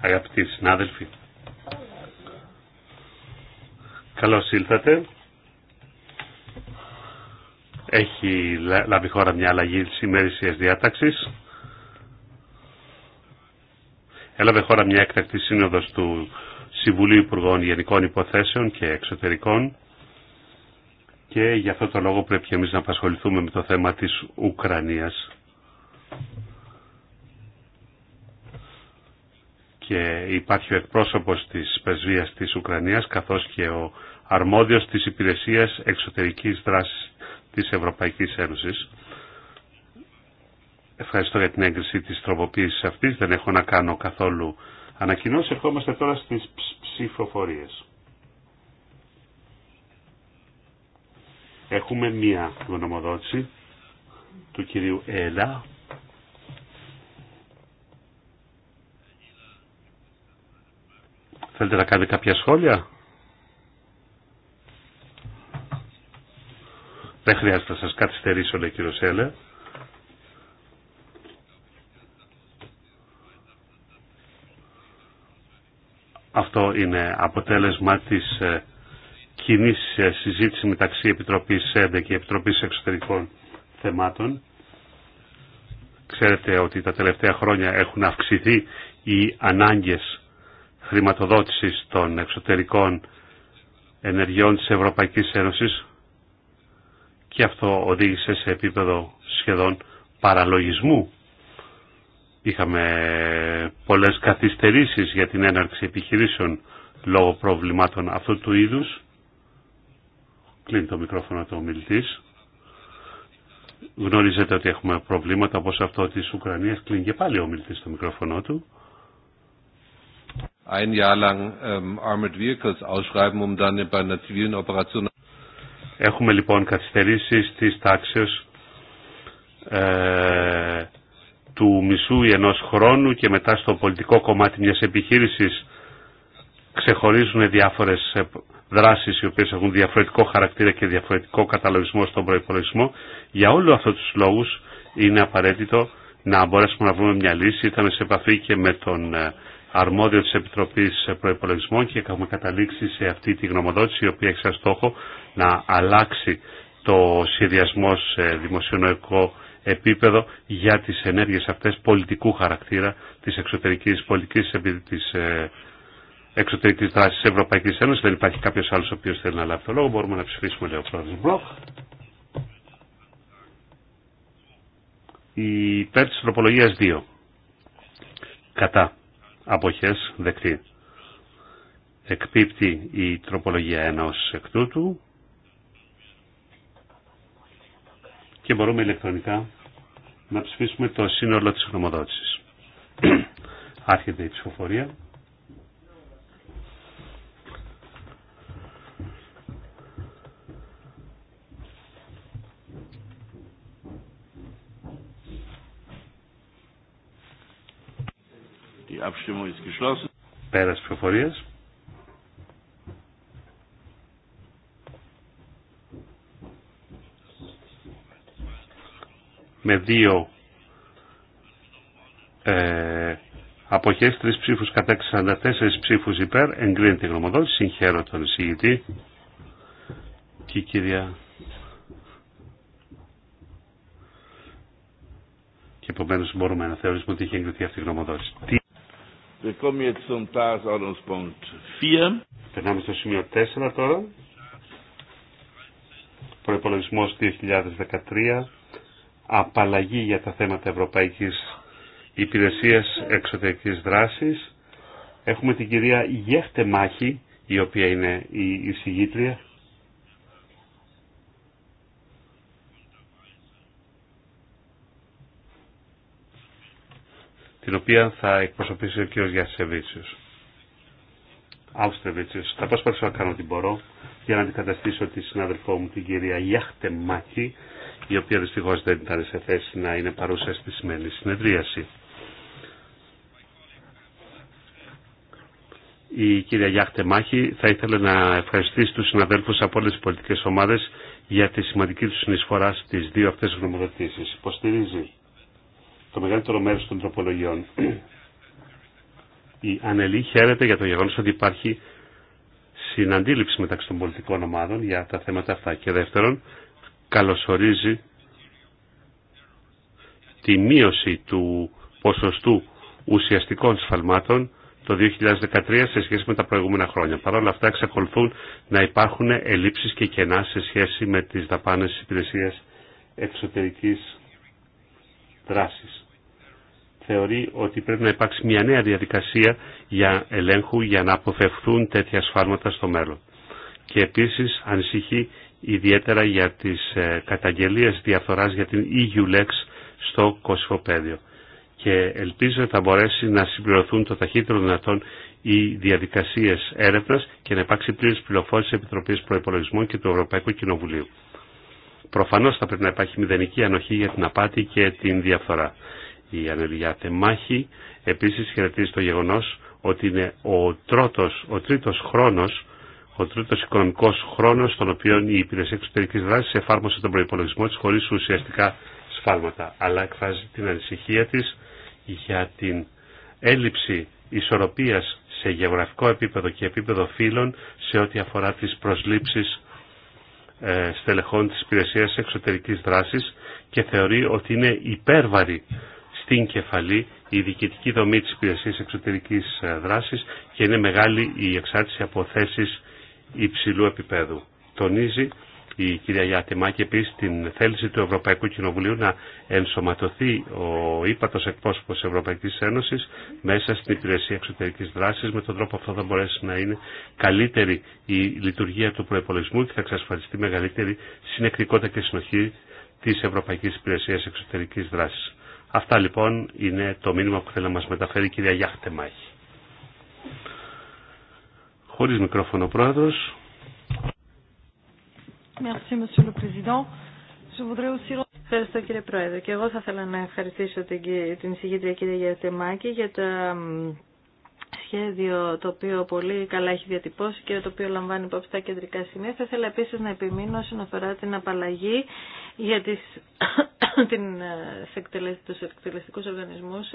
Αγαπητοί συνάδελφοι, Καλώ ήλθατε. Έχει λάβει χώρα μια αλλαγή τη ημέρησιας διάταξη. Έλαβε χώρα μια έκτακτη σύνοδο του Συμβουλίου Υπουργών Γενικών Υποθέσεων και Εξωτερικών και γι' αυτό το λόγο πρέπει και εμεί να απασχοληθούμε με το θέμα τη Ουκρανίας. και υπάρχει ο εκπρόσωπος της Πεσβείας της Ουκρανίας καθώς και ο αρμόδιος της Υπηρεσίας Εξωτερικής Δράσης της Ευρωπαϊκής Ένωσης. Ευχαριστώ για την έγκριση της τροποποίησης αυτής. Δεν έχω να κάνω καθόλου ανακοινώσει. Ερχόμαστε τώρα στις ψηφοφορίες. Έχουμε μία γνωμοδότηση του κυρίου Έλα Θέλετε να κάνετε κάποια σχόλια. Δεν χρειάζεται να σας καθυστερήσω, λέει κύριο Σέλε. Αυτό είναι αποτέλεσμα της ε, κοινή ε, συζήτηση μεταξύ Επιτροπής ΣΕΔΕ και Επιτροπής Εξωτερικών Θεμάτων. Ξέρετε ότι τα τελευταία χρόνια έχουν αυξηθεί οι ανάγκες χρηματοδότησης των εξωτερικών ενεργειών της Ευρωπαϊκής Ένωσης και αυτό οδήγησε σε επίπεδο σχεδόν παραλογισμού. Είχαμε πολλές καθυστερήσεις για την έναρξη επιχειρήσεων λόγω προβλημάτων αυτού του είδους. Κλείνει το μικρόφωνο του ομιλητής. Γνωρίζετε ότι έχουμε προβλήματα όπως αυτό της Ουκρανίας. Κλείνει και πάλι ο ομιλητής το μικρόφωνο του. Έχουμε λοιπόν καθυστερήσει τη τάξη ε, του μισού ή ενό χρόνου και μετά στο πολιτικό κομμάτι μια επιχείρηση ξεχωρίζουν διάφορε δράσει οι οποίε έχουν διαφορετικό χαρακτήρα και διαφορετικό καταλογισμό στον προπολογισμό. Για όλου αυτού του λόγου είναι απαραίτητο να μπορέσουμε να βρούμε μια λύση. Ήταν σε επαφή και με τον ε, αρμόδιο τη Επιτροπής Προϋπολογισμών και έχουμε καταλήξει σε αυτή τη γνωμοδότηση η οποία έχει σαν στόχο να αλλάξει το σχεδιασμό σε δημοσιονομικό επίπεδο για τις ενέργειες αυτές πολιτικού χαρακτήρα τη εξωτερική πολιτικής επειδή της ε, εξωτερικής δράσης της Ευρωπαϊκής Ένωσης. Δεν υπάρχει κάποιο άλλο ο οποίο θέλει να λάβει το λόγο. Μπορούμε να ψηφίσουμε, λέει ο πρόεδρος Μπλοκ. Η υπέρ της 2. Κατά αποχές δεκτή. Εκπίπτει η τροπολογία ενός εκ τούτου και μπορούμε ηλεκτρονικά να ψηφίσουμε το σύνολο της χρωμοδότησης. Άρχεται η ψηφοφορία. Abstimmung ist geschlossen. Με δύο ε, αποχές, τρεις ψήφους κατά 64 ψήφους υπέρ, εγκρίνεται η γνωμοδότηση, συγχαίρω τον εισηγητή και η κυρία και επομένως μπορούμε να θεωρήσουμε ότι είχε εγκριθεί αυτή η γνωμοδότηση. Wir 4. Περνάμε στο σημείο 4 τώρα. Προϋπολογισμός 2013. Απαλλαγή για τα θέματα Ευρωπαϊκής Υπηρεσίας Εξωτερικής Δράσης. Έχουμε την κυρία Γέχτε Μάχη, η οποία είναι η εισηγήτρια. την οποία θα εκπροσωπήσει ο κ. Άουστε Θα προσπαθήσω να κάνω ό,τι μπορώ για να αντικαταστήσω τη συνάδελφό μου την κυρία Γιάχτε Μάχη, η οποία δυστυχώ δεν ήταν σε θέση να είναι παρούσα στη σημερινή συνεδρίαση. η κυρία Γιάχτε Μάχη θα ήθελε να ευχαριστήσει του συναδέλφους από όλες τις πολιτικές ομάδες για τη σημαντική του συνεισφορά στις δύο αυτές γνωμοδοτήσεις. Υποστηρίζει το μεγαλύτερο μέρο των τροπολογιών. Η Ανελή χαίρεται για το γεγονός ότι υπάρχει συναντήληψη μεταξύ των πολιτικών ομάδων για τα θέματα αυτά. Και δεύτερον, καλωσορίζει τη μείωση του ποσοστού ουσιαστικών σφαλμάτων το 2013 σε σχέση με τα προηγούμενα χρόνια. Παρ' όλα αυτά εξακολουθούν να υπάρχουν ελλείψεις και κενά σε σχέση με τις δαπάνες της υπηρεσίας εξωτερικής δράσης θεωρεί ότι πρέπει να υπάρξει μια νέα διαδικασία για ελέγχου για να αποφευθούν τέτοια σφάλματα στο μέλλον. Και επίσης ανησυχεί ιδιαίτερα για τις ε, καταγγελίες διαφθοράς για την EULEX στο κοσφοπέδιο. Και ελπίζω ότι θα μπορέσει να συμπληρωθούν το ταχύτερο δυνατόν οι διαδικασίες έρευνα και να υπάρξει πλήρης πληροφόρηση της Επιτροπής Προϋπολογισμών και του Ευρωπαϊκού Κοινοβουλίου. Προφανώς θα πρέπει να υπάρχει μηδενική ανοχή για την απάτη και την διαφθορά η Ανεργία Θεμάχη Επίσης χαιρετίζει το γεγονός ότι είναι ο, τρότος, ο τρίτος χρόνος ο τρίτο οικονομικό χρόνο, στον οποίο η Υπηρεσία Εξωτερική Δράση εφάρμοσε τον προπολογισμό τη χωρί ουσιαστικά σφάλματα. Αλλά εκφράζει την ανησυχία τη για την έλλειψη ισορροπίας σε γεωγραφικό επίπεδο και επίπεδο φύλων σε ό,τι αφορά τι προσλήψει ε, στελεχών τη Υπηρεσία Εξωτερική Δράση και θεωρεί ότι είναι υπέρβαρη στην κεφαλή η διοικητική δομή της υπηρεσίας εξωτερικής ε, δράσης και είναι μεγάλη η εξάρτηση από θέσεις υψηλού επίπεδου. Τονίζει η κυρία και επίση την θέληση του Ευρωπαϊκού Κοινοβουλίου να ενσωματωθεί ο ύπατο εκπρόσωπο τη Ευρωπαϊκή Ένωση μέσα στην υπηρεσία εξωτερική δράση. Με τον τρόπο αυτό θα μπορέσει να είναι καλύτερη η λειτουργία του προπολογισμού και θα εξασφαλιστεί μεγαλύτερη συνεκτικότητα και συνοχή τη Ευρωπαϊκή Υπηρεσία Εξωτερική Δράση. Αυτά λοιπόν είναι το μήνυμα που θέλει να μας μεταφέρει η κυρία Μάχη. Χωρίς μικρόφωνο πρόεδρος. Ευχαριστώ κύριε Πρόεδρε. Και εγώ θα ήθελα να ευχαριστήσω την, την συγκήτρια κυρία Μάχη για τα σχέδιο το οποίο πολύ καλά έχει διατυπώσει και το οποίο λαμβάνει υπόψη τα κεντρικά σημεία. Θα ήθελα επίσης να επιμείνω όσον αφορά την απαλλαγή για τις, την, ε, τους εκτελεστικούς οργανισμούς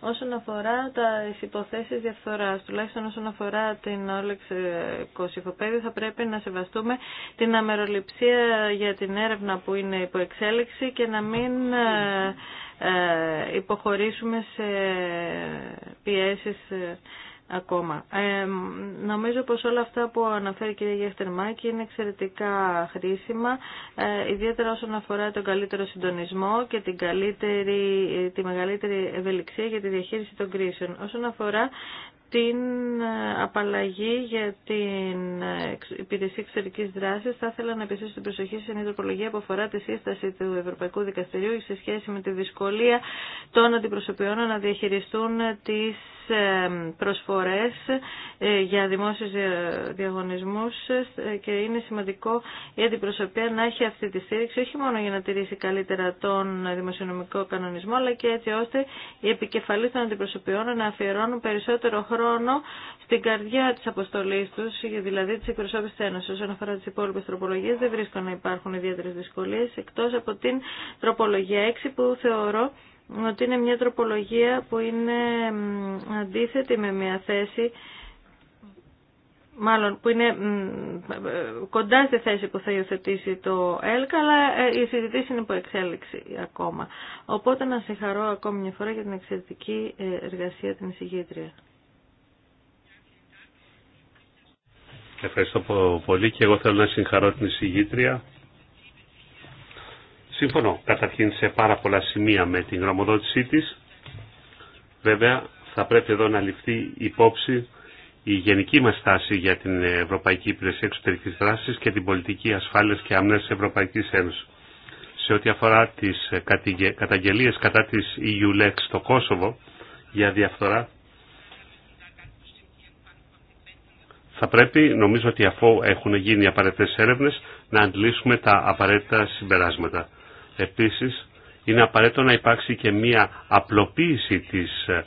όσον αφορά τα υποθέσεις διαφθοράς. Τουλάχιστον όσον αφορά την Όλεξ Κωσυφοπέδη θα πρέπει να σεβαστούμε την αμεροληψία για την έρευνα που είναι υπό εξέλιξη και να μην ε, ε, υποχωρήσουμε σε πιέσεις ε, ακόμα. Ε, νομίζω πως όλα αυτά που αναφέρει η κυρία Γεχτερμάκη είναι εξαιρετικά χρήσιμα, ε, ιδιαίτερα όσον αφορά τον καλύτερο συντονισμό και την καλύτερη, ε, τη μεγαλύτερη ευελιξία για τη διαχείριση των κρίσεων. Όσον αφορά την ε, απαλλαγή για την ε, υπηρεσία εξωτερική δράση, Θα ήθελα να επιστήσω την προσοχή σε μια τροπολογία που αφορά τη σύσταση του Ευρωπαϊκού Δικαστηρίου σε σχέση με τη δυσκολία των αντιπροσωπιών να διαχειριστούν τις προσφορές ε, για δημόσιους διαγωνισμούς ε, και είναι σημαντικό η αντιπροσωπεία να έχει αυτή τη στήριξη όχι μόνο για να τηρήσει καλύτερα τον δημοσιονομικό κανονισμό αλλά και έτσι ώστε οι επικεφαλή των αντιπροσωπιών να αφιερώνουν περισσότερο χρόνο στην καρδιά της αποστολής τους, δηλαδή της εκπροσώπησης της Ένωσης. Όσον αφορά τις υπόλοιπες τροπολογίες δεν βρίσκω να υπάρχουν ιδιαίτερες δυσκολίες εκτός από την τροπολογία 6 που θεωρώ ότι είναι μια τροπολογία που είναι αντίθετη με μια θέση μάλλον που είναι κοντά στη θέση που θα υιοθετήσει το ΕΛΚ, αλλά ε, η συζητήσει είναι υπό εξέλιξη ακόμα. Οπότε να συγχαρώ ακόμη μια φορά για την εξαιρετική ε, εργασία την εισηγήτρια. Ευχαριστώ πολύ και εγώ θέλω να συγχαρώ την εισηγήτρια Σύμφωνο, καταρχήν σε πάρα πολλά σημεία με την γραμμοδότησή της. Βέβαια θα πρέπει εδώ να ληφθεί υπόψη η γενική μας στάση για την Ευρωπαϊκή Υπηρεσία Εξωτερικής Δράσης και την πολιτική ασφάλειας και άμυνας της Ευρωπαϊκής Ένωσης. Σε ό,τι αφορά τις καταγγελίες κατά της EULEX στο Κόσοβο για διαφθορά, θα πρέπει, νομίζω ότι αφού έχουν γίνει απαραίτητες έρευνες, να αντλήσουμε τα απαραίτητα συμπεράσματα. Επίσης, είναι απαραίτητο να υπάρξει και μία απλοποίηση της ε,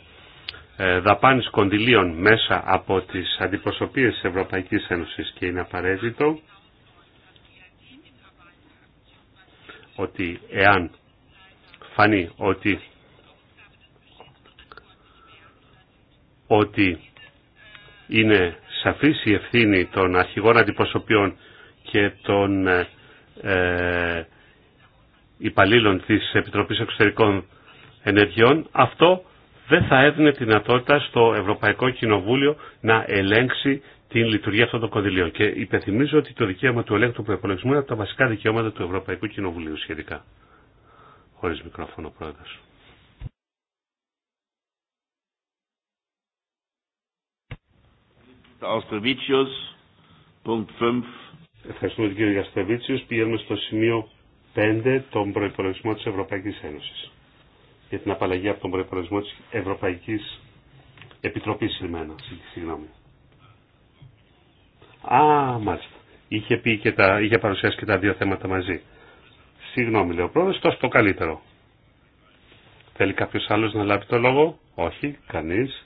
ε, δαπάνης κονδυλίων μέσα από τις αντιπροσωπείες της Ευρωπαϊκής Ένωσης και είναι απαραίτητο ότι εάν φανεί ότι ότι είναι σαφής η ευθύνη των αρχηγών αντιπροσωπείων και των ε, υπαλλήλων της Επιτροπής Εξωτερικών Ενεργειών, αυτό δεν θα έδινε τη δυνατότητα στο Ευρωπαϊκό Κοινοβούλιο να ελέγξει την λειτουργία αυτών των κονδυλίων. Και υπενθυμίζω ότι το δικαίωμα του ελέγχου του προπολογισμού είναι από τα βασικά δικαιώματα του Ευρωπαϊκού Κοινοβουλίου σχετικά. Χωρίς μικρόφωνο πρόεδρος. Ευχαριστούμε τον κύριο Γιαστεβίτσιος. Πηγαίνουμε στο σημείο 5 τον προϋπολογισμό της Ευρωπαϊκής Ένωσης. Για την απαλλαγή από τον προϋπολογισμό της Ευρωπαϊκής Επιτροπής σήμερα. Συγγνώμη. Α, μάλιστα. Είχε, πει και τα, είχε παρουσιάσει και τα δύο θέματα μαζί. Συγγνώμη, λέει ο πρόεδρος, τόσο το καλύτερο. Θέλει κάποιος άλλος να λάβει το λόγο. Όχι, κανείς.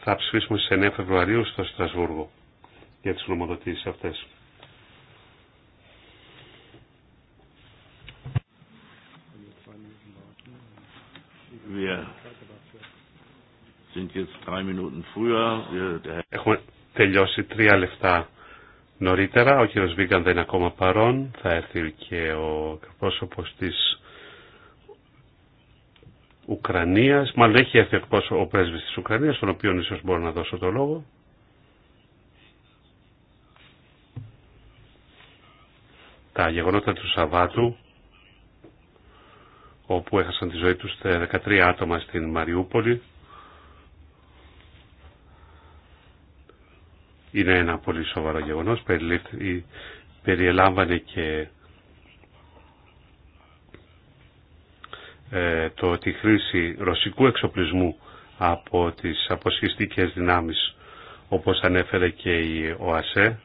Θα ψηφίσουμε στις 9 Φεβρουαρίου στο Στρασβούργο για τις νομοδοτήσεις αυτές. Έχουμε τελειώσει τρία λεφτά νωρίτερα. Ο κύριος Βίγκαν δεν είναι ακόμα παρόν. Θα έρθει και ο εκπρόσωπος της Ουκρανίας. Μάλλον έχει έρθει ο πρέσβης της Ουκρανίας, τον οποίο ίσως μπορώ να δώσω το λόγο. Τα γεγονότα του Σαββάτου όπου έχασαν τη ζωή τους 13 άτομα στην Μαριούπολη είναι ένα πολύ σοβαρό γεγονός. Περιελάμβανε και ε, το ότι χρήση ρωσικού εξοπλισμού από τις αποσχιστικές δυνάμεις όπως ανέφερε και η ΟΑΣΕ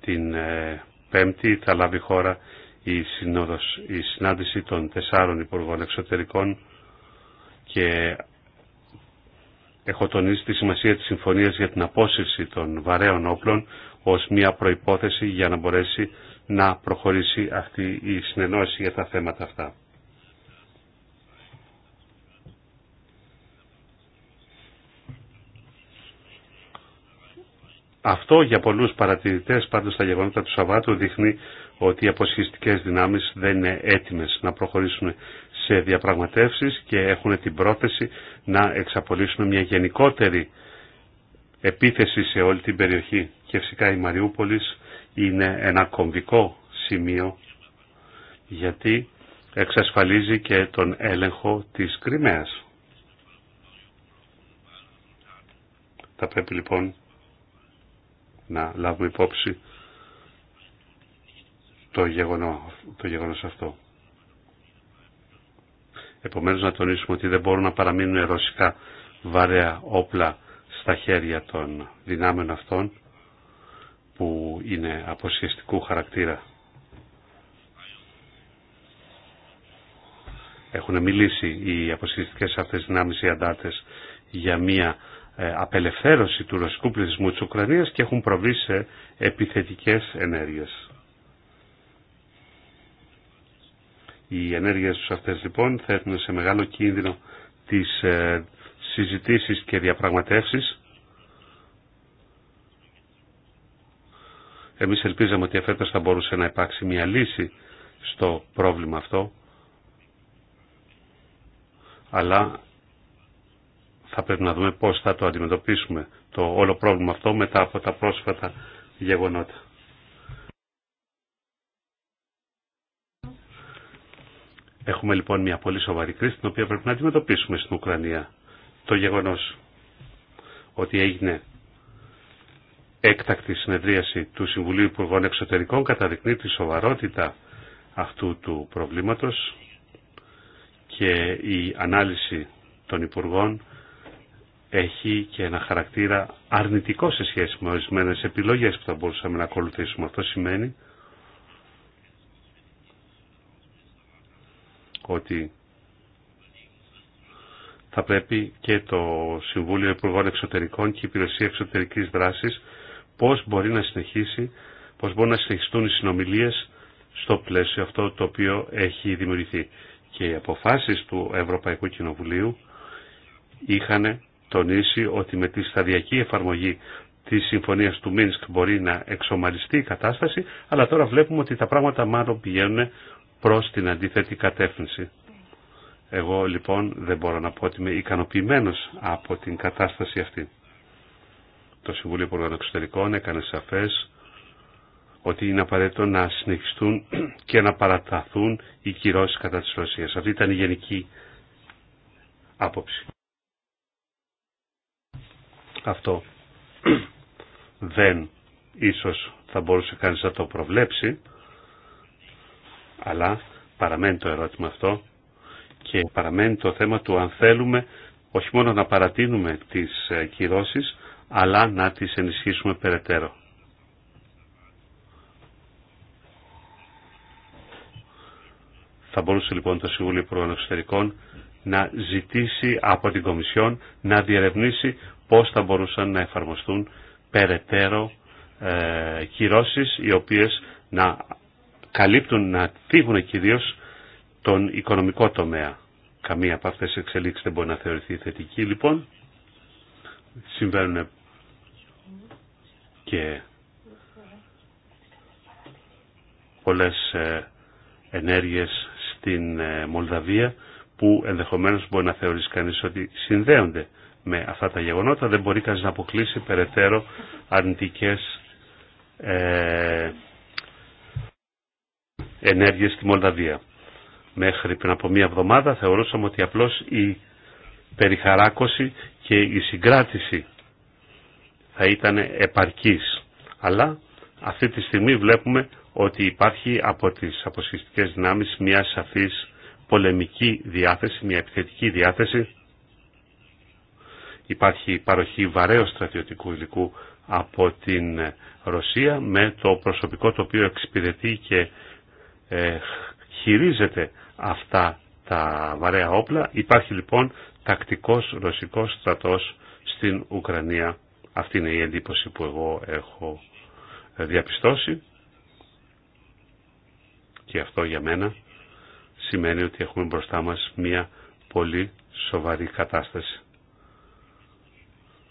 την ε, Πέμπτη θα λάβει χώρα η, συνόδος, η συνάντηση των τεσσάρων Υπουργών Εξωτερικών και Έχω τονίσει τη σημασία της συμφωνίας για την απόσυρση των βαρέων όπλων ως μια προϋπόθεση για να μπορέσει να προχωρήσει αυτή η συνεννόηση για τα θέματα αυτά. Αυτό για πολλούς παρατηρητές πάντως στα γεγονότα του Σαββάτου δείχνει ότι οι αποσχιστικές δυνάμεις δεν είναι έτοιμες να προχωρήσουν σε διαπραγματεύσεις και έχουν την πρόθεση να εξαπολύσουν μια γενικότερη επίθεση σε όλη την περιοχή. Και φυσικά η Μαριούπολης είναι ένα κομβικό σημείο γιατί εξασφαλίζει και τον έλεγχο της Κρυμαίας. Θα πρέπει λοιπόν να λάβουμε υπόψη το, γεγονό, το γεγονός αυτό. Επομένως να τονίσουμε ότι δεν μπορούν να παραμείνουν ρωσικά βαρέα όπλα στα χέρια των δυνάμεων αυτών που είναι αποσχεστικού χαρακτήρα. Έχουν μιλήσει οι αποσχεστικές αυτές δυνάμεις οι αντάρτες για μία ε, απελευθέρωση του ρωσικού πληθυσμού της Ουκρανίας και έχουν προβεί σε επιθετικές ενέργειες. Οι ενέργειες τους αυτές λοιπόν θέτουν σε μεγάλο κίνδυνο τις ε, συζητήσεις και διαπραγματεύσεις. Εμείς ελπίζαμε ότι εφέτος θα μπορούσε να υπάρξει μια λύση στο πρόβλημα αυτό, αλλά θα πρέπει να δούμε πώς θα το αντιμετωπίσουμε το όλο πρόβλημα αυτό μετά από τα πρόσφατα γεγονότα. Έχουμε λοιπόν μια πολύ σοβαρή κρίση την οποία πρέπει να αντιμετωπίσουμε στην Ουκρανία. Το γεγονός ότι έγινε έκτακτη συνεδρίαση του Συμβουλίου Υπουργών Εξωτερικών καταδεικνύει τη σοβαρότητα αυτού του προβλήματος και η ανάλυση των Υπουργών έχει και ένα χαρακτήρα αρνητικό σε σχέση με ορισμένε επιλογές που θα μπορούσαμε να ακολουθήσουμε. Αυτό σημαίνει ότι θα πρέπει και το Συμβούλιο Υπουργών Εξωτερικών και η Υπηρεσία Εξωτερικής Δράσης πώς μπορεί να συνεχίσει, πώς μπορούν να συνεχιστούν οι συνομιλίες στο πλαίσιο αυτό το οποίο έχει δημιουργηθεί. Και οι αποφάσεις του Ευρωπαϊκού Κοινοβουλίου είχαν τονίσει ότι με τη σταδιακή εφαρμογή της συμφωνίας του Μίνσκ μπορεί να εξομαλιστεί η κατάσταση, αλλά τώρα βλέπουμε ότι τα πράγματα μάλλον πηγαίνουν προς την αντίθετη κατεύθυνση. Εγώ λοιπόν δεν μπορώ να πω ότι είμαι ικανοποιημένος από την κατάσταση αυτή. Το Συμβούλιο Υπουργών Εξωτερικών έκανε σαφές ότι είναι απαραίτητο να συνεχιστούν και να παραταθούν οι κυρώσεις κατά της Ρωσίας. Αυτή ήταν η γενική άποψη. Αυτό δεν ίσως θα μπορούσε κανείς να το προβλέψει, αλλά παραμένει το ερώτημα αυτό και παραμένει το θέμα του αν θέλουμε όχι μόνο να παρατείνουμε τις ε, κυρώσεις, αλλά να τις ενισχύσουμε περαιτέρω. Θα μπορούσε λοιπόν το Συμβούλιο Υπουργών Εξωτερικών να ζητήσει από την Κομισιόν να διερευνήσει πώς θα μπορούσαν να εφαρμοστούν περαιτέρω ε, κυρώσεις οι οποίες να καλύπτουν να τύχουν κυρίω τον οικονομικό τομέα. Καμία από αυτές τις εξελίξεις δεν μπορεί να θεωρηθεί θετική λοιπόν. Συμβαίνουν και πολλές ε, ενέργειες στην ε, Μολδαβία που ενδεχομένως μπορεί να θεωρήσει κανείς ότι συνδέονται με αυτά τα γεγονότα. Δεν μπορεί κανείς να αποκλείσει περαιτέρω αρνητικέ ε, ενέργειες στη Μολδαβία. Μέχρι πριν από μία εβδομάδα θεωρούσαμε ότι απλώς η περιχαράκωση και η συγκράτηση θα ήταν επαρκής. Αλλά αυτή τη στιγμή βλέπουμε ότι υπάρχει από τις αποσχιστικές δυνάμεις μια σαφής πολεμική διάθεση, μια επιθετική διάθεση. Υπάρχει παροχή βαρέως στρατιωτικού υλικού από την Ρωσία με το προσωπικό το οποίο εξυπηρετεί και ε, χειρίζεται αυτά τα βαρέα όπλα. Υπάρχει λοιπόν τακτικός ρωσικός στρατός στην Ουκρανία. Αυτή είναι η εντύπωση που εγώ έχω ε, διαπιστώσει και αυτό για μένα σημαίνει ότι έχουμε μπροστά μας μια πολύ σοβαρή κατάσταση.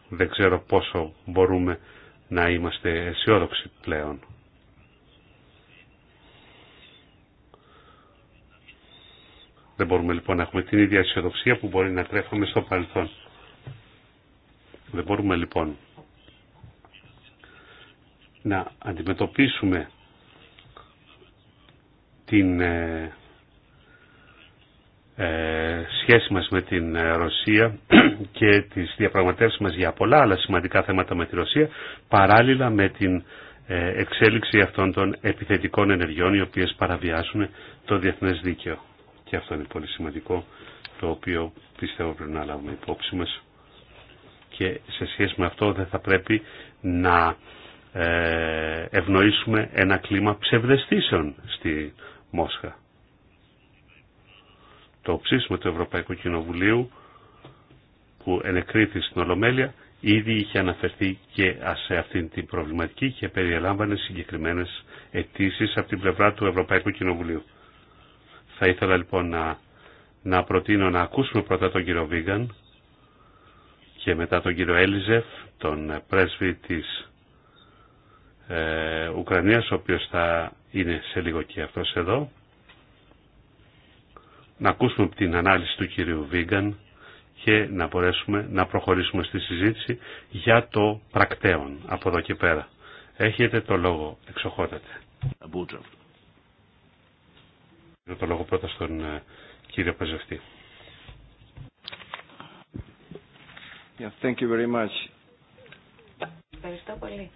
Δεν ξέρω πόσο μπορούμε να είμαστε αισιόδοξοι πλέον. Δεν μπορούμε λοιπόν να έχουμε την ίδια αισιοδοξία που μπορεί να τρέχουμε στο παρελθόν. Δεν μπορούμε λοιπόν να αντιμετωπίσουμε την ε, ε σχέση μας με την ε, Ρωσία και τις διαπραγματεύσεις μας για πολλά άλλα σημαντικά θέματα με τη Ρωσία παράλληλα με την ε, εξέλιξη αυτών των επιθετικών ενεργειών οι οποίες παραβιάσουν το διεθνές δίκαιο. Και αυτό είναι πολύ σημαντικό, το οποίο πιστεύω πρέπει να λάβουμε υπόψη μας. Και σε σχέση με αυτό δεν θα πρέπει να ε, ευνοήσουμε ένα κλίμα ψευδεστήσεων στη Μόσχα. Το ψήσιμο του Ευρωπαϊκού Κοινοβουλίου που ενεκρίθη στην Ολομέλεια ήδη είχε αναφερθεί και σε αυτήν την προβληματική και περιελάμβανε συγκεκριμένες αιτήσει από την πλευρά του Ευρωπαϊκού Κοινοβουλίου. Θα ήθελα λοιπόν να, να προτείνω να ακούσουμε πρώτα τον κύριο Βίγκαν και μετά τον κύριο Έλιζεφ, τον πρέσβη της ε, Ουκρανίας, ο οποίος θα είναι σε λίγο και αυτός εδώ. Να ακούσουμε την ανάλυση του κύριου Βίγκαν και να μπορέσουμε να προχωρήσουμε στη συζήτηση για το πρακτέον από εδώ και πέρα. Έχετε το λόγο, εξοχότατε. Το λόγο πρώτα στον ε, κύριο Παζευτή. Yeah, thank you very much. Ευχαριστώ πολύ.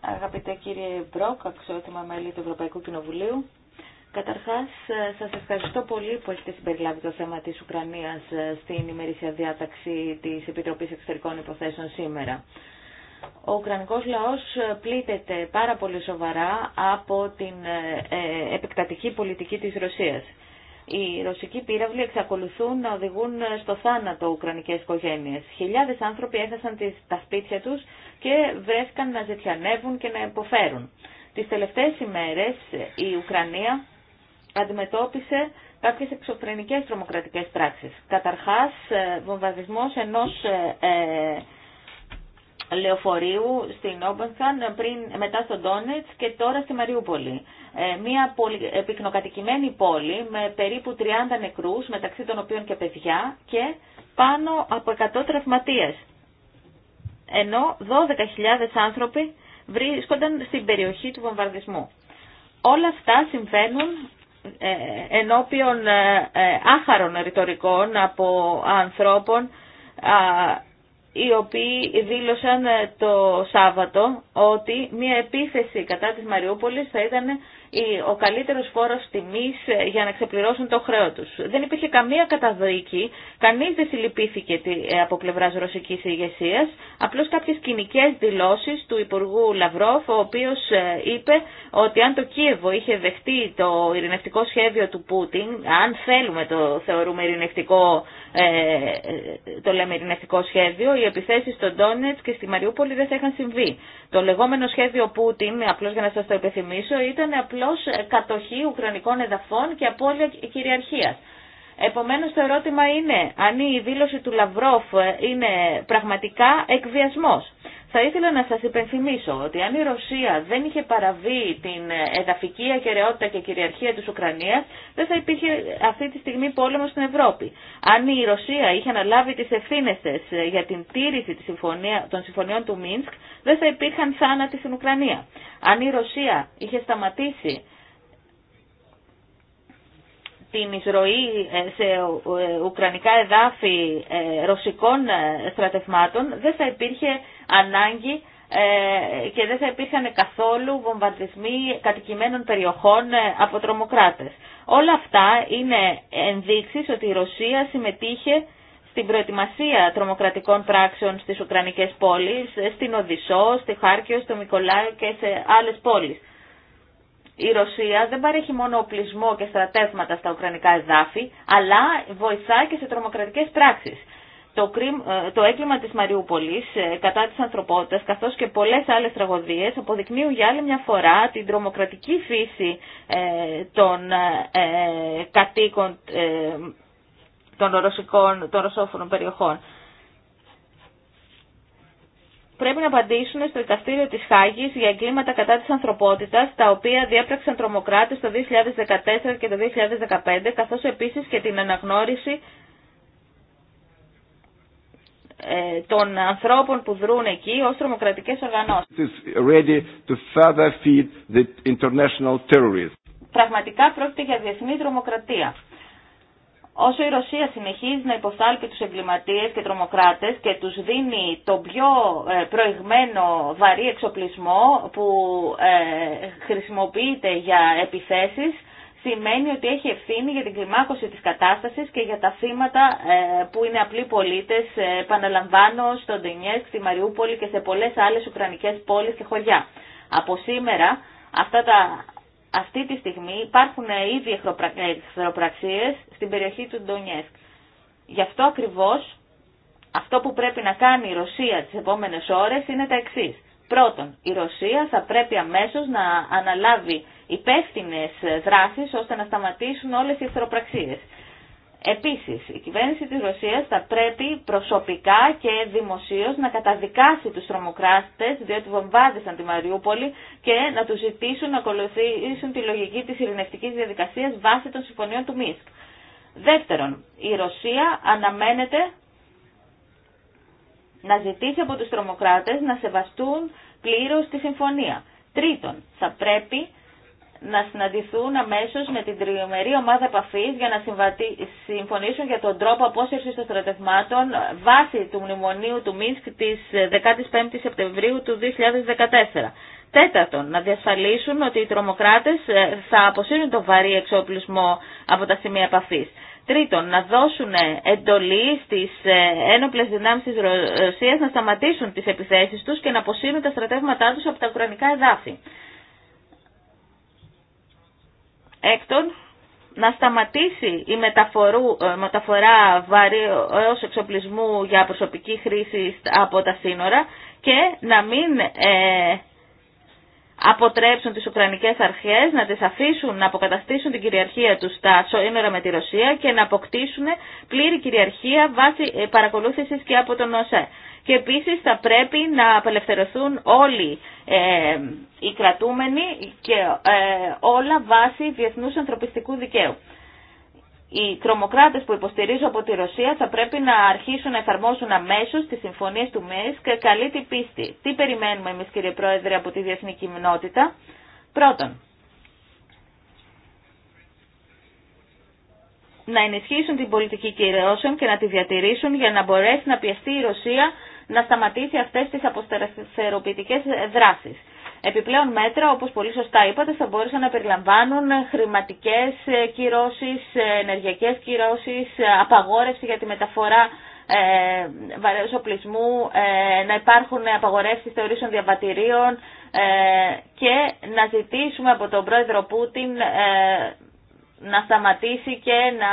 Αγαπητέ κύριε Μπρόκ, αξιότιμα μέλη του Ευρωπαϊκού Κοινοβουλίου, Καταρχάς, ε, σας ευχαριστώ πολύ που έχετε συμπεριλάβει το θέμα της Ουκρανίας ε, στην ημερήσια διάταξη της Επιτροπής Εξωτερικών Υποθέσεων σήμερα. Ο Ουκρανικός λαός ε, πλήττεται πάρα πολύ σοβαρά από την ε, ε, επεκτατική πολιτική της Ρωσίας. Οι ρωσικοί πύραυλοι εξακολουθούν να οδηγούν στο θάνατο ουκρανικές οικογένειες. Χιλιάδες άνθρωποι έχασαν τα σπίτια τους και βρέθηκαν να ζετιανεύουν και να υποφέρουν. Τις τελευταίες ημέρες η Ουκρανία αντιμετώπισε κάποιες εξωφρενικές τρομοκρατικές πράξεις. Καταρχάς, βομβαρδισμός ενός λεωφορείου στην Όμπανχαν, πριν, μετά στο Ντόνετς και τώρα στη Μαριούπολη. Ε, μια πολυ, πυκνοκατοικημένη πόλη με περίπου 30 νεκρούς, μεταξύ των οποίων και παιδιά και πάνω από 100 τραυματίες. Ενώ 12.000 άνθρωποι βρίσκονταν στην περιοχή του βομβαρδισμού. Όλα αυτά συμβαίνουν ε, ενώπιον ε, άχαρων ρητορικών από ανθρώπων οι οποίοι δήλωσαν ε, το Σάββατο ότι μια επίθεση κατά της Μαριούπολης θα ήταν ο καλύτερος φόρος τιμής ε, για να ξεπληρώσουν το χρέο τους. Δεν υπήρχε καμία καταδίκη, κανείς δεν συλληπίθηκε ε, από πλευράς ρωσικής ηγεσία, απλώς κάποιες κοινικές δηλώσεις του Υπουργού Λαυρόφ, ο οποίος είπε ότι αν το Κίεβο είχε δεχτεί το ειρηνευτικό σχέδιο του Πούτιν, αν θέλουμε το θεωρούμε ειρηνευτικό ε, το λέμε ειρηνευτικό σχέδιο, οι επιθέσεις στο Ντόνετ και στη Μαριούπολη δεν θα είχαν συμβεί. Το λεγόμενο σχέδιο που Πούτιν, απλώς για να σας το υπενθυμίσω, ήταν απλώς κατοχή ουκρανικών εδαφών και απώλεια κυριαρχίας. Επομένως το ερώτημα είναι αν η δήλωση του Λαυρόφ ε, είναι πραγματικά εκβιασμός. Θα ήθελα να σας υπενθυμίσω ότι αν η Ρωσία δεν είχε παραβεί την εδαφική ακεραιότητα και κυριαρχία της Ουκρανίας, δεν θα υπήρχε αυτή τη στιγμή πόλεμο στην Ευρώπη. Αν η Ρωσία είχε αναλάβει τις ευθύνες της ε, για την τήρηση της των συμφωνιών του Μίνσκ, δεν θα υπήρχαν θάνατοι στην Ουκρανία. Αν η Ρωσία είχε σταματήσει την εισρωή ε, σε ε, ουκρανικά εδάφη ε, ρωσικών στρατευμάτων δεν θα υπήρχε ανάγκη και δεν θα υπήρχαν καθόλου βομβαρδισμοί κατοικημένων περιοχών από τρομοκράτες. Όλα αυτά είναι ενδείξεις ότι η Ρωσία συμμετείχε στην προετοιμασία τρομοκρατικών πράξεων στις Ουκρανικές πόλεις, στην Οδυσσό, στη Χάρκιο, στο Μικολάιο και σε άλλες πόλεις η Ρωσία δεν παρέχει μόνο οπλισμό και στρατεύματα στα ουκρανικά εδάφη, αλλά βοηθά και σε τρομοκρατικές πράξεις. Το, κρίμ, ε, το έγκλημα της Μαριούπολης ε, κατά της ανθρωπότητας καθώς και πολλές άλλες τραγωδίες αποδεικνύουν για άλλη μια φορά την τρομοκρατική φύση ε, των κατοίκων των, ρωσικών, των ρωσόφωνων περιοχών πρέπει να απαντήσουν στο δικαστήριο της Χάγης για εγκλήματα κατά της ανθρωπότητας, τα οποία διέπραξαν τρομοκράτες το 2014 και το 2015, καθώς επίσης και την αναγνώριση ε, των ανθρώπων που δρούν εκεί ως τρομοκρατικές οργανώσεις. Πραγματικά πρόκειται για διεθνή τρομοκρατία. Όσο η Ρωσία συνεχίζει να υποσταλεί τους εγκληματίες και τρομοκράτες και τους δίνει τον πιο ε, προηγμένο βαρύ εξοπλισμό που ε, χρησιμοποιείται για επιθέσεις, σημαίνει ότι έχει ευθύνη για την κλιμάκωση της κατάστασης και για τα θύματα ε, που είναι απλοί πολίτες, επαναλαμβάνω, στον Ντενιέσκ, στη Μαριούπολη και σε πολλές άλλες ουκρανικές πόλεις και χωριά. Από σήμερα αυτά τα αυτή τη στιγμή υπάρχουν ήδη ε, εχθροπραξίες στην περιοχή του Ντονιέσκ. Γι' αυτό ακριβώς αυτό που πρέπει να κάνει η Ρωσία τις επόμενες ώρες είναι τα εξής. Πρώτον, η Ρωσία θα πρέπει αμέσως να αναλάβει υπεύθυνε δράσεις ώστε να σταματήσουν όλες οι εχθροπραξίες. Επίσης, η κυβέρνηση της Ρωσίας θα πρέπει προσωπικά και δημοσίως να καταδικάσει τους τρομοκράτες, διότι βομβάδισαν τη Μαριούπολη και να τους ζητήσουν να ακολουθήσουν τη λογική της ειρηνευτικής διαδικασίας βάσει των συμφωνίων του Μίσκ. Δεύτερον, η Ρωσία αναμένεται να ζητήσει από τους τρομοκράτες να σεβαστούν πλήρως τη συμφωνία. Τρίτον, θα πρέπει να συναντηθούν αμέσω με την τριμερή ομάδα επαφή για να συμφωνήσουν για τον τρόπο απόσυρση των στρατευμάτων βάσει του μνημονίου του Μίνσκ τη 15 η Σεπτεμβρίου του 2014. Τέταρτον, να διασφαλίσουν ότι οι τρομοκράτε ε, θα αποσύρουν τον βαρύ εξοπλισμό από τα σημεία επαφή. Τρίτον, να δώσουν ε, εντολή στι ε, ένοπλε δυνάμει τη Ρωσία να σταματήσουν τι επιθέσει του και να αποσύρουν τα στρατεύματά του από τα ουκρανικά εδάφη. Έκτον, να σταματήσει η ε, μεταφορά ως εξοπλισμού για προσωπική χρήση από τα σύνορα και να μην ε, αποτρέψουν τις Ουκρανικές αρχές να τις αφήσουν να αποκαταστήσουν την κυριαρχία τους στα σύνορα με τη Ρωσία και να αποκτήσουν πλήρη κυριαρχία βάσει ε, παρακολούθησης και από τον ΟΣΕ και επίσης θα πρέπει να απελευθερωθούν όλοι ε, οι κρατούμενοι και ε, όλα βάσει διεθνούς ανθρωπιστικού δικαίου. Οι τρομοκράτες που υποστηρίζουν από τη Ρωσία θα πρέπει να αρχίσουν να εφαρμόσουν αμέσως τις συμφωνίες του ΜΕΣ και καλή την πίστη. Τι περιμένουμε εμείς κύριε Πρόεδρε από τη διεθνή κοινότητα. Πρώτον, να ενισχύσουν την πολιτική κυριώσεων και να τη διατηρήσουν για να μπορέσει να πιεστεί η Ρωσία να σταματήσει αυτές τις αποστερεοποιητικέ δράσεις. Επιπλέον μέτρα, όπως πολύ σωστά είπατε, θα μπορούσαν να περιλαμβάνουν χρηματικές κυρώσεις, ενεργειακές κυρώσεις, απαγόρευση για τη μεταφορά ε, οπλισμού, ε, να υπάρχουν απαγορεύσει θεωρήσεων διαβατηρίων ε, και να ζητήσουμε από τον πρόεδρο Πούτιν ε, να σταματήσει και να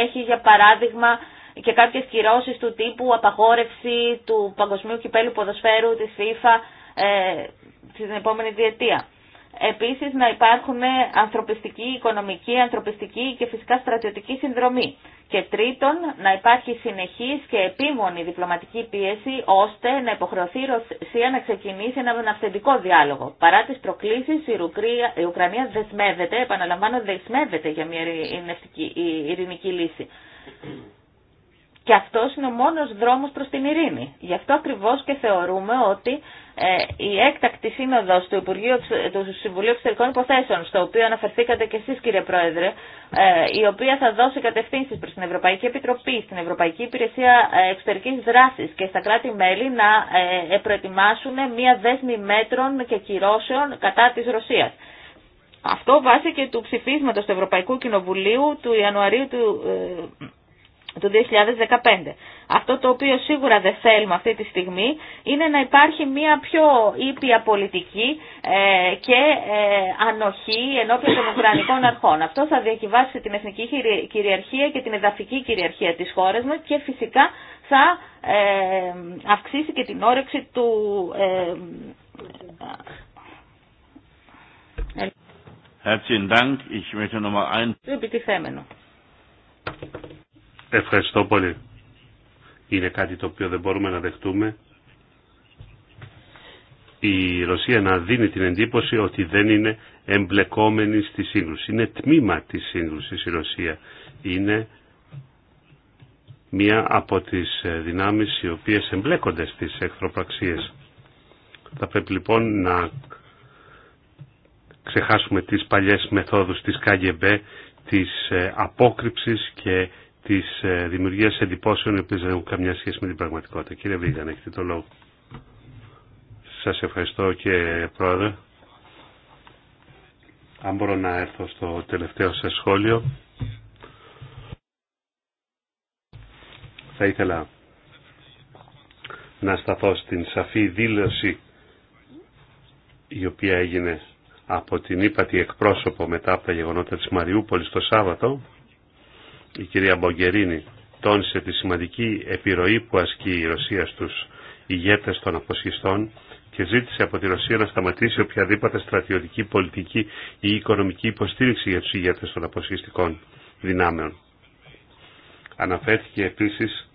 έχει για παράδειγμα και κάποιες κυρώσεις του τύπου απαγόρευση του Παγκοσμίου Κυπέλου Ποδοσφαίρου της FIFA ε, στην επόμενη διετία. Επίσης να υπάρχουν ανθρωπιστική, οικονομική, ανθρωπιστική και φυσικά στρατιωτική συνδρομή. Και τρίτον, να υπάρχει συνεχής και επίμονη διπλωματική πίεση ώστε να υποχρεωθεί η Ρωσία να ξεκινήσει ένα αυθεντικό διάλογο. Παρά τις προκλήσεις η, Ρουκρία, η Ουκρανία δεσμεύεται, επαναλαμβάνω δεσμεύεται για μια ειρηνική λύση. Και αυτό είναι ο μόνο δρόμο προ την ειρήνη. Γι' αυτό ακριβώ και θεωρούμε ότι ε, η έκτακτη Σύνοδο του, Υπουργείου, του Συμβουλίου Εξωτερικών Υποθέσεων, στο οποίο αναφερθήκατε και εσεί, κύριε Πρόεδρε, ε, η οποία θα δώσει κατευθύνσει προ την Ευρωπαϊκή Επιτροπή, στην Ευρωπαϊκή Υπηρεσία ε, Εξωτερική δράση και στα κράτη-μέλη να προετοιμάσουν μία δέσμη μέτρων και κυρώσεων κατά τη Ρωσία. Αυτό βάσει και του ψηφίσματο του Ευρωπαϊκού Κοινοβουλίου του Ιανουαρίου του το 2015. Αυτό το οποίο σίγουρα δεν θέλουμε αυτή τη στιγμή είναι να υπάρχει μια πιο ήπια πολιτική ε, και ε, ανοχή ενώπιον των Ουκρανικών αρχών. Αυτό θα διακυβάσει την εθνική κυριαρχία και την εδαφική κυριαρχία της χώρας μας και φυσικά θα ε, αυξήσει και την όρεξη του... Herzlichen Dank. Ich möchte Ευχαριστώ πολύ. Είναι κάτι το οποίο δεν μπορούμε να δεχτούμε. Η Ρωσία να δίνει την εντύπωση ότι δεν είναι εμπλεκόμενη στη σύγκρουση. Είναι τμήμα της σύγκρουσης η Ρωσία. Είναι μία από τις δυνάμεις οι οποίες εμπλέκονται στις εχθροπραξίες. Θα πρέπει λοιπόν να ξεχάσουμε τις παλιές μεθόδους της ΚΑΓΕΜΠΕ της ε, απόκρυψης και της ε, δημιουργίας εντυπώσεων οι οποίε δεν έχουν καμιά σχέση με την πραγματικότητα. Κύριε Βίγκαν, έχετε το λόγο. Σας ευχαριστώ και πρόεδρε. Αν μπορώ να έρθω στο τελευταίο σα σχόλιο. Θα ήθελα να σταθώ στην σαφή δήλωση η οποία έγινε από την ύπατη εκπρόσωπο μετά από τα γεγονότα της Μαριούπολης το Σάββατο η κυρία Μπογκερίνη τόνισε τη σημαντική επιρροή που ασκεί η Ρωσία στους ηγέτες των αποσχιστών και ζήτησε από τη Ρωσία να σταματήσει οποιαδήποτε στρατιωτική, πολιτική ή οικονομική υποστήριξη για τους ηγέτες των αποσχιστικών δυνάμεων. Αναφέρθηκε επίσης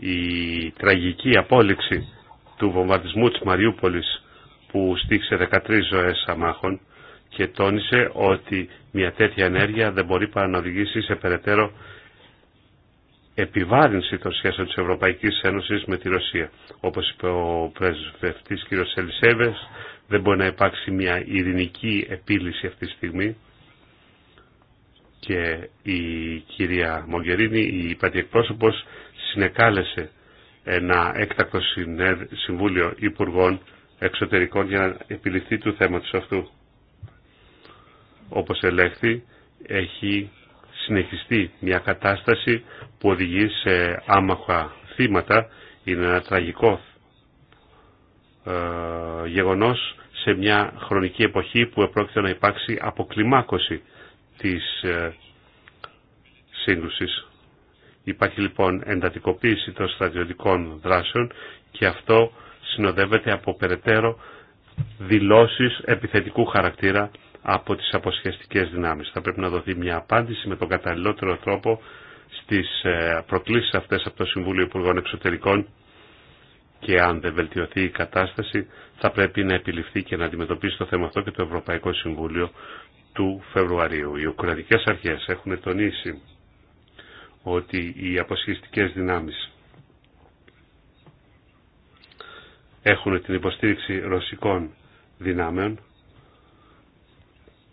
η τραγική απόλυξη του βομβαρδισμού της Μαριούπολης που στήξε 13 ζωές αμάχων και τόνισε ότι μια τέτοια ενέργεια δεν μπορεί παρά να οδηγήσει σε περαιτέρω επιβάρυνση των σχέσεων της Ευρωπαϊκής Ένωσης με τη Ρωσία. Όπως είπε ο πρεσβευτής κ. Σελισέβες, δεν μπορεί να υπάρξει μια ειρηνική επίλυση αυτή τη στιγμή και η κυρία Μογκερίνη, η υπατή συνεκάλεσε ένα έκτακτο συμβούλιο υπουργών εξωτερικών για να επιληθεί του θέματος αυτού όπως ελέγχθη, έχει συνεχιστεί μια κατάσταση που οδηγεί σε άμαχα θύματα. Είναι ένα τραγικό ε, γεγονός σε μια χρονική εποχή που πρόκειται να υπάρξει αποκλιμάκωση της ε, σύγκρουσης. Υπάρχει λοιπόν εντατικοποίηση των στρατιωτικών δράσεων και αυτό συνοδεύεται από περαιτέρω δηλώσεις επιθετικού χαρακτήρα από τις αποσχεστικές δυνάμεις. Θα πρέπει να δοθεί μια απάντηση με τον καταλληλότερο τρόπο στις ε, προκλήσεις αυτές από το Συμβούλιο Υπουργών Εξωτερικών και αν δεν βελτιωθεί η κατάσταση θα πρέπει να επιληφθεί και να αντιμετωπίσει το θέμα αυτό και το Ευρωπαϊκό Συμβούλιο του Φεβρουαρίου. Οι Ουκρανικές αρχές έχουν τονίσει ότι οι αποσχεστικές δυνάμεις έχουν την υποστήριξη ρωσικών δυνάμεων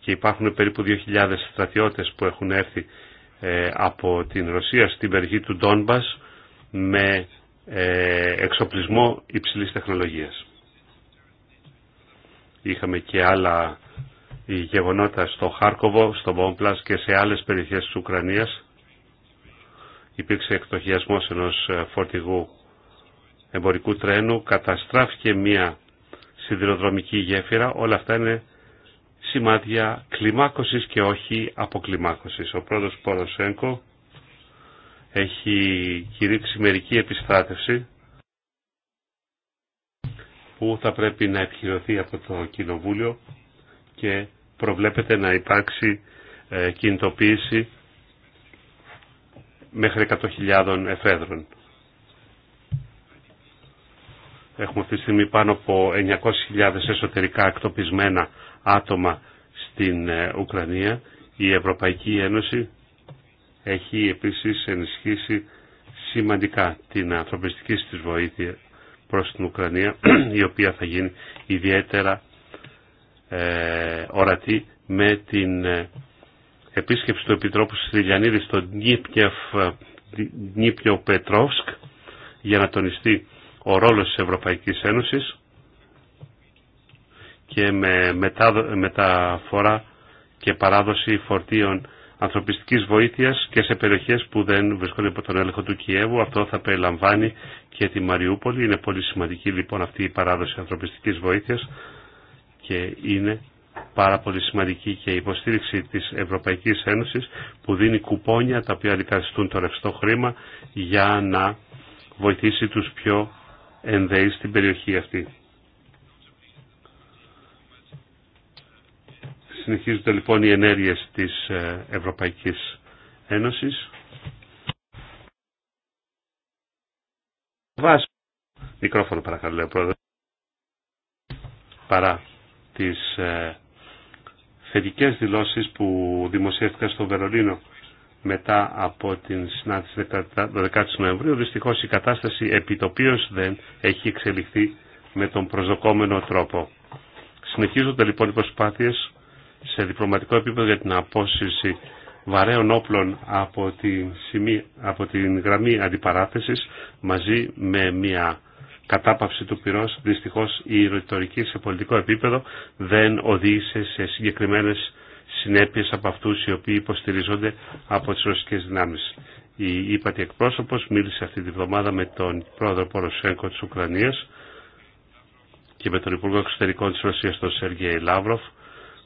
και υπάρχουν περίπου 2.000 στρατιώτες που έχουν έρθει ε, από την Ρωσία στην περιοχή του Ντόνμπας με ε, εξοπλισμό υψηλής τεχνολογίας. Είχαμε και άλλα ε, γεγονότα στο Χάρκοβο, στο Μπομπλάς και σε άλλες περιοχές της Ουκρανίας. Υπήρξε εκτοχιασμός ενός φορτηγού εμπορικού τρένου, καταστράφηκε μία σιδηροδρομική γέφυρα. Όλα αυτά είναι σημάδια κλιμάκωσης και όχι αποκλιμάκωσης. Ο πρόεδρος Ποροσέγκο έχει κηρύξει μερική επιστράτευση που θα πρέπει να επιχειρωθεί από το Κοινοβούλιο και προβλέπεται να υπάρξει ε, κινητοποίηση μέχρι 100.000 εφέδρων. Έχουμε αυτή τη στιγμή πάνω από 900.000 εσωτερικά εκτοπισμένα άτομα στην ε, Ουκρανία. Η Ευρωπαϊκή Ένωση έχει επίσης ενισχύσει σημαντικά την ανθρωπιστική της βοήθεια προς την Ουκρανία, η οποία θα γίνει ιδιαίτερα ε, ορατή με την ε, επίσκεψη του Επιτρόπου Σιλιανίδη στο Νίπιο Πετρόφσκ για να τονιστεί ο ρόλος της Ευρωπαϊκής Ένωσης και με μεταφορά και παράδοση φορτίων ανθρωπιστικής βοήθειας και σε περιοχές που δεν βρισκόνται υπό τον έλεγχο του Κιέβου. Αυτό θα περιλαμβάνει και τη Μαριούπολη. Είναι πολύ σημαντική λοιπόν αυτή η παράδοση ανθρωπιστικής βοήθειας και είναι πάρα πολύ σημαντική και η υποστήριξη της Ευρωπαϊκής Ένωσης που δίνει κουπόνια τα οποία αντικαθιστούν το ρευστό χρήμα για να βοηθήσει τους πιο ενδέει στην περιοχή αυτή. Συνεχίζονται λοιπόν οι ενέργειες της ε, Ευρωπαϊκής Ένωσης. Μικρόφωνο παρακαλώ, Παρά τις ε, θετικές δηλώσεις που δημοσιεύτηκαν στο Βερολίνο μετά από την συνάντηση 12 Νοεμβρίου, δυστυχώς η κατάσταση επιτοπίως δεν έχει εξελιχθεί με τον προσδοκόμενο τρόπο. Συνεχίζονται λοιπόν οι προσπάθειες σε διπλωματικό επίπεδο για την απόσυρση βαρέων όπλων από την, από την γραμμή αντιπαράθεσης μαζί με μια κατάπαυση του πυρός. Δυστυχώς η ρητορική σε πολιτικό επίπεδο δεν οδήγησε σε συγκεκριμένες συνέπειες από αυτούς οι οποίοι υποστηριζόνται από τις ρωσικές δυνάμεις. Η ύπατη εκπρόσωπος μίλησε αυτή τη βδομάδα με τον πρόεδρο Ποροσέγκο της Ουκρανίας και με τον Υπουργό Εξωτερικών της Ρωσίας τον Σεργέη Λαύροφ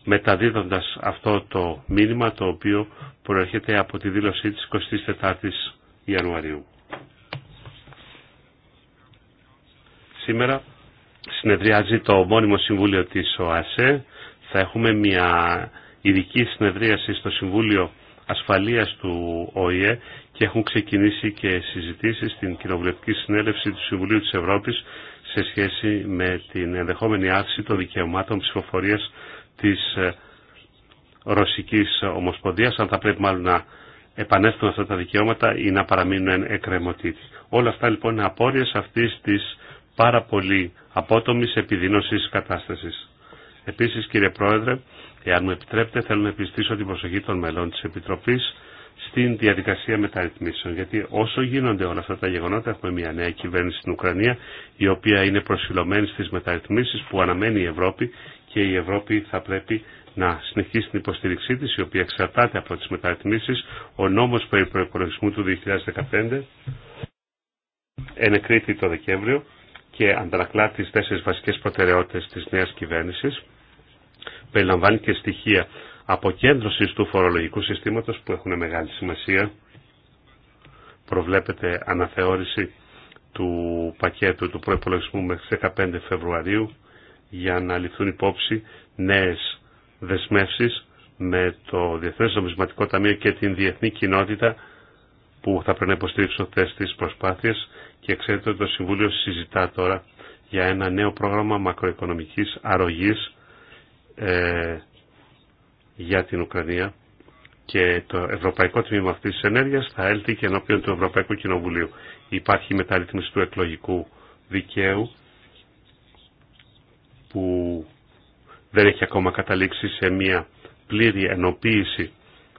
μεταδίδοντας αυτό το μήνυμα το οποίο προέρχεται από τη δήλωσή της 24ης Ιανουαρίου. Σήμερα συνεδριάζει το μόνιμο Συμβούλιο της ΟΑΣΕ. Θα έχουμε μια ειδική συνεδρίαση στο Συμβούλιο Ασφαλείας του ΟΗΕ και έχουν ξεκινήσει και συζητήσεις στην Κοινοβουλευτική Συνέλευση του Συμβουλίου της Ευρώπης σε σχέση με την ενδεχόμενη άρση των δικαιωμάτων ψηφοφορίας της ε, Ρωσικής Ομοσπονδίας, αν θα πρέπει μάλλον να επανέλθουν αυτά τα δικαιώματα ή να παραμείνουν εκκρεμωτήτη. Όλα αυτά λοιπόν είναι απόρριες αυτής της πάρα πολύ απότομης επιδείνωσης κατάστασης. Επίσης κύριε Πρόεδρε, εάν μου επιτρέπετε θέλω να επιστήσω την προσοχή των μελών της Επιτροπής στην διαδικασία μεταρρυθμίσεων. Γιατί όσο γίνονται όλα αυτά τα γεγονότα, έχουμε μια νέα κυβέρνηση στην Ουκρανία, η οποία είναι προσιλωμένη στι μεταρρυθμίσει που αναμένει η Ευρώπη και η Ευρώπη θα πρέπει να συνεχίσει την υποστήριξή της, η οποία εξαρτάται από τις μεταρρυθμίσεις. Ο νόμος περί προϋπολογισμού του 2015 ενεκρίθη το Δεκέμβριο και αντανακλά τις τέσσερις βασικές προτεραιότητες της νέας κυβέρνησης. Περιλαμβάνει και στοιχεία αποκέντρωσης του φορολογικού συστήματος που έχουν μεγάλη σημασία. Προβλέπεται αναθεώρηση του πακέτου του προϋπολογισμού μέχρι 15 Φεβρουαρίου για να ληφθούν υπόψη νέες δεσμεύσεις με το Διεθνές Νομισματικό Ταμείο και την διεθνή κοινότητα που θα πρέπει να υποστηρίξουν αυτές τις προσπάθειες και ξέρετε ότι το Συμβούλιο συζητά τώρα για ένα νέο πρόγραμμα μακροοικονομικής αρρωγής ε, για την Ουκρανία και το Ευρωπαϊκό Τμήμα αυτής της ενέργειας θα έλθει και ενώπιον του Ευρωπαϊκού Κοινοβουλίου. Υπάρχει μεταρρύθμιση του εκλογικού δικαίου που δεν έχει ακόμα καταλήξει σε μια πλήρη ενοποίηση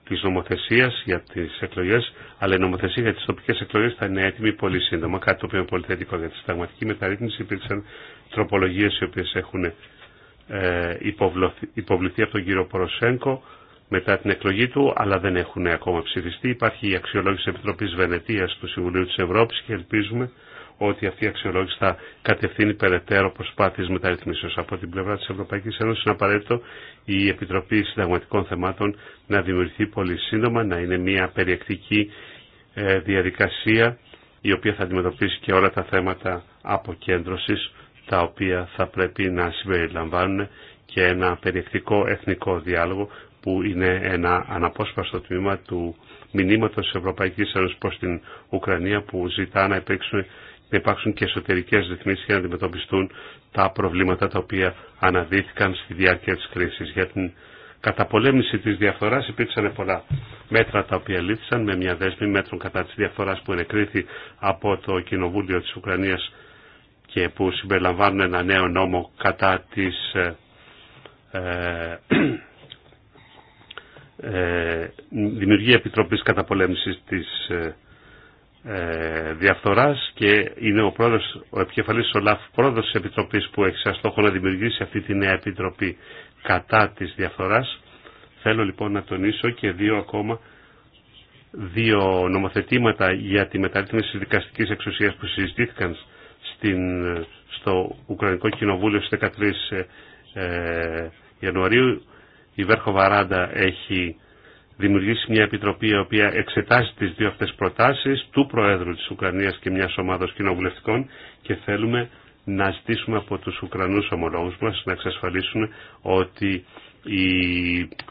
της νομοθεσίας για τις εκλογές, αλλά η νομοθεσία για τις τοπικές εκλογές θα είναι έτοιμη πολύ σύντομα, κάτι το οποίο είναι πολύ θετικό για τη συνταγματική μεταρρύθμιση. Υπήρξαν τροπολογίες οι οποίες έχουν ε, υποβληθεί από τον κύριο Ποροσέγκο μετά την εκλογή του, αλλά δεν έχουν ακόμα ψηφιστεί. Υπάρχει η αξιολόγηση Επιτροπής Βενετίας του Συμβουλίου της Ευρώπης και ελπίζουμε ότι αυτή η αξιολόγηση θα κατευθύνει περαιτέρω προσπάθειε μεταρρυθμίσεω. Από την πλευρά τη Ευρωπαϊκή Ένωση είναι απαραίτητο η Επιτροπή Συνταγματικών Θεμάτων να δημιουργηθεί πολύ σύντομα, να είναι μια περιεκτική ε, διαδικασία η οποία θα αντιμετωπίσει και όλα τα θέματα αποκέντρωση, τα οποία θα πρέπει να συμπεριλαμβάνουν και ένα περιεκτικό εθνικό διάλογο που είναι ένα αναπόσπαστο τμήμα του μηνύματος της Ευρωπαϊκής Ένωσης προς την Ουκρανία που ζητά να υπήρξουν να υπάρξουν και εσωτερικές ρυθμίσεις για να αντιμετωπιστούν τα προβλήματα τα οποία αναδύθηκαν στη διάρκεια της κρίσης. Για την καταπολέμηση της διαφθοράς υπήρξαν πολλά μέτρα τα οποία λύθησαν με μια δέσμη μέτρων κατά της διαφθοράς που ενεκρίθη από το Κοινοβούλιο της Ουκρανίας και που συμπεριλαμβάνουν ένα νέο νόμο κατά της ε, ε, ε, δημιουργία επιτροπής καταπολέμησης της ε, διαφθοράς και είναι ο, πρόεδρος, ο επικεφαλής ΟΛΑΦ πρόεδρος της Επιτροπής που έχει σαν στόχο να δημιουργήσει αυτή τη νέα Επιτροπή κατά της διαφθοράς. Θέλω λοιπόν να τονίσω και δύο ακόμα δύο νομοθετήματα για τη μεταρρύθμιση της δικαστικής εξουσίας που συζητήθηκαν στην, στο Ουκρανικό Κοινοβούλιο στις 13 ε, ε, Ιανουαρίου. Η Βέρχο Βαράντα έχει δημιουργήσει μια επιτροπή η οποία εξετάζει τις δύο αυτές προτάσεις του Προέδρου της Ουκρανίας και μιας ομάδας κοινοβουλευτικών και θέλουμε να ζητήσουμε από τους Ουκρανούς ομολόγους μας να εξασφαλίσουν ότι οι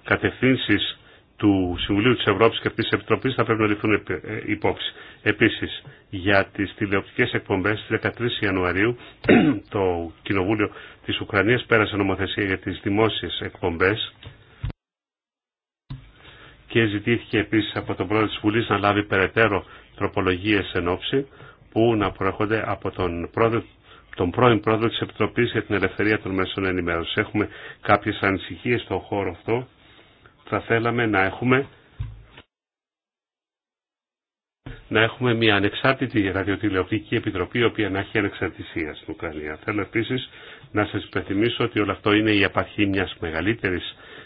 κατευθύνσεις του Συμβουλίου της Ευρώπης και αυτής της Επιτροπής θα πρέπει να ληφθούν ε, υπόψη. Επίσης, για τις τηλεοπτικές εκπομπές, στις 13 Ιανουαρίου το Κοινοβούλιο της Ουκρανίας πέρασε νομοθεσία για τις δημόσιες εκπομπές και ζητήθηκε επίση από τον πρόεδρο τη Βουλή να λάβει περαιτέρω τροπολογίε εν ώψη που να προέρχονται από τον, πρόεδρο, τον πρώην πρόεδρο τη επιτροπή για την Ελευθερία των Μέσων ενημέρωση. Έχουμε κάποιε ανησυχίε στον χώρο αυτό. Θα θέλαμε να έχουμε να έχουμε μια ανεξάρτητη ραδιοτηλεοπτική επιτροπή η οποία να έχει ανεξαρτησία στην Ουκρανία. Θέλω επίση να σα υπενθυμίσω ότι όλο αυτό είναι η απαρχή μια μεγαλύτερη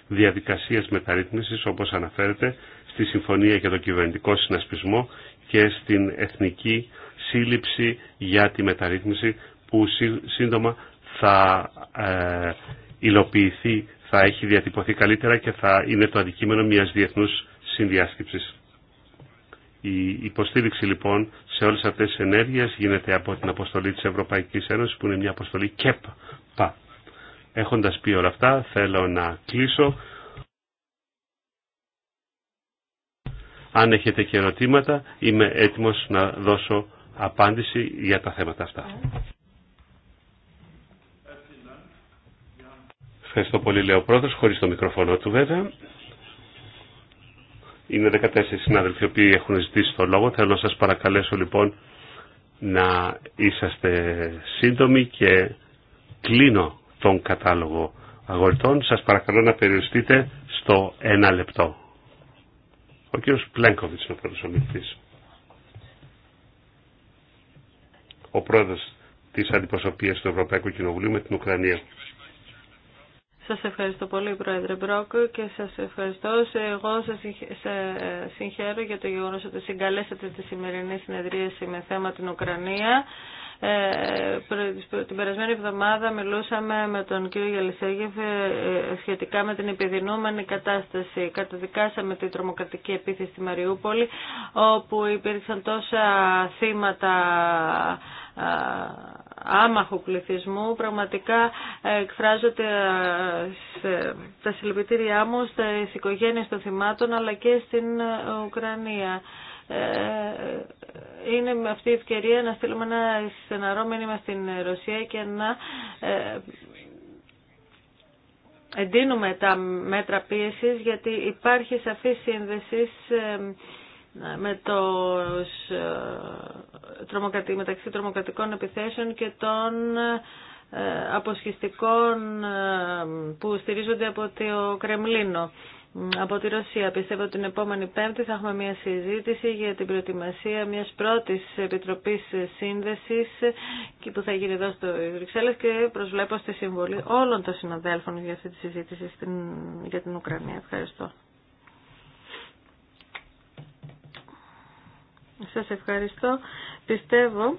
διαδικασίας μεταρρύθμισης όπως αναφέρεται στη Συμφωνία για το Κυβερνητικό Συνασπισμό και στην Εθνική Σύλληψη για τη Μεταρρύθμιση που σύντομα θα ε, υλοποιηθεί, θα έχει διατυπωθεί καλύτερα και θα είναι το αντικείμενο μιας διεθνούς συνδιάσκεψης. Η υποστήριξη λοιπόν σε όλες αυτές τις ενέργειες γίνεται από την αποστολή της Ευρωπαϊκής Ένωσης που είναι μια αποστολή ΚΕΠΑ Έχοντας πει όλα αυτά, θέλω να κλείσω. Αν έχετε και ερωτήματα, είμαι έτοιμος να δώσω απάντηση για τα θέματα αυτά. Ευχαριστώ πολύ, λέω ο πρόεδρος, χωρίς το μικροφωνό του βέβαια. Είναι 14 συνάδελφοι οι οποίοι έχουν ζητήσει το λόγο. Θέλω να σας παρακαλέσω λοιπόν να είσαστε σύντομοι και κλείνω τον κατάλογο αγορτών. Σας παρακαλώ να περιοριστείτε στο ένα λεπτό. Ο κύριος Πλένκοβιτς είναι ο πρώτος ομιλητής. Ο πρόεδρος της αντιπροσωπείας του Ευρωπαϊκού Κοινοβουλίου με την Ουκρανία. Σας ευχαριστώ πολύ Πρόεδρε Μπρόκ και σας ευχαριστώ. Εγώ σας ε, συγχαίρω για το γεγονός ότι συγκαλέσατε τη σημερινή συνεδρίαση με θέμα την Ουκρανία. Ε, την περασμένη εβδομάδα μιλούσαμε με τον κύριο Γελισέγεφ ε, ε, σχετικά με την επιδεινούμενη κατάσταση. Καταδικάσαμε την τρομοκρατική επίθεση στη Μαριούπολη όπου υπήρξαν τόσα θύματα άμαχου πληθυσμού. Πραγματικά εκφράζονται τα συλληπιτήριά μου στις οικογένειες των θυμάτων αλλά και στην Ουκρανία. Ε, είναι αυτή η ευκαιρία να στείλουμε ένα στεναρό μήνυμα στην Ρωσία και να ε, εντείνουμε τα μέτρα πίεσης γιατί υπάρχει σαφή σύνδεση ε, με το μεταξύ τρομοκρατικών επιθέσεων και των αποσχιστικών που στηρίζονται από το Κρεμλίνο από τη Ρωσία. Πιστεύω ότι την επόμενη Πέμπτη θα έχουμε μια συζήτηση για την προετοιμασία μιας πρώτης επιτροπής σύνδεσης που θα γίνει εδώ στο Βρυξέλλες και προσβλέπω στη συμβολή όλων των συναδέλφων για αυτή τη συζήτηση στην... για την Ουκρανία. Ευχαριστώ. Σας ευχαριστώ. Πιστεύω,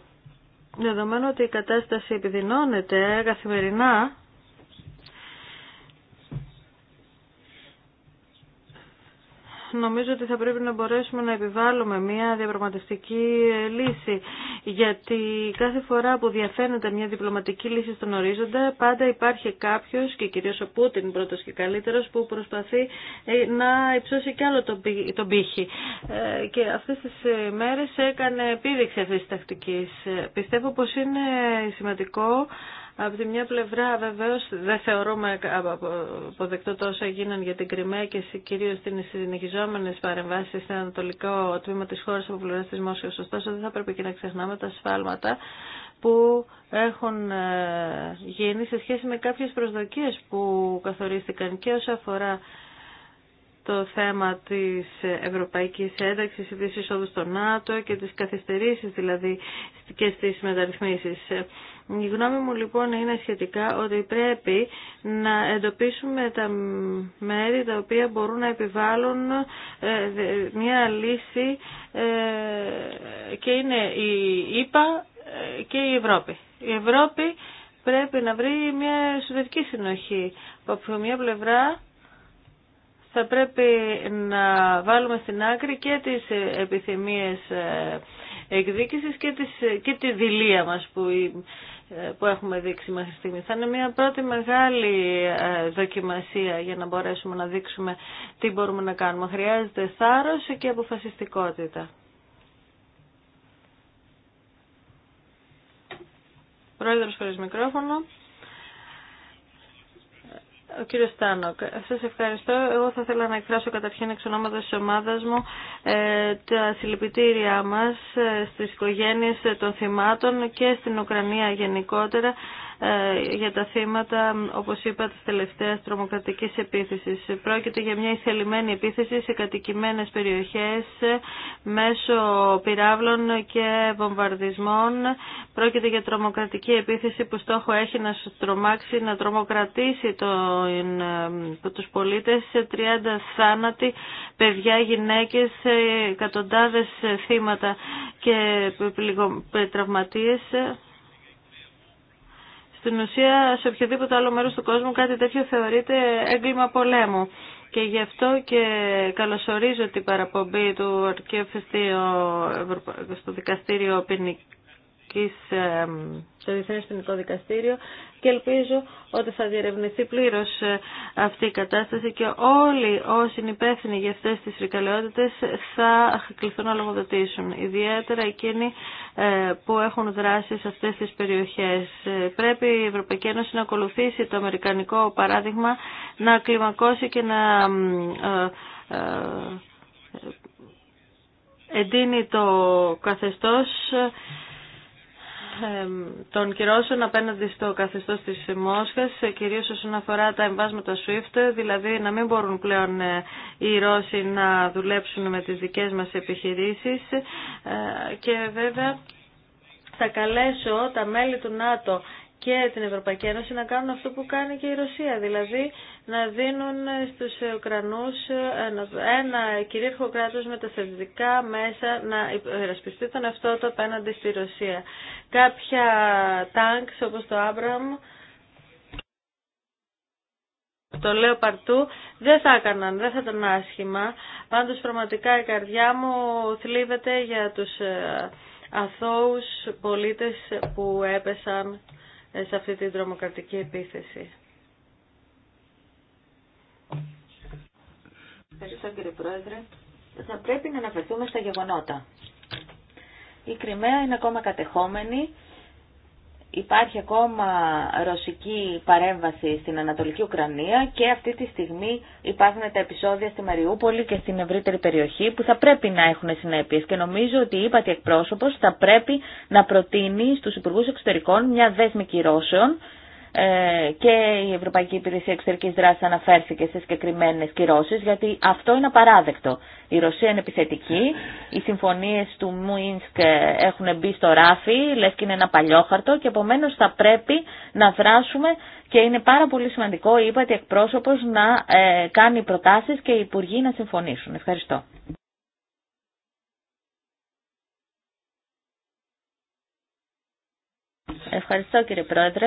δεδομένου ότι η κατάσταση επιδεινώνεται καθημερινά, νομίζω ότι θα πρέπει να μπορέσουμε να επιβάλλουμε μια διαπραγματευτική λύση. Γιατί κάθε φορά που διαφαίνεται μια διπλωματική λύση στον ορίζοντα, πάντα υπάρχει κάποιο, και κυρίω ο Πούτιν πρώτο και καλύτερο, που προσπαθεί ε, να υψώσει κι άλλο τον πύχη. Ε, και αυτέ τι ε, μέρε έκανε επίδειξη αυτή τη τακτική. Πιστεύω πω είναι σημαντικό από τη μια πλευρά βεβαίω, δεν θεωρούμε αποδεκτό όσα έγιναν για την Κρυμαία και κυρίως τι συνεχιζόμενες παρεμβάσει στην ανατολικό τμήμα τη χώρα από πλευρά τη Μόσχα. Ωστόσο δεν θα πρέπει και να ξεχνάμε τα σφάλματα που έχουν ε, γίνει σε σχέση με κάποιε προσδοκίε που καθορίστηκαν και όσον αφορά το θέμα της ευρωπαϊκής ένταξης, της εισόδου στο ΝΑΤΟ και τι καθυστερήσεις δηλαδή και στι μεταρρυθμίσεις. Η γνώμη μου λοιπόν είναι σχετικά ότι πρέπει να εντοπίσουμε τα μέρη τα οποία μπορούν να επιβάλλουν ε, μια λύση ε, και είναι η ΕΠΑ ε, και η Ευρώπη. Η Ευρώπη πρέπει να βρει μια εσωτερική συνοχή από μια πλευρά θα πρέπει να βάλουμε στην άκρη και τις επιθυμίες εκδίκησης και, και τη δηλία μας που που έχουμε δείξει μέχρι στιγμή. Θα είναι μια πρώτη μεγάλη ε, δοκιμασία για να μπορέσουμε να δείξουμε τι μπορούμε να κάνουμε. Χρειάζεται θάρρος και αποφασιστικότητα. Πρόεδρος χωρίς μικρόφωνο. Ο κύριος Στάνοκ, σας ευχαριστώ. Εγώ θα ήθελα να εκφράσω καταρχήν εξ ονόματος της ομάδας μου ε, τα συλληπιτήριά μας ε, στις οικογένειες των θυμάτων και στην Ουκρανία γενικότερα ε, για τα θύματα, όπως είπα, τη τελευταία τρομοκρατική επίθεσης. Πρόκειται για μια ηθελημένη επίθεση σε κατοικημένες περιοχές μέσω πυράβλων και βομβαρδισμών. Πρόκειται για τρομοκρατική επίθεση που στόχο έχει να τρομάξει, να τρομοκρατήσει τον, ε, τους πολίτες σε 30 θάνατοι, παιδιά, γυναίκες, ε, εκατοντάδες θύματα και τραυματίε. Στην ουσία σε οποιοδήποτε άλλο μέρος του κόσμου κάτι τέτοιο θεωρείται έγκλημα πολέμου. Και γι' αυτό και καλωσορίζω την παραπομπή του Αρκείου στο Δικαστήριο Ποινικού το Διεθνές Ποινικό Δικαστήριο και ελπίζω ότι θα διερευνηθεί πλήρως ε, αυτή η κατάσταση και όλοι όσοι είναι υπεύθυνοι για αυτές τις φρικαλαιότητες θα κληθούν να λογοδοτήσουν, ιδιαίτερα εκείνοι ε, που έχουν δράσει σε αυτές τις περιοχές. Ε, πρέπει η Ευρωπαϊκή Ένωση να ακολουθήσει το αμερικανικό παράδειγμα, να κλιμακώσει και να εντείνει το καθεστώς των κυρώσεων απέναντι στο καθεστώς της Μόσχας, ε, κυρίως όσον αφορά τα εμβάσματα SWIFT, δηλαδή να μην μπορούν πλέον ε, οι Ρώσοι να δουλέψουν με τις δικές μας επιχειρήσεις ε, και βέβαια θα καλέσω τα μέλη του ΝΑΤΟ και την Ευρωπαϊκή Ένωση να κάνουν αυτό που κάνει και η Ρωσία, δηλαδή να δίνουν στους Ουκρανούς ένα, ένα κυρίαρχο κράτος με τα στρατιωτικά μέσα να υπερασπιστεί τον αυτό του απέναντι στη Ρωσία. Κάποια τάγκ όπως το Άμπραμ, το λέω παρτού, δεν θα έκαναν, δεν θα ήταν άσχημα. Πάντως πραγματικά η καρδιά μου θλίβεται για τους ε, αθώους πολίτες που έπεσαν ε, σε αυτή την τρομοκρατική επίθεση. Ευχαριστώ κύριε Πρόεδρε. Θα πρέπει να αναφερθούμε στα γεγονότα. Η Κρυμαία είναι ακόμα κατεχόμενη υπάρχει ακόμα ρωσική παρέμβαση στην Ανατολική Ουκρανία και αυτή τη στιγμή υπάρχουν τα επεισόδια στη Μαριούπολη και στην ευρύτερη περιοχή που θα πρέπει να έχουν συνέπειες και νομίζω ότι η ύπατη εκπρόσωπος θα πρέπει να προτείνει στους Υπουργούς Εξωτερικών μια δέσμη κυρώσεων ε, και η Ευρωπαϊκή Υπηρεσία Εξωτερικής Δράσης αναφέρθηκε σε συγκεκριμένε κυρώσεις, γιατί αυτό είναι απαράδεκτο. Η Ρωσία είναι επιθετική, οι συμφωνίες του Μουίνσκ έχουν μπει στο ράφι, λες και είναι ένα παλιόχαρτο και επομένως θα πρέπει να δράσουμε και είναι πάρα πολύ σημαντικό, είπα, ότι εκπρόσωπος να ε, κάνει προτάσεις και οι υπουργοί να συμφωνήσουν. Ευχαριστώ. Ευχαριστώ κύριε Πρόεδρε.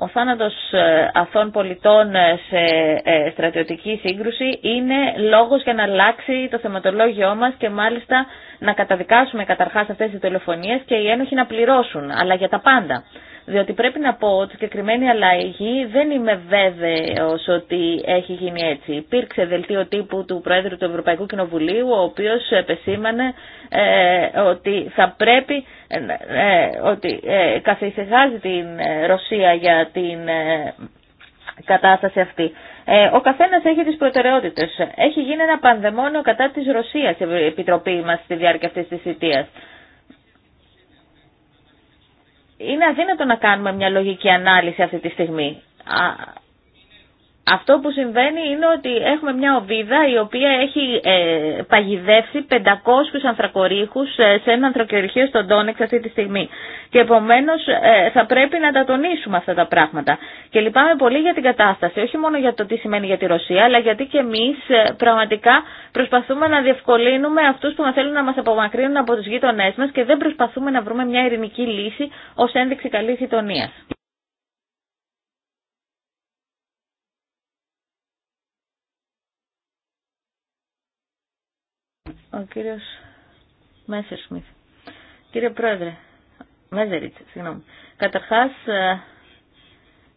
Ο θάνατος ε, αθών πολιτών ε, σε ε, στρατιωτική σύγκρουση είναι λόγος για να αλλάξει το θεματολόγιό μας και μάλιστα να καταδικάσουμε καταρχάς αυτές τις τηλεφωνίες και οι ένοχοι να πληρώσουν, αλλά για τα πάντα. Διότι πρέπει να πω ότι συγκεκριμένη αλλαγή δεν είμαι βέβαιος ότι έχει γίνει έτσι. Υπήρξε δελτίο τύπου του Πρόεδρου του Ευρωπαϊκού Κοινοβουλίου, ο οποίος επεσήμανε ε, ότι θα πρέπει, ε, ε ότι ε, την ε, Ρωσία για την ε, κατάσταση αυτή. Ε, ο καθένας έχει τις προτεραιότητες. Έχει γίνει ένα πανδεμόνιο κατά της Ρωσίας η Επιτροπή μας στη διάρκεια αυτής της θητείας είναι αδύνατο να κάνουμε μια λογική ανάλυση αυτή τη στιγμή. Αυτό που συμβαίνει είναι ότι έχουμε μια οβίδα η οποία έχει ε, παγιδεύσει 500 ανθρακορίχους ε, σε ένα ανθρακοριχείο στον Τόνεξ αυτή τη στιγμή. Και επομένως ε, θα πρέπει να τα τονίσουμε αυτά τα πράγματα. Και λυπάμαι πολύ για την κατάσταση, όχι μόνο για το τι σημαίνει για τη Ρωσία, αλλά γιατί και εμείς πραγματικά προσπαθούμε να διευκολύνουμε αυτούς που μας θέλουν να μας απομακρύνουν από τους γείτονές μας και δεν προσπαθούμε να βρούμε μια ειρηνική λύση ως ένδειξη καλής γειτονίας. κύριος Κύριε Πρόεδρε, Μέζεριτ, συγγνώμη. Καταρχάς, ε,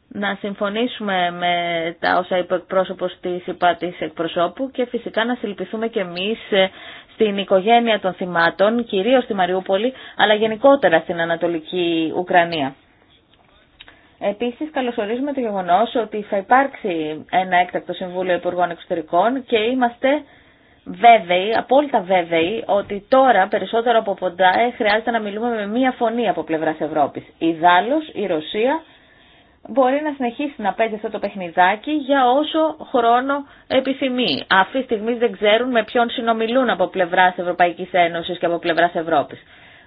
να συμφωνήσουμε με τα όσα είπε ο εκπρόσωπος της υπάτης εκπροσώπου και φυσικά να συλληπιθούμε και εμείς ε, στην οικογένεια των θυμάτων, κυρίως στη Μαριούπολη, αλλά γενικότερα στην Ανατολική Ουκρανία. Επίσης, καλωσορίζουμε το γεγονός ότι θα υπάρξει ένα έκτακτο Συμβούλιο Υπουργών Εξωτερικών και είμαστε βέβαιοι, απόλυτα βέβαιοι, ότι τώρα περισσότερο από ποντά χρειάζεται να μιλούμε με μία φωνή από πλευράς Ευρώπης. Δάλος, η Ρωσία μπορεί να συνεχίσει να παίζει αυτό το παιχνιδάκι για όσο χρόνο επιθυμεί. Αυτή τη στιγμή δεν ξέρουν με ποιον συνομιλούν από πλευράς Ευρωπαϊκής Ένωσης και από πλευρά Ευρώπης.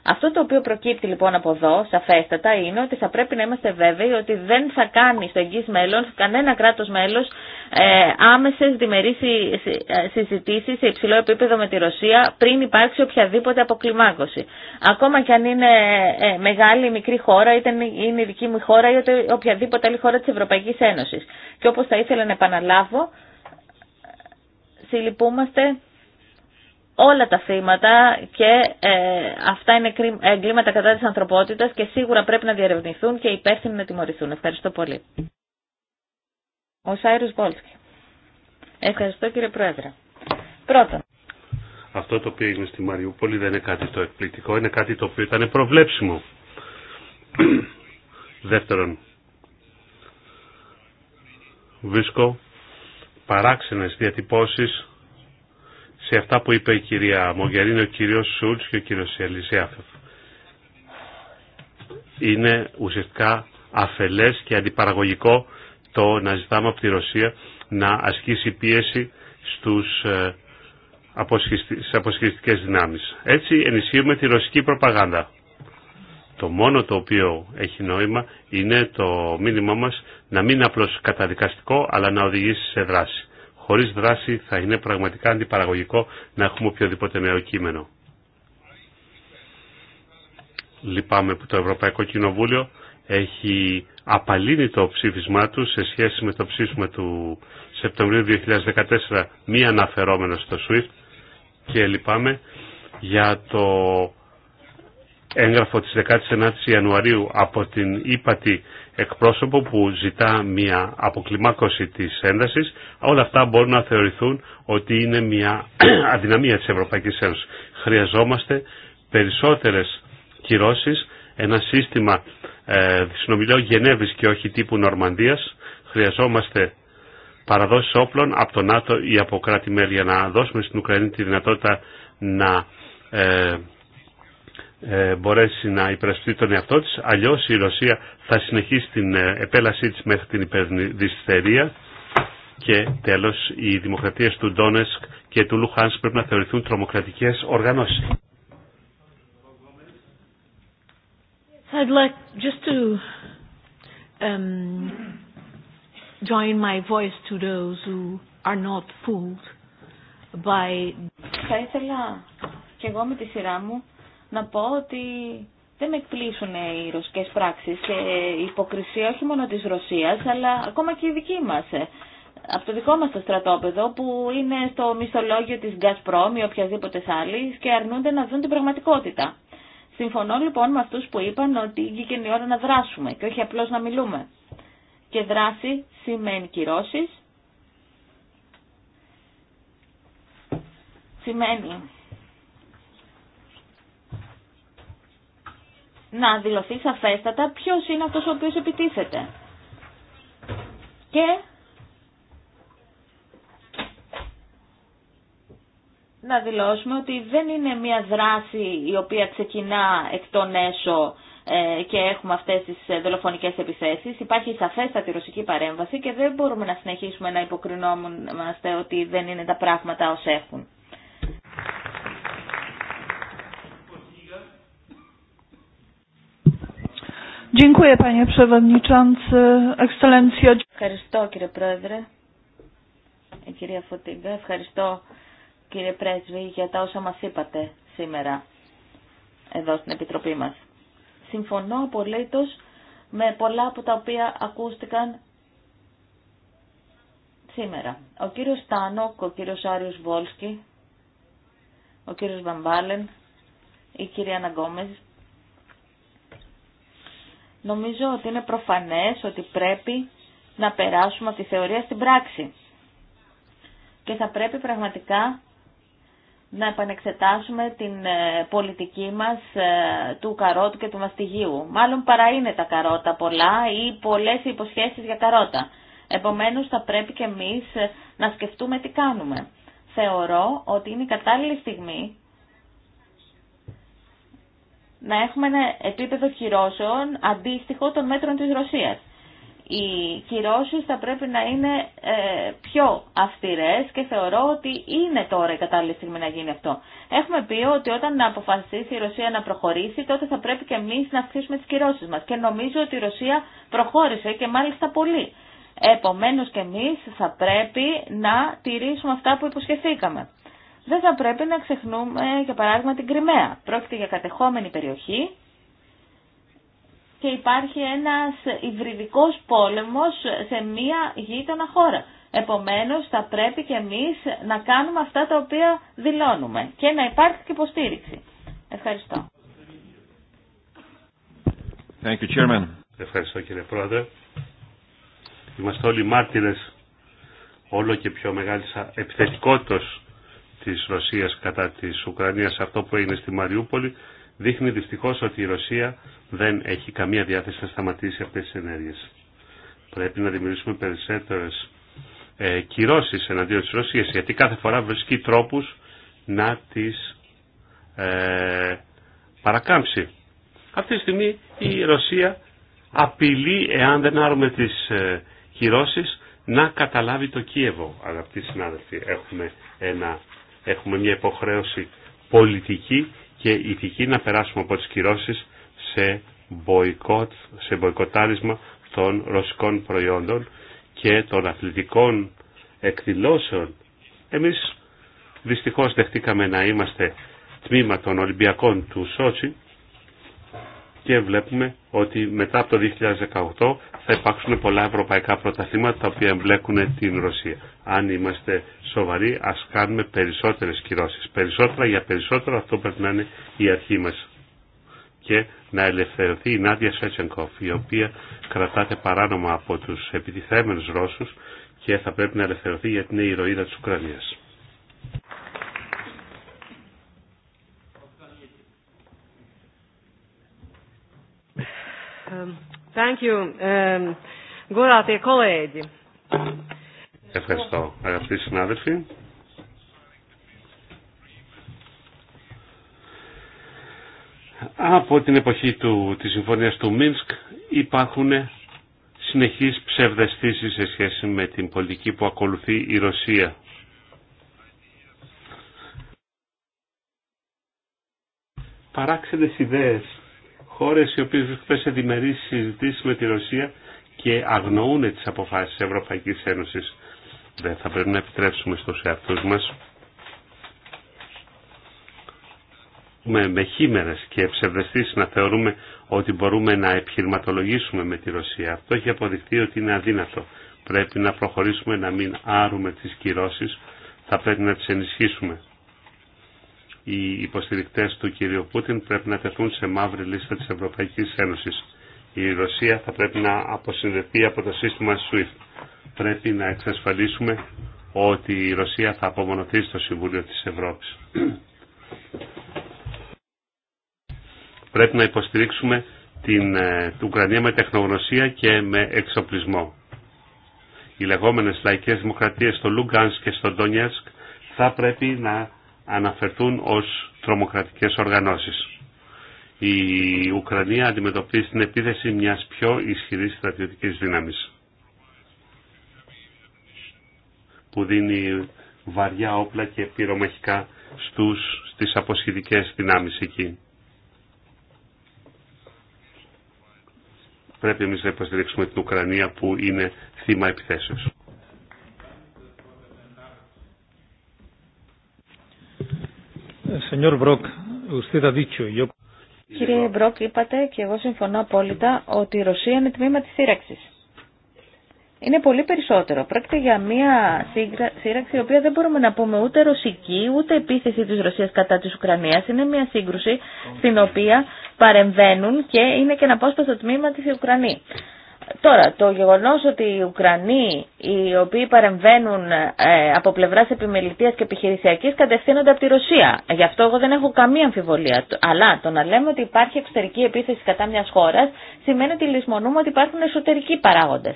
Αυτό το οποίο προκύπτει λοιπόν από εδώ, σαφέστατα, είναι ότι θα πρέπει να είμαστε βέβαιοι ότι δεν θα κάνει στο εγγύς μέλλον κανένα κράτος μέλος ε, άμεσες συζητήσει συζητήσεις σε υψηλό επίπεδο με τη Ρωσία πριν υπάρξει οποιαδήποτε αποκλιμάκωση. Ακόμα και αν είναι ε, μεγάλη ή μικρή χώρα, είτε είναι η δική μου χώρα ή οποιαδήποτε άλλη χώρα της Ευρωπαϊκής Ένωσης. Και όπως θα ήθελα να επαναλάβω, ε, συλληπούμαστε όλα τα θύματα και ε, αυτά είναι εγκλήματα κατά της ανθρωπότητας και σίγουρα πρέπει να διαρευνηθούν και οι υπεύθυνοι να τιμωρηθούν. Ευχαριστώ πολύ. Ο Σάιρους Βόλσκι. Ευχαριστώ κύριε Πρόεδρε. Πρώτον. Αυτό το οποίο έγινε στη Μαριούπολη δεν είναι κάτι το εκπληκτικό, είναι κάτι το οποίο ήταν προβλέψιμο. Δεύτερον, βρίσκω παράξενες διατυπώσεις σε αυτά που είπε η κυρία Μογγερίνη, ο κύριος Σούλτς και ο κύριος Ελισιάφεφ. Είναι ουσιαστικά αφελές και αντιπαραγωγικό το να ζητάμε από τη Ρωσία να ασκήσει πίεση στους ε, στις δυνάμεις. Έτσι ενισχύουμε τη ρωσική προπαγάνδα. Το μόνο το οποίο έχει νόημα είναι το μήνυμά μας να μην απλώς καταδικαστικό αλλά να οδηγήσει σε δράση χωρίς δράση θα είναι πραγματικά αντιπαραγωγικό να έχουμε οποιοδήποτε νέο κείμενο. Λυπάμαι που το Ευρωπαϊκό Κοινοβούλιο έχει απαλύνει το ψήφισμά του σε σχέση με το ψήφισμα του Σεπτεμβρίου 2014 μη αναφερόμενο στο SWIFT και λυπάμαι για το έγγραφο της 19ης Ιανουαρίου από την ύπατη εκπρόσωπο που ζητά μια αποκλιμάκωση της έντασης, όλα αυτά μπορούν να θεωρηθούν ότι είναι μια αδυναμία της Ευρωπαϊκής Ένωσης. Χρειαζόμαστε περισσότερες κυρώσεις, ένα σύστημα ε, συνομιλιών Γενέβης και όχι τύπου Νορμανδίας. Χρειαζόμαστε παραδόσεις όπλων από το ΝΑΤΟ ή από κράτη-μέλη για να δώσουμε στην Ουκρανία τη δυνατότητα να ε, ε, μπορέσει να υπερασπιστεί τον εαυτό της, αλλιώς η Ρωσία θα συνεχίσει την ε, επέλασή της μέχρι την υπερδυστερία και τέλος οι δημοκρατίες του Ντόνεσκ και του Λουχάνσκ πρέπει να θεωρηθούν τρομοκρατικές οργανώσεις. I'd like just to um, join my voice to those who are not by... Θα ήθελα και εγώ με τη σειρά μου να πω ότι δεν με εκπλήσουν οι ρωσικές πράξεις και η υποκρισία όχι μόνο της Ρωσίας αλλά ακόμα και η δική μας. Ε. Από το δικό μας το στρατόπεδο που είναι στο μισθολόγιο της Gazprom ή οποιαδήποτε άλλη και αρνούνται να δουν την πραγματικότητα. Συμφωνώ λοιπόν με αυτούς που είπαν ότι γίγαινε η ώρα να δράσουμε και όχι απλώς να μιλούμε. Και δράση σημαίνει κυρώσεις, σημαίνει να δηλωθεί σαφέστατα ποιος είναι αυτός ο οποίος επιτίθεται. Και να δηλώσουμε ότι δεν είναι μια δράση η οποία ξεκινά εκ των έσω ε, και έχουμε αυτές τις ε, δολοφονικές επιθέσεις. Υπάρχει σαφέστατη ρωσική παρέμβαση και δεν μπορούμε να συνεχίσουμε να υποκρινόμαστε ότι δεν είναι τα πράγματα ως έχουν. Ευχαριστώ κύριε Πρόεδρε. Η ε, κυρία Φωτίγκα, ευχαριστώ κύριε Πρέσβη για τα όσα μας είπατε σήμερα εδώ στην Επιτροπή μας. Συμφωνώ απολύτως με πολλά από τα οποία ακούστηκαν σήμερα. Ο κύριος Στάνοκ, ο κύριος Άριος Βόλσκι, ο κύριος Βαμβάλεν, η κυρία Ναγκόμεζ, Νομίζω ότι είναι προφανές ότι πρέπει να περάσουμε από τη θεωρία στην πράξη. Και θα πρέπει πραγματικά να επανεξετάσουμε την ε, πολιτική μας ε, του καρότου και του μαστιγίου. Μάλλον παρά τα καρότα πολλά ή πολλές υποσχέσεις για καρότα. Επομένως θα πρέπει και εμείς ε, να σκεφτούμε τι κάνουμε. Θεωρώ ότι είναι η κατάλληλη στιγμή να έχουμε ένα επίπεδο κυρώσεων αντίστοιχο των μέτρων της Ρωσίας. Οι κυρώσει θα πρέπει να είναι ε, πιο αυστηρές και θεωρώ ότι είναι τώρα η κατάλληλη στιγμή να γίνει αυτό. Έχουμε πει ότι όταν να αποφασίσει η Ρωσία να προχωρήσει τότε θα πρέπει και εμείς να αυξήσουμε τις κυρώσεις μας και νομίζω ότι η Ρωσία προχώρησε και μάλιστα πολύ. Επομένως και εμείς θα πρέπει να τηρήσουμε αυτά που υποσχεθήκαμε δεν θα πρέπει να ξεχνούμε για παράδειγμα την Κρυμαία. Πρόκειται για κατεχόμενη περιοχή και υπάρχει ένας υβριδικός πόλεμος σε μία γείτονα χώρα. Επομένως θα πρέπει και εμείς να κάνουμε αυτά τα οποία δηλώνουμε και να υπάρχει και υποστήριξη. Ευχαριστώ. Thank you, Chairman. Ευχαριστώ κύριε Πρόεδρε. Είμαστε όλοι μάρτυρες όλο και πιο μεγάλης επιθετικότητας της Ρωσίας κατά της Ουκρανίας, αυτό που έγινε στη Μαριούπολη, δείχνει δυστυχώς ότι η Ρωσία δεν έχει καμία διάθεση να σταματήσει αυτές τις ενέργειες. Πρέπει να δημιουργήσουμε περισσότερες ε, κυρώσεις εναντίον της Ρωσίας, γιατί κάθε φορά βρίσκει τρόπους να τις ε, παρακάμψει. Αυτή τη στιγμή η Ρωσία απειλεί, εάν δεν άρουμε τις ε, να καταλάβει το Κίεβο, αγαπητοί συνάδελφοι. Έχουμε ένα Έχουμε μια υποχρέωση πολιτική και ηθική να περάσουμε από τις κυρώσεις σε, μποϊκότ, σε μποϊκοτάρισμα των ρωσικών προϊόντων και των αθλητικών εκδηλώσεων. Εμείς δυστυχώς δεχτήκαμε να είμαστε τμήμα των Ολυμπιακών του Σότσι και βλέπουμε ότι μετά από το 2018 θα υπάρξουν πολλά ευρωπαϊκά πρωταθλήματα τα οποία εμπλέκουν την Ρωσία. Αν είμαστε σοβαροί ας κάνουμε περισσότερες κυρώσεις. Περισσότερα για περισσότερα αυτό πρέπει να είναι η αρχή μας. Και να ελευθερωθεί η Νάντια Σέτσενκοφ η οποία κρατάται παράνομα από τους επιτιθέμενους Ρώσους και θα πρέπει να ελευθερωθεί γιατί είναι η ηρωίδα της Ουκρανίας. Um, um, Ευχαριστώ, αγαπητοί συνάδελφοι. Από την εποχή του, της συμφωνίας του Μίνσκ υπάρχουν συνεχείς ψευδεστήσεις σε σχέση με την πολιτική που ακολουθεί η Ρωσία. Παράξενες ιδέες χώρες οι οποίες βρίσκονται σε διμερείς συζητήσεις με τη Ρωσία και αγνοούν τις αποφάσεις της Ευρωπαϊκής Ένωσης. Δεν θα πρέπει να επιτρέψουμε στους εαυτούς μας με, με χήμερες και ψευδεστήσεις να θεωρούμε ότι μπορούμε να επιχειρηματολογήσουμε με τη Ρωσία. Αυτό έχει αποδειχθεί ότι είναι αδύνατο. Πρέπει να προχωρήσουμε να μην άρουμε τις κυρώσεις, θα πρέπει να τις ενισχύσουμε οι υποστηρικτές του κυρίου Πούτιν πρέπει να τεθούν σε μαύρη λίστα της Ευρωπαϊκής Ένωσης. Η Ρωσία θα πρέπει να αποσυνδεθεί από το σύστημα SWIFT. Πρέπει να εξασφαλίσουμε ότι η Ρωσία θα απομονωθεί στο Συμβούλιο της Ευρώπης. πρέπει να υποστηρίξουμε την, ε, Ουκρανία με τεχνογνωσία και με εξοπλισμό. Οι λεγόμενες λαϊκές δημοκρατίες στο Λουγκάνσκ και στο Ντόνιασκ θα πρέπει να αναφερθούν ως τρομοκρατικές οργανώσεις. Η Ουκρανία αντιμετωπίζει την επίθεση μιας πιο ισχυρής στρατιωτικής δύναμης που δίνει βαριά όπλα και πυρομαχικά στους, στις αποσχετικές δυνάμεις εκεί. Πρέπει εμείς να υποστηρίξουμε την Ουκρανία που είναι θύμα επιθέσεως. Κύριε Μπρόκ, είπατε και εγώ συμφωνώ απόλυτα ότι η Ρωσία είναι τμήμα της σύραξη. Είναι πολύ περισσότερο. Πρόκειται για μια σύραξη η οποία δεν μπορούμε να πούμε ούτε ρωσική ούτε επίθεση της Ρωσίας κατά της Ουκρανίας. Είναι μια σύγκρουση στην οποία παρεμβαίνουν και είναι και ένα απόσπαστο τμήμα της Ουκρανία. Τώρα, το γεγονός ότι οι Ουκρανοί, οι οποίοι παρεμβαίνουν ε, από πλευράς επιμελητίας και επιχειρησιακής, κατευθύνονται από τη Ρωσία. Γι' αυτό εγώ δεν έχω καμία αμφιβολία. Αλλά το να λέμε ότι υπάρχει εξωτερική επίθεση κατά μιας χώρας, σημαίνει ότι λησμονούμε ότι υπάρχουν εσωτερικοί παράγοντες.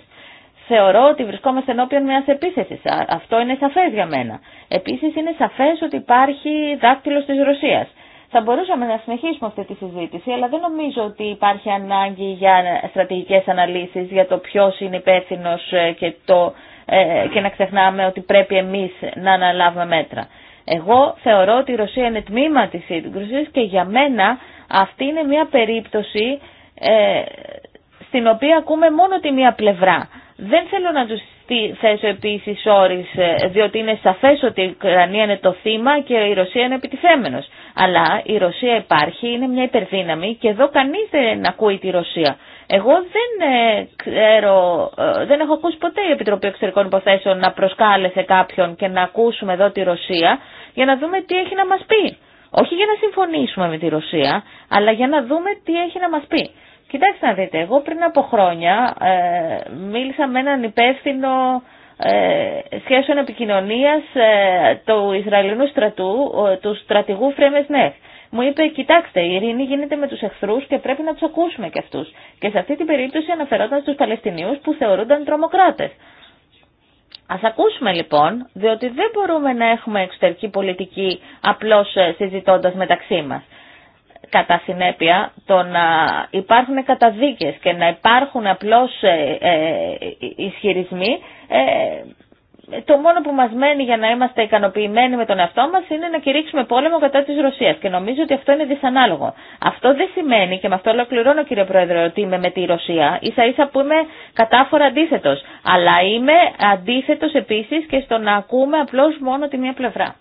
Θεωρώ ότι βρισκόμαστε ενώπιον μιας επίθεσης. Αυτό είναι σαφές για μένα. Επίσης είναι σαφές ότι υπάρχει δάκτυλος της Ρωσίας. Θα μπορούσαμε να συνεχίσουμε αυτή τη συζήτηση, αλλά δεν νομίζω ότι υπάρχει ανάγκη για στρατηγικές αναλύσεις για το ποιος είναι υπεύθυνο ε, και, ε, και να ξεχνάμε ότι πρέπει εμείς να αναλάβουμε μέτρα. Εγώ θεωρώ ότι η Ρωσία είναι τμήμα της σύγκρουση και για μένα αυτή είναι μια περίπτωση ε, στην οποία ακούμε μόνο τη μία πλευρά. Δεν θέλω να τι θέσω επίση όρει, διότι είναι σαφέ ότι η Ουκρανία είναι το θύμα και η Ρωσία είναι επιτιθέμενο. Αλλά η Ρωσία υπάρχει, είναι μια υπερδύναμη και εδώ κανεί δεν ακούει τη Ρωσία. Εγώ δεν ε, ε, δεν έχω ακούσει ποτέ η Επιτροπή Εξωτερικών Υποθέσεων να προσκάλεσε κάποιον και να ακούσουμε εδώ τη Ρωσία για να δούμε τι έχει να μα πει. Όχι για να συμφωνήσουμε με τη Ρωσία, αλλά για να δούμε τι έχει να μα πει. Κοιτάξτε να δείτε, εγώ πριν από χρόνια ε, μίλησα με έναν υπεύθυνο ε, σχέσεων επικοινωνίας ε, του Ισραηλινού στρατού, του στρατηγού Φρέμες Νεφ. Μου είπε, κοιτάξτε, η ειρήνη γίνεται με τους εχθρούς και πρέπει να τους ακούσουμε και αυτούς. Και σε αυτή την περίπτωση αναφερόταν στους Παλαιστινίους που θεωρούνταν τρομοκράτες. Ας ακούσουμε λοιπόν, διότι δεν μπορούμε να έχουμε εξωτερική πολιτική απλώς ε, συζητώντας μεταξύ μας κατά συνέπεια το να υπάρχουν καταδίκες και να υπάρχουν απλώς ε, ε, ισχυρισμοί ε, το μόνο που μας μένει για να είμαστε ικανοποιημένοι με τον εαυτό μας είναι να κηρύξουμε πόλεμο κατά της Ρωσίας και νομίζω ότι αυτό είναι δυσανάλογο. Αυτό δεν σημαίνει και με αυτό ολοκληρώνω κύριε Πρόεδρε ότι είμαι με τη Ρωσία, ίσα ίσα που είμαι κατάφορα αντίθετος, αλλά είμαι αντίθετος επίσης και στο να ακούμε απλώς μόνο τη μία πλευρά.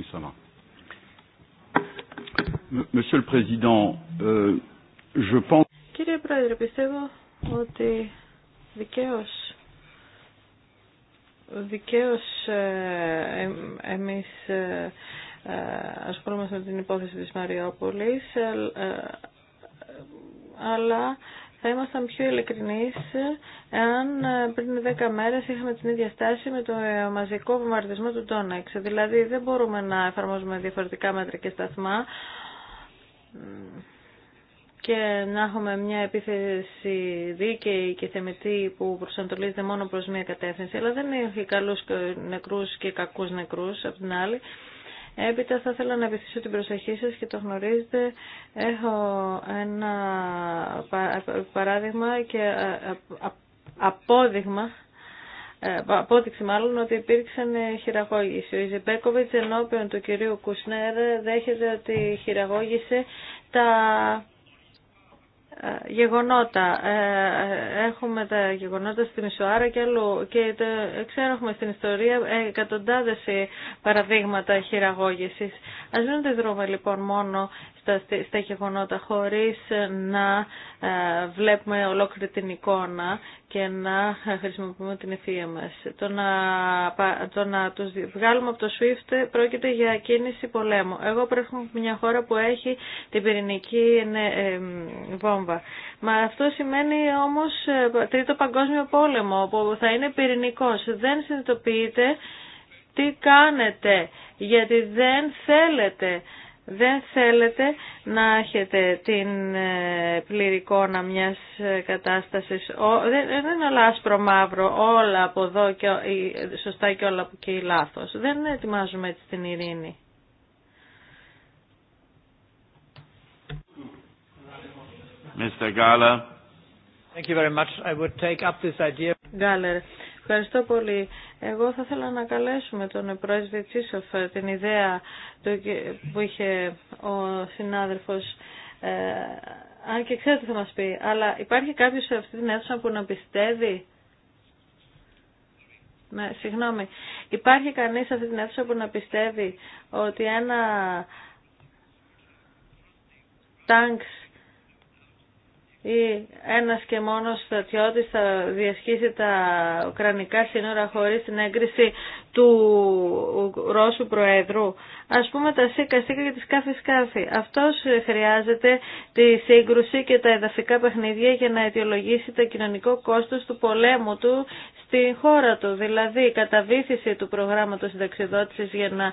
Oui, ça Usama. Monsieur le Président, euh, je pense... Κύριε Πρόεδρε, πιστεύω ότι δικαίως δικαίως ε, ε, εμείς ε, ε, ασχολούμαστε με την υπόθεση της Μαριόπολης ε, ε, αλλά θα ήμασταν πιο ειλικρινεί αν ε, πριν 10 μέρες είχαμε την ίδια στάση με το ε, μαζικό βομβαρδισμό του Τόναξ. Δηλαδή δεν μπορούμε να εφαρμόζουμε διαφορετικά μέτρα και σταθμά και να έχουμε μια επίθεση δίκαιη και θεμετή που προσανατολίζεται μόνο προς μια κατεύθυνση, αλλά δεν έχει καλούς νεκρούς και κακούς νεκρούς από την άλλη. Έπειτα θα ήθελα να επιστήσω την προσοχή σας και το γνωρίζετε. Έχω ένα παράδειγμα και ε, απόδειγμα ε, απόδειξη μάλλον ότι υπήρξαν χειραγώγηση. Ο Ιζιμπέκοβιτς ενώπιον του κυρίου Κουσνέρ δέχεται ότι χειραγώγησε τα γεγονότα. Ε, ε, έχουμε τα γεγονότα στη Μισοάρα και αλλού και το, ξέρω στην ιστορία εκατοντάδες παραδείγματα χειραγώγησης. Ας μην δρούμε λοιπόν μόνο στα, στα γεγονότα χωρίς να ε, βλέπουμε ολόκληρη την εικόνα και να χρησιμοποιούμε την ευθεία μας. Το να, το να τους βγάλουμε από το SWIFT πρόκειται για κίνηση πολέμου. Εγώ προέρχομαι από μια χώρα που έχει την πυρηνική ναι, ε, βόμβα. Μα αυτό σημαίνει όμως ε, τρίτο παγκόσμιο πόλεμο που θα είναι πυρηνικός. Δεν συνειδητοποιείται τι κάνετε γιατί δεν θέλετε δεν θέλετε να έχετε την ε, πλήρη εικόνα μιας ε, κατάστασης. Δεν, ε, δεν είναι όλα άσπρο μαύρο, όλα από εδώ και σωστά και όλα από εκεί λάθος. Δεν ετοιμάζουμε έτσι την ειρήνη. Mr. Gala. Thank you very much. I Ευχαριστώ πολύ. Εγώ θα ήθελα να καλέσουμε τον πρόεδρο Τσίσοφ την ιδέα που είχε ο συνάδελφος ε, αν και ξέρω τι θα μας πει, αλλά υπάρχει κάποιος σε αυτή την αίθουσα που να πιστεύει ναι, συγγνώμη. Υπάρχει κανείς σε αυτή την αίθουσα που να πιστεύει ότι ένα τάγκ ή ένας και μόνος στρατιώτης θα διασχίσει τα ουκρανικά σύνορα χωρίς την έγκριση του Ρώσου Προέδρου. Ας πούμε τα σίκα σίκα και τη σκάφη σκάφη. Αυτός χρειάζεται τη σύγκρουση και τα εδαφικά παιχνίδια για να αιτιολογήσει το κοινωνικό κόστος του πολέμου του στην χώρα του. Δηλαδή η καταβήθηση του προγράμματος συνταξιδότησης για να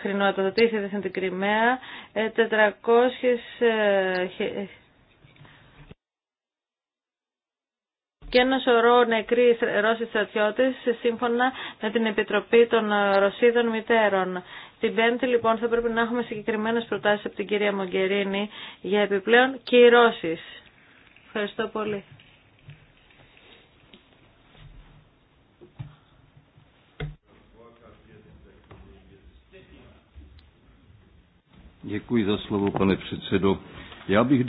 χρηματοδοτήσει την Κρυμαία 400 ε, και ένα σωρό νεκροί Ρώσοι στρατιώτε σύμφωνα με την Επιτροπή των Ρωσίδων Μητέρων. Την Πέμπτη λοιπόν θα πρέπει να έχουμε συγκεκριμένε προτάσει από την κυρία Μογκερίνη για επιπλέον κυρώσεις. Ευχαριστώ πολύ. Děkuji za slovo, pane předsedo. Já bych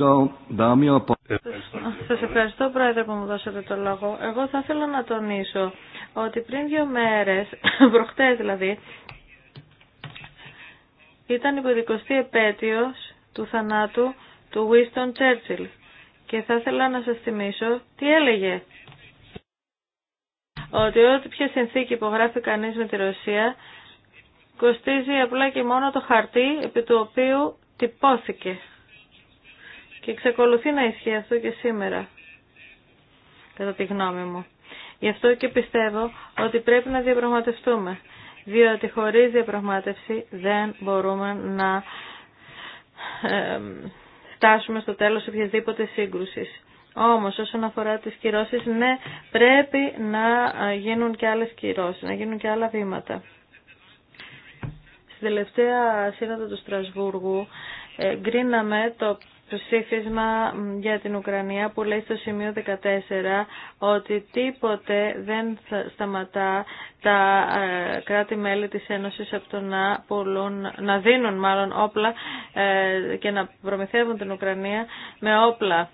Σα ευχαριστώ Πρόεδρε που μου δώσατε το λόγο. Εγώ θα ήθελα να τονίσω ότι πριν δύο μέρες, προχτέ δηλαδή, ήταν η 20 επέτειος του θανάτου του Winston Churchill και θα ήθελα να σας θυμίσω τι έλεγε. Ότι ό,τι ποια συνθήκη υπογράφει κανείς με τη Ρωσία κοστίζει απλά και μόνο το χαρτί επί του οποίου τυπώθηκε. Και εξακολουθεί να ισχύει αυτό και σήμερα, κατά τη γνώμη μου. Γι' αυτό και πιστεύω ότι πρέπει να διαπραγματευτούμε, διότι χωρίς διαπραγμάτευση δεν μπορούμε να φτάσουμε στο τέλος οποιασδήποτε σύγκρουσης. Όμως όσον αφορά τις κυρώσεις, ναι, πρέπει να γίνουν και άλλες κυρώσεις, να γίνουν και άλλα βήματα. Στην τελευταία σύνοδο του Στρασβούργου ε, γκρίναμε το ψήφισμα για την Ουκρανία που λέει στο σημείο 14 ότι τίποτε δεν θα σταματά τα ε, κράτη-μέλη της Ένωσης από το να, να δίνουν μάλλον όπλα ε, και να προμηθεύουν την Ουκρανία με όπλα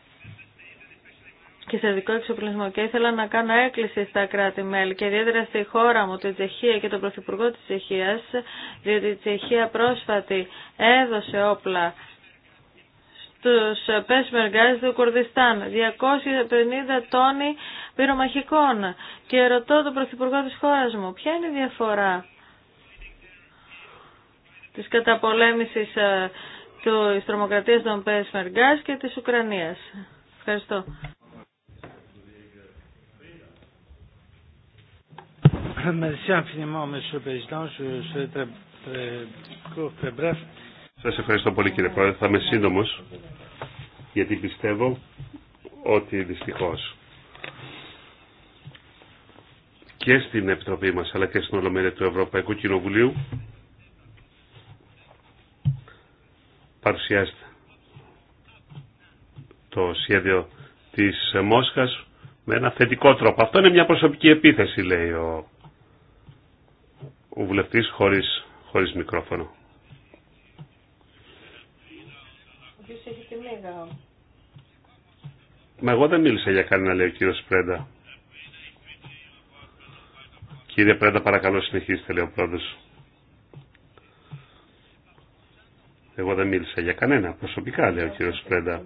και σε δικό εξοπλισμό. Και ήθελα να κάνω έκκληση στα κράτη-μέλη και ιδιαίτερα στη χώρα μου, την Τσεχία και τον Πρωθυπουργό της Τσεχίας, διότι η Τσεχία πρόσφατη έδωσε όπλα τους ε, πέσμεργάς του Κουρδιστάν, 250 τόνοι πυρομαχικών και ρωτώ τον Πρωθυπουργό της χώρας μου, ποια είναι η διαφορά της καταπολέμησης ε, του τρομοκρατίας των Πέσμεργάς και της Ουκρανίας. Ευχαριστώ. Merci infiniment, Monsieur le Président. Je serai très, très court, très bref. Σας ευχαριστώ πολύ κύριε Πρόεδρε. Θα είμαι σύντομος γιατί πιστεύω ότι δυστυχώς και στην Επιτροπή μας αλλά και στην Ολομέλεια του Ευρωπαϊκού Κοινοβουλίου παρουσιάζεται το σχέδιο της Μόσχας με ένα θετικό τρόπο. Αυτό είναι μια προσωπική επίθεση λέει ο, ο βουλευτής χωρίς μικρόφωνο. Μα εγώ δεν μίλησα για κανένα, λέει ο κύριο Πρέντα. Κύριε Πρέντα, παρακαλώ συνεχίστε, λέει ο πρόεδρος. Εγώ δεν μίλησα για κανένα, προσωπικά, λέει ο κύριο Πρέντα.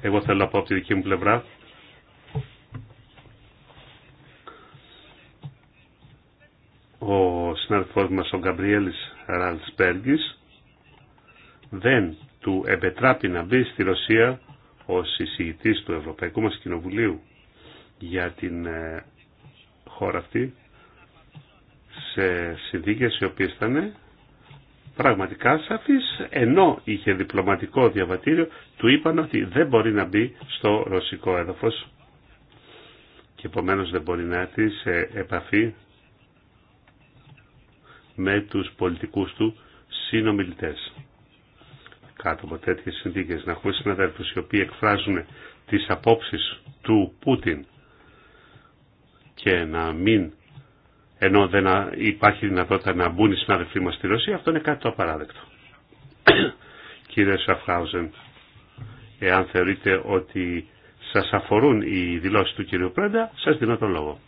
Εγώ θέλω να πω από τη δική μου πλευρά ο συνάδελφός μας ο Γκαμπριέλης Ραλτσπέργης δεν του επετράπει να μπει στη Ρωσία ο εισηγητής του Ευρωπαϊκού μας Κοινοβουλίου για την ε, χώρα αυτή σε συνθήκες οι οποίες ήταν πραγματικά σαφείς ενώ είχε διπλωματικό διαβατήριο του είπαν ότι δεν μπορεί να μπει στο ρωσικό έδαφος και επομένως δεν μπορεί να έρθει σε επαφή με τους πολιτικούς του συνομιλητές κάτω από τέτοιες συνθήκες. Να έχουμε συναδέλφους οι οποίοι εκφράζουν τις απόψεις του Πούτιν και να μην ενώ δεν υπάρχει δυνατότητα να μπουν οι συναδελφοί μας στη Ρωσία, αυτό είναι κάτι το απαράδεκτο. Κύριε Σαφχάουζεν, εάν θεωρείτε ότι σας αφορούν οι δηλώσεις του κύριου Πρέντα, σας δίνω τον λόγο.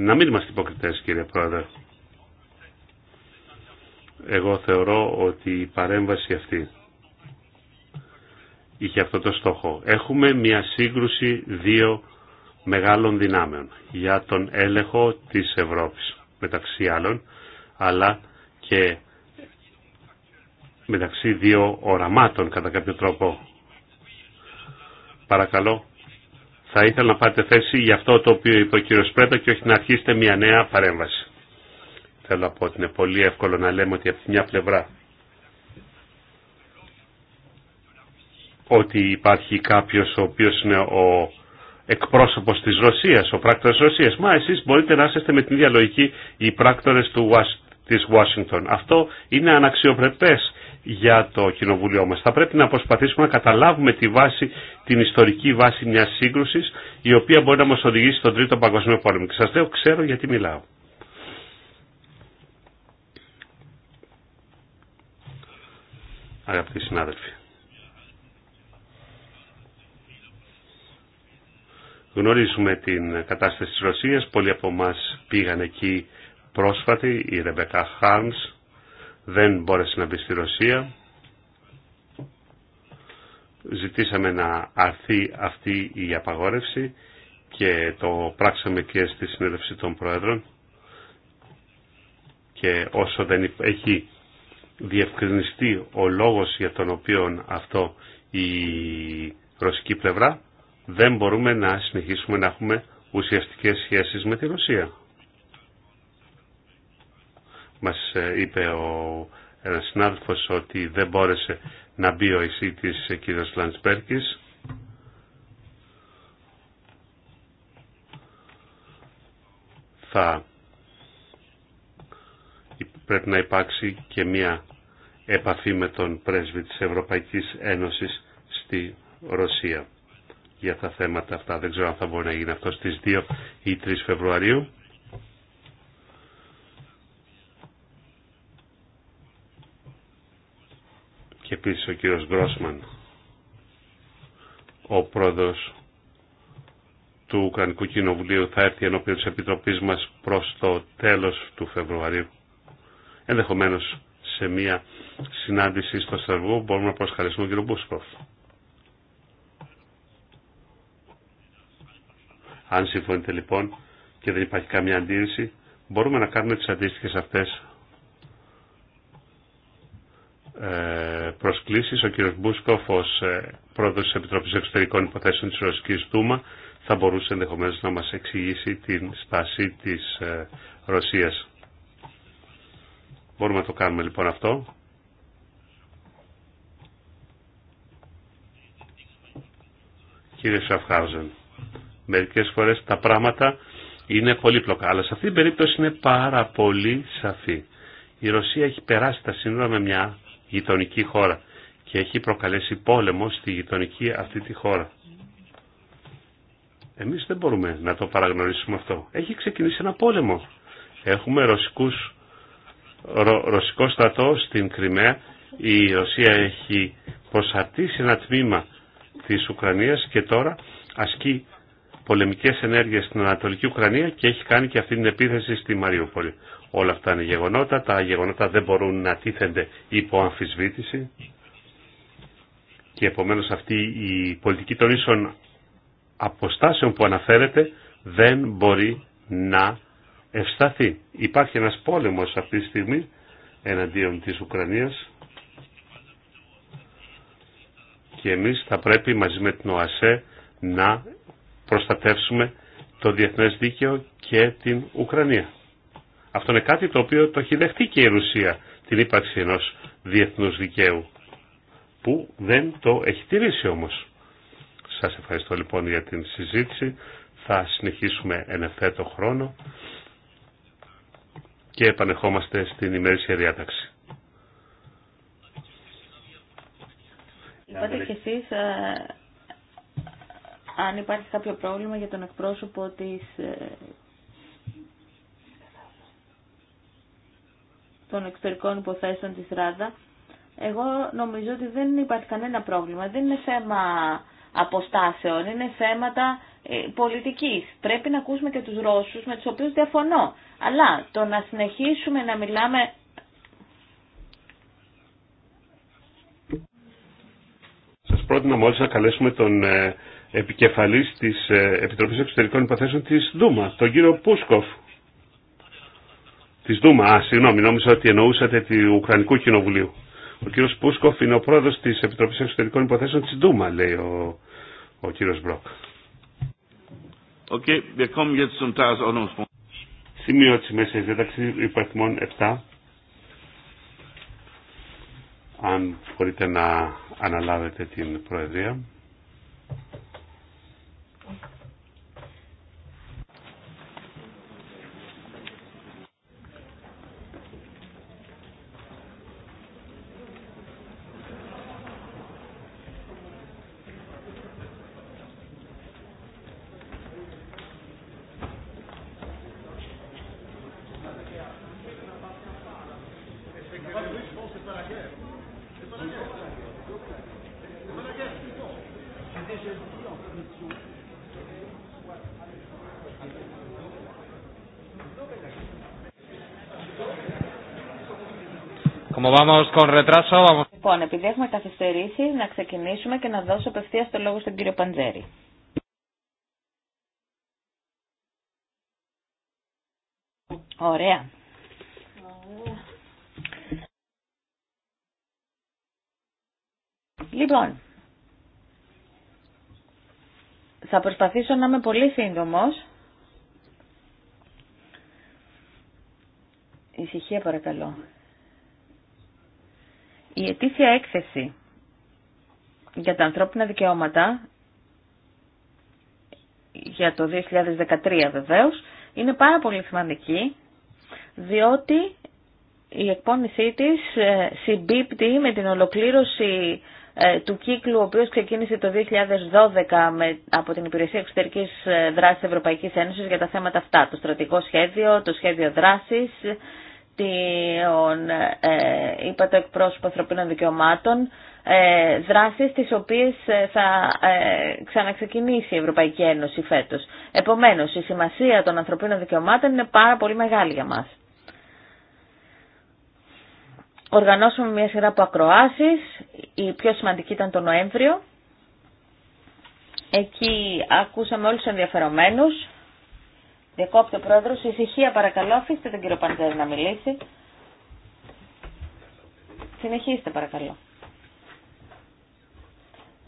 Να μην είμαστε υποκριτές κύριε Πρόεδρε. Εγώ θεωρώ ότι η παρέμβαση αυτή είχε αυτό το στόχο. Έχουμε μια σύγκρουση δύο μεγάλων δυνάμεων για τον έλεγχο της Ευρώπης μεταξύ άλλων αλλά και μεταξύ δύο οραμάτων κατά κάποιο τρόπο. Παρακαλώ θα ήθελα να πάρετε θέση για αυτό το οποίο είπε ο κύριο Πρέτα και όχι να αρχίσετε μια νέα παρέμβαση. Θέλω να πω ότι είναι πολύ εύκολο να λέμε ότι από τη μια πλευρά ότι υπάρχει κάποιος ο οποίος είναι ο εκπρόσωπος της Ρωσίας, ο πράκτορας της Ρωσίας. Μα εσείς μπορείτε να είστε με την ίδια λογική οι πράκτορες του, της Ουάσιγκτον. Αυτό είναι αναξιοπρεπές για το κοινοβούλιο μας. Θα πρέπει να προσπαθήσουμε να καταλάβουμε τη βάση, την ιστορική βάση μιας σύγκρουσης η οποία μπορεί να μας οδηγήσει στον Τρίτο Παγκοσμίο Πόλεμο. Και σας λέω ξέρω γιατί μιλάω. Αγαπητοί συνάδελφοι. Γνωρίζουμε την κατάσταση της Ρωσίας. Πολλοί από εμά πήγαν εκεί πρόσφατοι, Η Ρεμπεκά Χάρμς, δεν μπόρεσε να μπει στη Ρωσία. Ζητήσαμε να αρθεί αυτή η απαγόρευση και το πράξαμε και στη συνέλευση των Πρόεδρων και όσο δεν έχει διευκρινιστεί ο λόγος για τον οποίο αυτό η ρωσική πλευρά δεν μπορούμε να συνεχίσουμε να έχουμε ουσιαστικές σχέσεις με τη Ρωσία. Μας ε, είπε ο, ένας συνάδελφος ότι δεν μπόρεσε να μπει ο εισήτης ε, κύριος Λαντσπέρκης. Θα πρέπει να υπάρξει και μία επαφή με τον πρέσβη της Ευρωπαϊκής Ένωσης στη Ρωσία για τα θέματα αυτά. Δεν ξέρω αν θα μπορεί να γίνει αυτό στις 2 ή 3 Φεβρουαρίου. και επίσης ο κύριος Γκρόσμαν, ο πρόεδρος του Ουκρανικού Κοινοβουλίου θα έρθει ενώπιον της Επιτροπής μας προς το τέλος του Φεβρουαρίου. Ενδεχομένως σε μια συνάντηση στο Στρασβούργο μπορούμε να προσκαλέσουμε τον κύριο Μπούσκοφ. Αν συμφωνείτε λοιπόν και δεν υπάρχει καμία αντίρρηση, μπορούμε να κάνουμε τις αντίστοιχες αυτές ε, προσκλήσεις. Ο κύριος Μπούσκοφ ως ε, πρόεδρος της Επιτροπής Εξωτερικών Υποθέσεων της Ρωσικής Δούμα θα μπορούσε ενδεχομένως να μας εξηγήσει την στάση της ε, Ρωσίας. Μπορούμε να το κάνουμε λοιπόν αυτό. Κύριε Σαφχάουζεν, μερικές φορές τα πράγματα είναι πολύπλοκα, αλλά σε αυτή την περίπτωση είναι πάρα πολύ σαφή. Η Ρωσία έχει περάσει τα σύνορα με μια γειτονική χώρα και έχει προκαλέσει πόλεμο στη γειτονική αυτή τη χώρα. Εμείς δεν μπορούμε να το παραγνωρίσουμε αυτό. Έχει ξεκινήσει ένα πόλεμο. Έχουμε ρωσικούς, ρω, ρωσικό στρατό στην Κρυμαία. Η Ρωσία έχει προσαρτήσει ένα τμήμα της Ουκρανίας και τώρα ασκεί πολεμικές ενέργειες στην Ανατολική Ουκρανία και έχει κάνει και αυτή την επίθεση στη Μαριούπολη. Όλα αυτά είναι γεγονότα. Τα γεγονότα δεν μπορούν να τίθενται υπό αμφισβήτηση. Και επομένως αυτή η πολιτική των ίσων αποστάσεων που αναφέρεται δεν μπορεί να ευσταθεί. Υπάρχει ένας πόλεμος αυτή τη στιγμή εναντίον της Ουκρανίας και εμείς θα πρέπει μαζί με την ΟΑΣΕ να προστατεύσουμε το διεθνές δίκαιο και την Ουκρανία. Αυτό είναι κάτι το οποίο το έχει δεχτεί και η Ρουσία την ύπαρξη ενός διεθνούς δικαίου που δεν το έχει τηρήσει όμως. Σας ευχαριστώ λοιπόν για την συζήτηση. Θα συνεχίσουμε εν ευθέτω χρόνο και επανεχόμαστε στην ημερήσια διάταξη. Είπατε και εσείς ε, αν υπάρχει κάποιο πρόβλημα για τον εκπρόσωπο της ε, των εξωτερικών υποθέσεων της Ράδα, εγώ νομίζω ότι δεν υπάρχει κανένα πρόβλημα. Δεν είναι θέμα αποστάσεων, είναι θέματα ε, πολιτικής. Πρέπει να ακούσουμε και τους Ρώσους με τους οποίους διαφωνώ. Αλλά το να συνεχίσουμε να μιλάμε... Σας πρότεινα μόλις να καλέσουμε τον ε, επικεφαλής της ε, Επιτροπής Εξωτερικών Υποθέσεων της Δούμα, τον κύριο Πούσκοφ. Τη Δούμα. Α, συγγνώμη, νόμιζα ότι εννοούσατε του Ουκρανικού Κοινοβουλίου. Ο κύριο Πούσκοφ είναι ο πρόεδρο τη Επιτροπή Εξωτερικών Υποθέσεων τη Δούμα, λέει ο, ο κύριο Μπροκ. Okay, wir kommen jetzt zum Tagesordnungspunkt. Σημείο τη μέση διάταξη υπαριθμών 7. Αν μπορείτε να αναλάβετε την Προεδρία. Λοιπόν, επειδή έχουμε καθυστερήσει, να ξεκινήσουμε και να δώσω απευθεία το λόγο στον κύριο Παντζέρη. Ωραία. Λοιπόν, θα προσπαθήσω να είμαι πολύ σύντομος. Ησυχία παρακαλώ. Η ετήσια έκθεση για τα ανθρώπινα δικαιώματα, για το 2013 βεβαίως, είναι πάρα πολύ σημαντική, διότι η εκπόνησή της ε, συμπίπτει με την ολοκλήρωση ε, του κύκλου, ο οποίος ξεκίνησε το 2012 από την Υπηρεσία Εξωτερικής ε, Δράσης Ευρωπαϊκής Ένωσης για τα θέματα αυτά. Το στρατικό σχέδιο, το σχέδιο δράσης, των, ε, είπα το εκπρόσωπο ανθρωπίνων δικαιωμάτων, ε, δράσεις τις οποίες ε, θα ε, ξαναξεκινήσει η Ευρωπαϊκή Ένωση φέτος. Επομένως, η σημασία των ανθρωπίνων δικαιωμάτων είναι πάρα πολύ μεγάλη για μας. Οργανώσαμε μια σειρά από ακροάσεις, η πιο σημαντική ήταν το Νοέμβριο. Εκεί ακούσαμε όλους τους ενδιαφερομένους, Διακόπτει ο πρόεδρο. Ησυχία παρακαλώ. Αφήστε τον κύριο Παντζέρη να μιλήσει. Συνεχίστε παρακαλώ.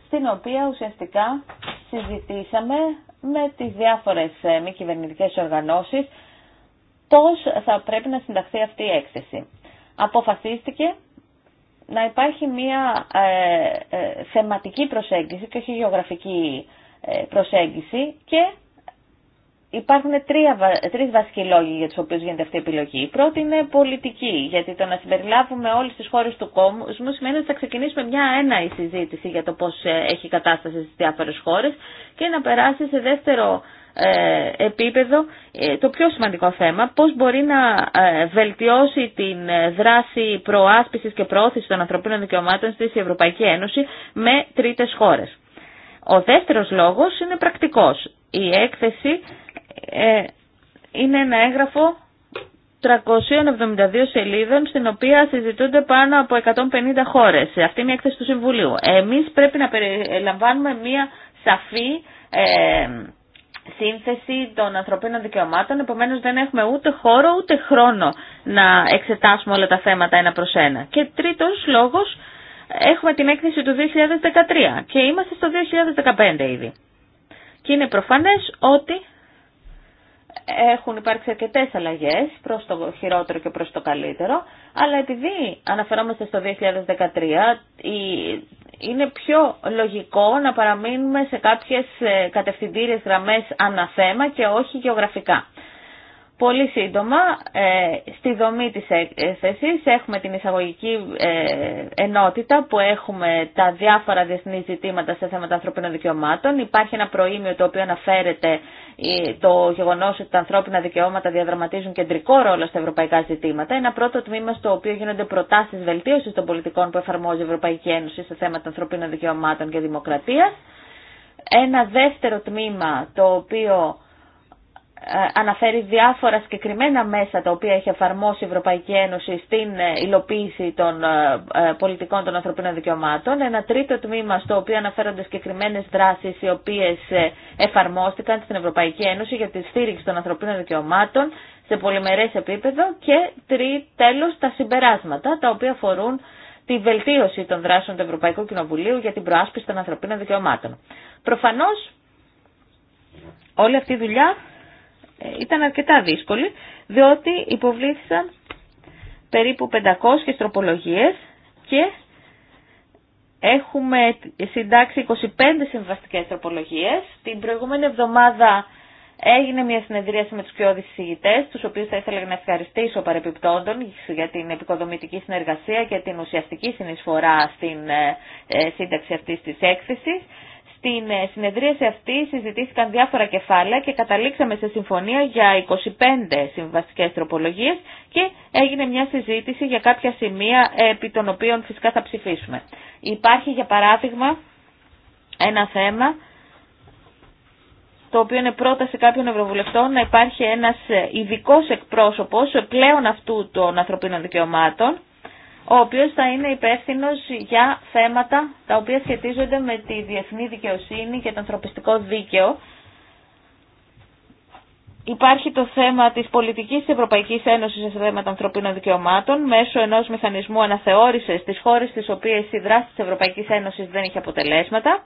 Στην οποία ουσιαστικά συζητήσαμε με τις διάφορες ε, μη κυβερνητικέ οργανώσεις πώ θα πρέπει να συνταχθεί αυτή η έκθεση. Αποφασίστηκε να υπάρχει μία ε, ε θεματική προσέγγιση και όχι γεωγραφική ε, προσέγγιση και Υπάρχουν τρία, τρεις βασικοί λόγοι για τους οποίους γίνεται αυτή η επιλογή. Η πρώτη είναι πολιτική, γιατί το να συμπεριλάβουμε όλες τις χώρες του κόσμου σημαίνει ότι θα ξεκινήσουμε μια ένα η συζήτηση για το πώς ε, έχει κατάσταση στις διάφορες χώρες και να περάσει σε δεύτερο ε, επίπεδο ε, το πιο σημαντικό θέμα, πώς μπορεί να βελτιώσει την δράση προάσπισης και προώθησης των ανθρωπίνων δικαιωμάτων στη Ευρωπαϊκή Ένωση με τρίτες χώρες. Ο δεύτερος λόγος είναι πρακτικός. Η έκθεση ε, είναι ένα έγγραφο 372 σελίδων στην οποία συζητούνται πάνω από 150 χώρες. Αυτή είναι η έκθεση του Συμβουλίου. Εμείς πρέπει να περιλαμβάνουμε μία σαφή ε, σύνθεση των ανθρωπίνων δικαιωμάτων, επομένως δεν έχουμε ούτε χώρο ούτε χρόνο να εξετάσουμε όλα τα θέματα ένα προς ένα. Και τρίτος λόγος, έχουμε την έκθεση του 2013 και είμαστε στο 2015 ήδη. Και είναι προφανές ότι έχουν υπάρξει αρκετέ αλλαγέ προ το χειρότερο και προ το καλύτερο, αλλά επειδή αναφερόμαστε στο 2013, είναι πιο λογικό να παραμείνουμε σε κάποιες ε, κατευθυντήριες γραμμές αναθέμα και όχι γεωγραφικά. Πολύ σύντομα, ε, στη δομή της έκθεσης έχουμε την εισαγωγική ε, ενότητα που έχουμε τα διάφορα διεθνή ζητήματα σε θέματα ανθρωπίνων δικαιωμάτων. Υπάρχει ένα προήμιο το οποίο αναφέρεται ε, το γεγονός ότι τα ανθρώπινα δικαιώματα διαδραματίζουν κεντρικό ρόλο στα ευρωπαϊκά ζητήματα. Ένα πρώτο τμήμα στο οποίο γίνονται προτάσεις βελτίωσης των πολιτικών που εφαρμόζει η Ευρωπαϊκή Ένωση σε θέματα ανθρωπίνων δικαιωμάτων και δημοκρατίας. Ένα δεύτερο τμήμα το οποίο ε, αναφέρει διάφορα συγκεκριμένα μέσα τα οποία έχει εφαρμόσει η Ευρωπαϊκή Ένωση στην ε, υλοποίηση των ε, πολιτικών των ανθρωπίνων δικαιωμάτων. Ένα τρίτο τμήμα στο οποίο αναφέρονται συγκεκριμένε δράσεις οι οποίες εφαρμόστηκαν στην Ευρωπαϊκή Ένωση για τη στήριξη των ανθρωπίνων δικαιωμάτων σε πολυμερές επίπεδο και τρί, τέλος τα συμπεράσματα τα οποία αφορούν τη βελτίωση των δράσεων του Ευρωπαϊκού Κοινοβουλίου για την προάσπιση των ανθρωπίνων δικαιωμάτων. Προφανώς όλη αυτή η δουλειά ήταν αρκετά δύσκολη, διότι υποβλήθησαν περίπου 500 τροπολογίες και έχουμε συντάξει 25 συμβαστικές τροπολογίες. Την προηγούμενη εβδομάδα έγινε μια συνεδρίαση με τους πιο δυσυγητές, τους οποίους θα ήθελα να ευχαριστήσω παρεπιπτόντων για την επικοδομητική συνεργασία και την ουσιαστική συνεισφορά στην ε, ε, σύνταξη αυτής της έκθεσης. Στην ε, συνεδρίαση αυτή συζητήθηκαν διάφορα κεφάλαια και καταλήξαμε σε συμφωνία για 25 συμβαστικές τροπολογίε και έγινε μια συζήτηση για κάποια σημεία επί των οποίων φυσικά θα ψηφίσουμε. Υπάρχει για παράδειγμα ένα θέμα το οποίο είναι πρόταση κάποιων ευρωβουλευτών να υπάρχει ένας ε, ειδικό εκπρόσωπος πλέον αυτού των ανθρωπίνων δικαιωμάτων ο οποίος θα είναι υπεύθυνο για θέματα τα οποία σχετίζονται με τη διεθνή δικαιοσύνη και το ανθρωπιστικό δίκαιο. Υπάρχει το θέμα της πολιτικής της Ευρωπαϊκής Ένωσης σε θέματα ανθρωπίνων δικαιωμάτων μέσω ενός μηχανισμού αναθεώρησης στις χώρες στις οποίες η δράση της Ευρωπαϊκής Ένωσης δεν είχε αποτελέσματα.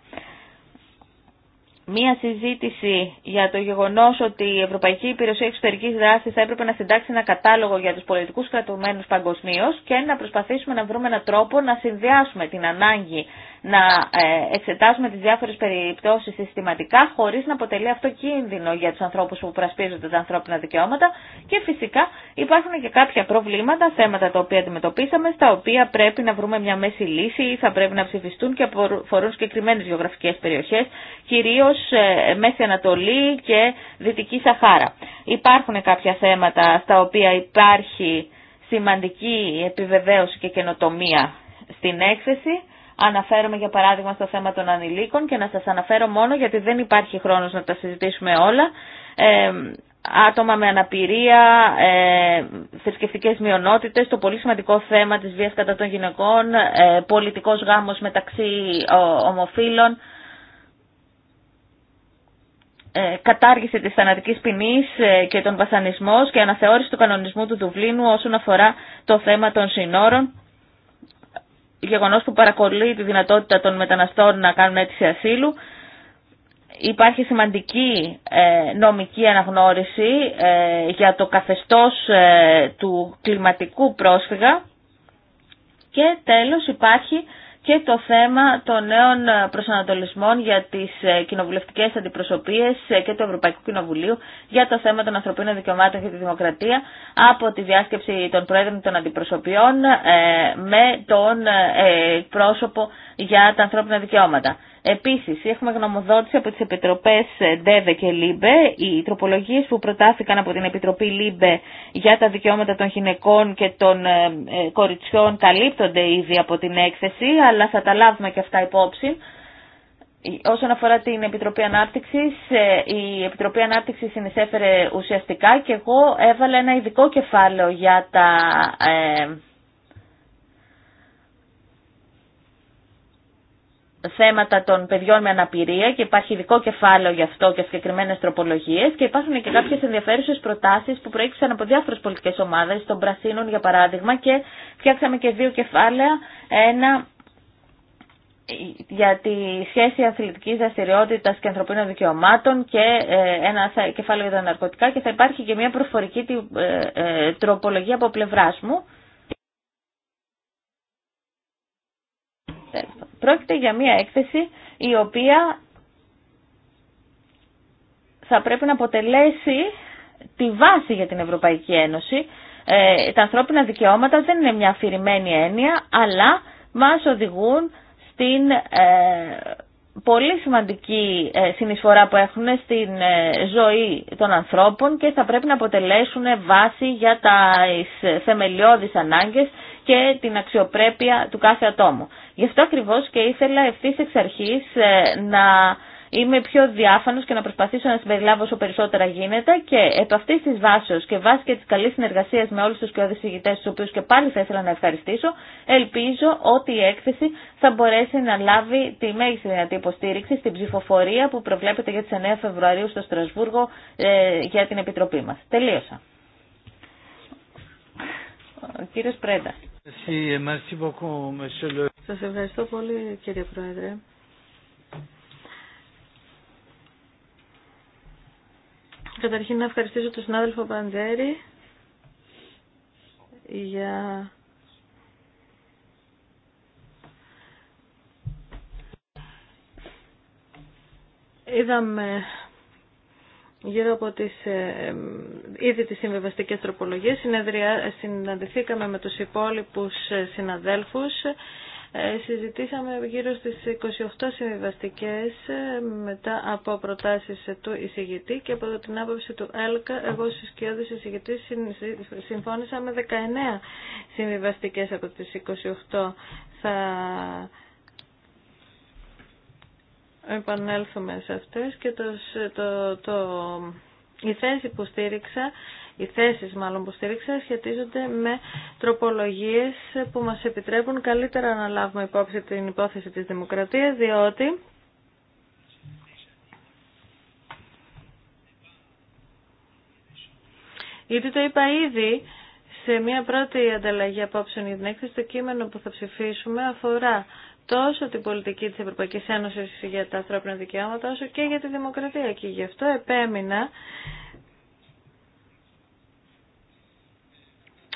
Μία συζήτηση για το γεγονό ότι η Ευρωπαϊκή Υπηρεσία Εξωτερική Δράση θα έπρεπε να συντάξει ένα κατάλογο για του πολιτικού κρατουμένου παγκοσμίω και να προσπαθήσουμε να βρούμε έναν τρόπο να συνδυάσουμε την ανάγκη να ε, εξετάσουμε τι διάφορε περιπτώσει συστηματικά χωρί να αποτελεί αυτό κίνδυνο για του ανθρώπου που προσπίζονται τα ανθρώπινα δικαιώματα και φυσικά υπάρχουν και κάποια προβλήματα, θέματα τα οποία αντιμετωπίσαμε, στα οποία πρέπει να βρούμε μια μέση λύση ή θα πρέπει να ψηφιστούν και αφορούν συγκεκριμένε γεωγραφικέ περιοχέ, κυρίω ε, Μέση Ανατολή και Δυτική Σαχάρα. Υπάρχουν κάποια θέματα στα οποία υπάρχει σημαντική επιβεβαίωση και καινοτομία στην έκθεση. Αναφέρομαι για παράδειγμα στο θέμα των ανηλίκων και να σας αναφέρω μόνο γιατί δεν υπάρχει χρόνος να τα συζητήσουμε όλα. Ε, άτομα με αναπηρία, ε, θρησκευτικέ το πολύ σημαντικό θέμα της βίας κατά των γυναικών, ε, πολιτικός γάμος μεταξύ ομοφύλων. Ε, κατάργηση της θανατικής ποινής ε, και των βασανισμών και αναθεώρηση του κανονισμού του Δουβλίνου όσον αφορά το θέμα των συνόρων, γεγονός που παρακολεί τη δυνατότητα των μεταναστών να κάνουν αίτηση ασύλου. Υπάρχει σημαντική ε, νομική αναγνώριση για το καθεστώς του κλιματικού πρόσφυγα και τέλος υπάρχει και το θέμα των νέων προσανατολισμών για τις ε, κοινοβουλευτικές αντιπροσωπίες ε, και του Ευρωπαϊκού Κοινοβουλίου για το θέμα των ανθρωπίνων δικαιωμάτων και τη δημοκρατία από τη διάσκεψη των Πρόεδρων των Αντιπροσωπιών ε, με τον πρόσωπο για τα ανθρώπινα δικαιώματα. Επίσης, έχουμε γνωμοδότηση από τις Επιτροπές ε, ΔΕΒΕ και ΛΥΜΠΕ. Οι τροπολογίες που προτάθηκαν από την Επιτροπή ΛΥΜΠΕ για τα δικαιώματα των γυναικών και των ε, ε, κοριτσιών καλύπτονται ήδη από την έκθεση, αλλά θα τα λάβουμε και αυτά υπόψη. Όσον αφορά την Επιτροπή ανάπτυξη, η Επιτροπή Ανάπτυξης συνεισέφερε ουσιαστικά και εγώ έβαλα ένα ειδικό κεφάλαιο για τα θέματα των παιδιών με αναπηρία και υπάρχει ειδικό κεφάλαιο γι' αυτό και συγκεκριμένε τροπολογίε και υπάρχουν και κάποιε ενδιαφέρουσε προτάσει που προέκυψαν από διάφορε πολιτικέ ομάδε, των Πρασίνων για παράδειγμα, και φτιάξαμε και δύο κεφάλαια. Ένα για τη σχέση αθλητική δραστηριότητα και ανθρωπίνων δικαιωμάτων και ε, ένα κεφάλαιο για τα ναρκωτικά και θα υπάρχει και μια προφορική ε, ε, τροπολογία από πλευρά μου. Πρόκειται για μια έκθεση η οποία θα πρέπει να αποτελέσει τη βάση για την Ευρωπαϊκή Ένωση. Ε, τα ανθρώπινα δικαιώματα δεν είναι μια αφηρημένη έννοια, αλλά μας οδηγούν στην ε, πολύ σημαντική ε, συνεισφορά που έχουν στην ε, ζωή των ανθρώπων και θα πρέπει να αποτελέσουν βάση για τα θεμελιώδεις ανάγκες και την αξιοπρέπεια του κάθε ατόμου. Γι' αυτό ακριβώς και ήθελα ευθύ εξ αρχής ε, να είμαι πιο διάφανο και να προσπαθήσω να συμπεριλάβω όσο περισσότερα γίνεται και επ' αυτή τη βάση και βάσει και τη καλή συνεργασία με όλου του και οδησηγητές του οποίους και πάλι θα ήθελα να ευχαριστήσω, ελπίζω ότι η έκθεση θα μπορέσει να λάβει τη μέγιστη δυνατή υποστήριξη στην ψηφοφορία που προβλέπεται για τι 9 Φεβρουαρίου στο Στρασβούργο ε, για την Επιτροπή μα. Τελείωσα. Ο κύριος Πρέντα. Σας ευχαριστώ πολύ κύριε Πρόεδρε. Καταρχήν να ευχαριστήσω τον συνάδελφο Παντζέρη για είδαμε γύρω από τις, ε, ε, ήδη τις συμβεβαστικές τροπολογίες συναντηθήκαμε με τους υπόλοιπους ε, συναδέλφους ε, συζητήσαμε γύρω στις 28 συμβιβαστικές ε, μετά από προτάσεις του εισηγητή και από την άποψη του ΕΛΚΑ εγώ στους κοιόδους εισηγητής συμφώνησα με 19 συμβιβαστικές από τις 28 θα επανέλθουμε σε αυτές και το, το, το, η θέση που στήριξα οι θέσεις μάλλον που στήριξα σχετίζονται με τροπολογίες που μας επιτρέπουν καλύτερα να λάβουμε υπόψη την υπόθεση της δημοκρατίας, διότι Γιατί το είπα ήδη σε μια πρώτη ανταλλαγή απόψεων για την έκθεση, το κείμενο που θα ψηφίσουμε αφορά τόσο την πολιτική της Ευρωπαϊκής Ένωσης για τα ανθρώπινα δικαιώματα, όσο και για τη δημοκρατία. Και γι' αυτό επέμεινα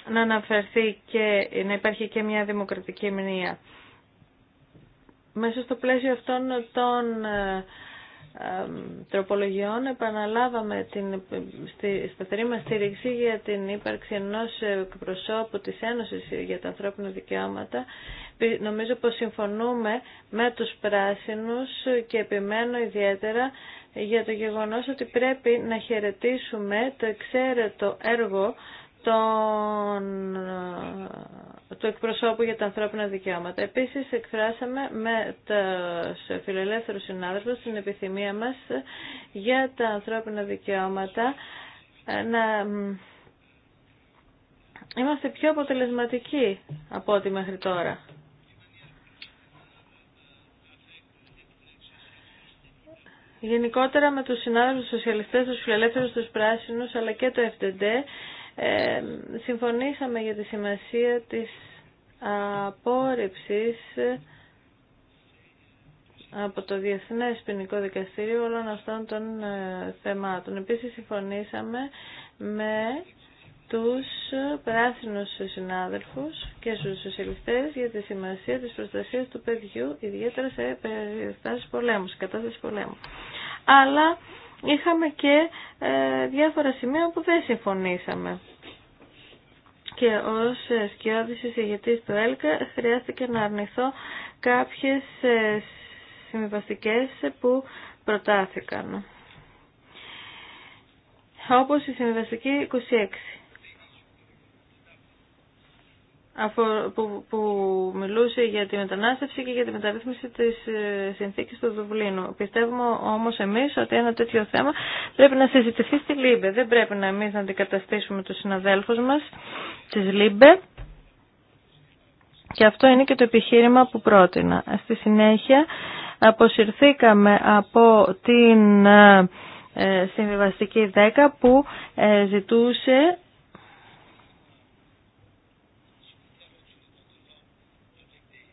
να αναφερθεί και να υπάρχει και μια δημοκρατική μνήμα. Μέσα στο πλαίσιο αυτών των ε, τροπολογιών επαναλάβαμε την σταθερή μας στήριξη για την ύπαρξη ενός προσώπου της Ένωσης για τα ανθρώπινα δικαιώματα. Νομίζω πως συμφωνούμε με τους πράσινους και επιμένω ιδιαίτερα για το γεγονός ότι πρέπει να χαιρετήσουμε το εξαίρετο έργο τον, ε, του εκπροσώπου για τα ανθρώπινα δικαιώματα. Επίσης εκφράσαμε με τους φιλελεύθερους συνάδελφους την επιθυμία μας για τα ανθρώπινα δικαιώματα ε, να είμαστε πιο αποτελεσματικοί από ό,τι μέχρι τώρα. Γενικότερα με τους συνάδελφους σοσιαλιστές, τους φιλελεύθερους, τους πράσινους αλλά και το FDD ε, συμφωνήσαμε για τη σημασία της απόρριψης από το Διεθνές Ποινικό Δικαστήριο όλων αυτών των ε, θεμάτων. Επίσης συμφωνήσαμε με τους πράσινους συνάδελφους και στους σοσιαλιστές για τη σημασία της προστασίας του παιδιού, ιδιαίτερα σε περιστάσεις πολέμου, σε κατάσταση πολέμου. Αλλά είχαμε και ε, διάφορα σημεία που δεν συμφωνήσαμε και ως σκιώδης εισηγητής του ΕΛΚΑ χρειάστηκε να αρνηθώ κάποιες ε, συμβιβαστικές που προτάθηκαν. Όπως η συμβιβαστική 26 που, που μιλούσε για τη μετανάστευση και για τη μεταρρύθμιση της ε, συνθήκης του Δουβλίνου. Πιστεύουμε όμως εμείς ότι ένα τέτοιο θέμα πρέπει να συζητηθεί στη ΛΥΜΠΕ. Δεν πρέπει να εμείς να αντικαταστήσουμε τους συναδέλφους μας της ΛΥΜΠΕ. Και αυτό είναι και το επιχείρημα που πρότεινα. Στη συνέχεια αποσυρθήκαμε από την ε, ε, συμβιβαστική 10 που ζητούσε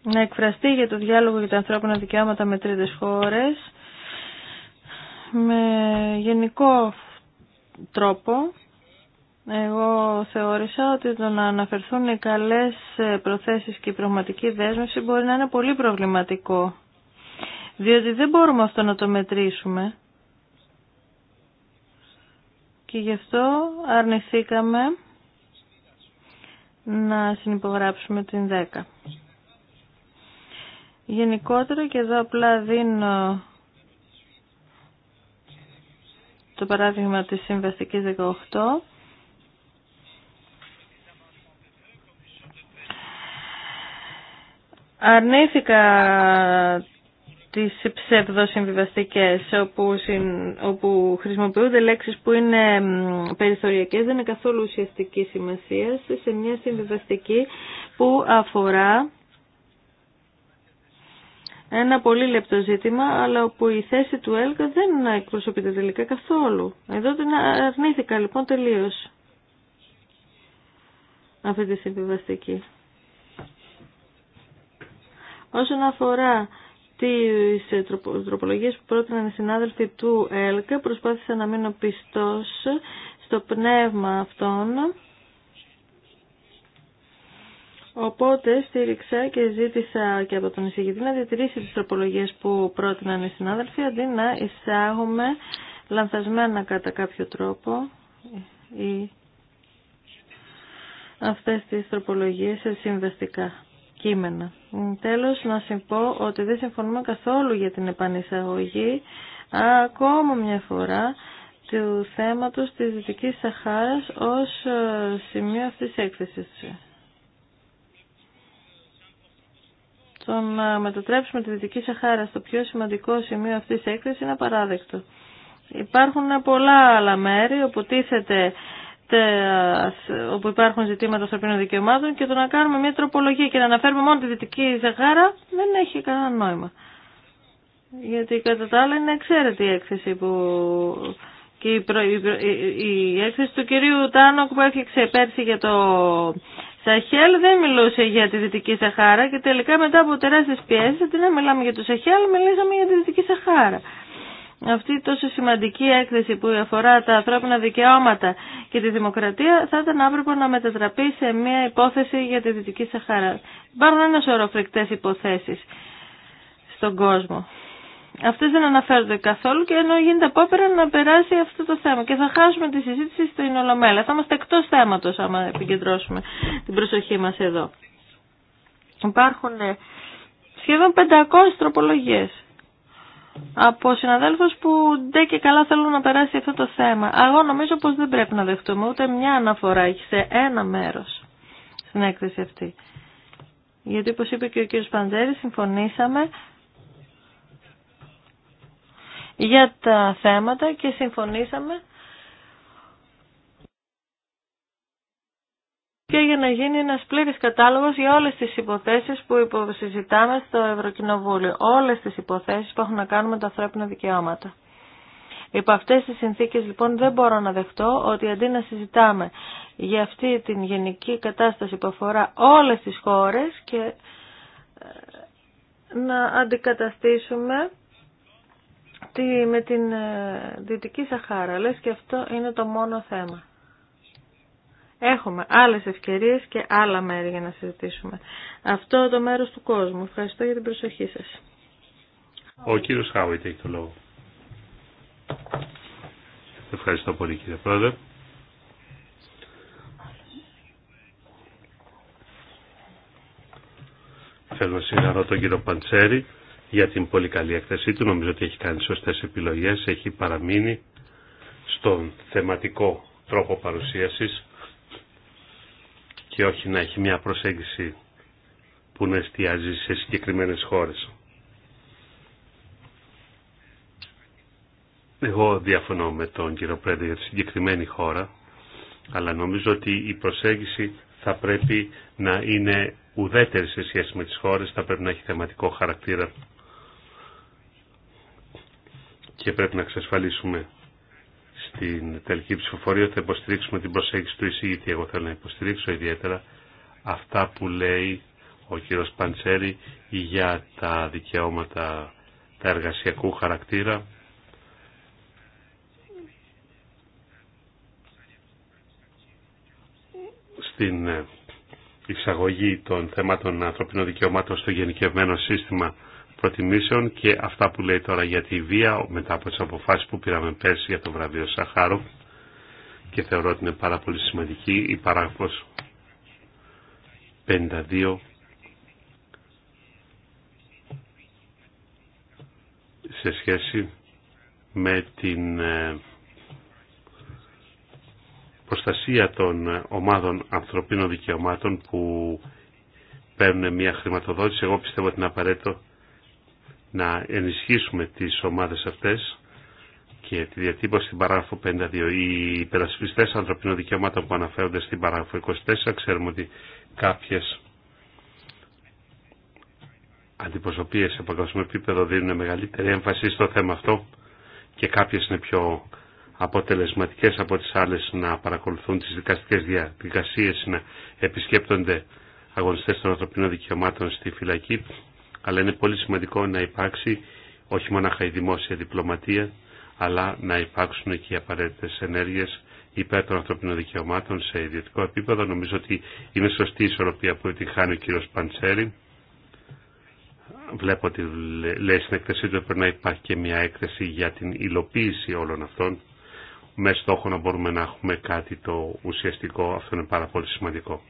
να εκφραστεί για το διάλογο για τα ανθρώπινα δικαιώματα με τρίτες χώρες με γενικό τρόπο. Εγώ θεώρησα ότι το να αναφερθούν οι καλές προθέσεις και η πραγματική δέσμευση μπορεί να είναι πολύ προβληματικό. Διότι δεν μπορούμε αυτό να το μετρήσουμε. Και γι' αυτό αρνηθήκαμε να συνυπογράψουμε την 10 γενικότερα και εδώ απλά δίνω το παράδειγμα της Συμβαστικής 18 αρνήθηκα τις ψευδοσυμβιβαστικές όπου, όπου χρησιμοποιούνται λέξεις που είναι περιθωριακές δεν είναι καθόλου ουσιαστική σημασία σε μια συμβιβαστική που αφορά ένα πολύ λεπτό ζήτημα, αλλά όπου η θέση του ΕΛΚΑ δεν εκπροσωπείται τελικά καθόλου. Εδώ την αρνήθηκα λοιπόν τελείως αυτή τη συμβιβαστική. Όσον αφορά τις ε, τροπολογίες που πρότειναν οι συνάδελφοι του ΕΛΚΑ, προσπάθησα να μείνω πιστός στο πνεύμα αυτών Οπότε στήριξα και ζήτησα και από τον εισηγητή να διατηρήσει τις τροπολογίες που πρότειναν οι συνάδελφοι αντί να εισάγουμε λανθασμένα κατά κάποιο τρόπο ή αυτές τις τροπολογίες σε συνδεστικά κείμενα. Τέλος, να συμπώ ότι δεν συμφωνούμε καθόλου για την επανεισαγωγή ακόμα μια φορά του θέματος της Δυτικής Σαχάρας ως ε, σημείο αυτής της έκθεσης. Το να μετατρέψουμε τη Δυτική Σαχάρα στο πιο σημαντικό σημείο αυτής της έκθεσης είναι απαράδεκτο. Υπάρχουν πολλά άλλα μέρη όπου τίθεται όπου υπάρχουν ζητήματα ανθρωπίνων δικαιωμάτων και το να κάνουμε μια τροπολογία και να αναφέρουμε μόνο τη Δυτική Σαχάρα δεν έχει κανένα νόημα. Γιατί κατά τα άλλα είναι εξαίρετη η έκθεση η, η έκθεση του κυρίου Τάνοκ που έφτιαξε πέρσι για το Σαχέλ δεν μιλούσε για τη Δυτική Σαχάρα και τελικά μετά από τεράστιες πιέσεις, αντί να μιλάμε για το Σαχέλ, μιλήσαμε για τη Δυτική Σαχάρα. Αυτή η τόσο σημαντική έκθεση που αφορά τα ανθρώπινα δικαιώματα και τη δημοκρατία θα ήταν άπρεπο να μετατραπεί σε μια υπόθεση για τη Δυτική Σαχάρα. Υπάρχουν ένα σωρό φρικτές υποθέσεις στον κόσμο. Αυτές δεν αναφέρονται καθόλου και ενώ γίνεται απόπειρα να περάσει αυτό το θέμα και θα χάσουμε τη συζήτηση στην Ολομέλα. Θα είμαστε εκτός θέματος άμα επικεντρώσουμε την προσοχή μας εδώ. Υπάρχουν ε, σχεδόν 500 τροπολογίες από συναδέλφους που ντε και καλά θέλουν να περάσει αυτό το θέμα. Εγώ νομίζω πως δεν πρέπει να δεχτούμε ούτε μια αναφορά σε ένα μέρος στην έκθεση αυτή. Γιατί όπως είπε και ο κ. Παντζέρη συμφωνήσαμε για τα θέματα και συμφωνήσαμε και για να γίνει ένας πλήρης κατάλογος για όλες τις υποθέσεις που συζητάμε στο Ευρωκοινοβούλιο. Όλες τις υποθέσεις που έχουν να κάνουν με τα ανθρώπινα δικαιώματα. Υπό αυτές τις συνθήκες λοιπόν δεν μπορώ να δεχτώ ότι αντί να συζητάμε για αυτή την γενική κατάσταση που αφορά όλες τις χώρες και ε, να αντικαταστήσουμε με την ε, Δυτική Σαχάρα, λες και αυτό είναι το μόνο θέμα. Έχουμε άλλες ευκαιρίες και άλλα μέρη για να συζητήσουμε. Αυτό το μέρος του κόσμου. Ευχαριστώ για την προσοχή σας. Ο κύριος Χάουιτ έχει το λόγο. Ευχαριστώ πολύ κύριε Πρόεδρε. Θέλω να συγχαρώ τον κύριο Παντσέρη για την πολύ καλή έκθεσή του. Νομίζω ότι έχει κάνει σωστές επιλογές, έχει παραμείνει στον θεματικό τρόπο παρουσίασης και όχι να έχει μια προσέγγιση που να εστιάζει σε συγκεκριμένες χώρες. Εγώ διαφωνώ με τον κύριο Πρέντε για τη συγκεκριμένη χώρα, αλλά νομίζω ότι η προσέγγιση θα πρέπει να είναι ουδέτερη σε σχέση με τις χώρες, θα πρέπει να έχει θεματικό χαρακτήρα και πρέπει να εξασφαλίσουμε στην τελική ψηφοφορία ότι θα υποστηρίξουμε την προσέγγιση του εισηγητή. Εγώ θέλω να υποστηρίξω ιδιαίτερα αυτά που λέει ο κύριος Παντσέρη για τα δικαιώματα τα εργασιακού χαρακτήρα. Στην εξαγωγή των θεμάτων ανθρωπίνων δικαιωμάτων στο γενικευμένο σύστημα προτιμήσεων και αυτά που λέει τώρα για τη βία μετά από τις αποφάσεις που πήραμε πέρσι για το βραβείο Σαχάρο και θεωρώ ότι είναι πάρα πολύ σημαντική η παράγραφος 52 σε σχέση με την ε, προστασία των ομάδων ανθρωπίνων δικαιωμάτων που παίρνουν μια χρηματοδότηση. Εγώ πιστεύω ότι είναι απαραίτητο να ενισχύσουμε τις ομάδες αυτές και τη διατύπωση στην παράγραφο 52. Οι υπερασπιστές ανθρωπίνων δικαιωμάτων που αναφέρονται στην παράγραφο 24 ξέρουμε ότι κάποιες αντιπροσωπείες σε παγκόσμιο επίπεδο δίνουν μεγαλύτερη έμφαση στο θέμα αυτό και κάποιες είναι πιο αποτελεσματικές από τις άλλες να παρακολουθούν τις δικαστικές διαδικασίες, να επισκέπτονται αγωνιστές των ανθρωπίνων δικαιωμάτων στη φυλακή αλλά είναι πολύ σημαντικό να υπάρξει όχι μόνο η δημόσια διπλωματία, αλλά να υπάρξουν και οι απαραίτητε ενέργειε υπέρ των ανθρωπίνων δικαιωμάτων σε ιδιωτικό επίπεδο. Νομίζω ότι είναι σωστή η ισορροπία που επιτυχάνει ο κύριο Παντσέρη. Βλέπω ότι λέει στην έκθεσή του πρέπει να υπάρχει και μια έκθεση για την υλοποίηση όλων αυτών με στόχο να μπορούμε να έχουμε κάτι το ουσιαστικό. Αυτό είναι πάρα πολύ σημαντικό.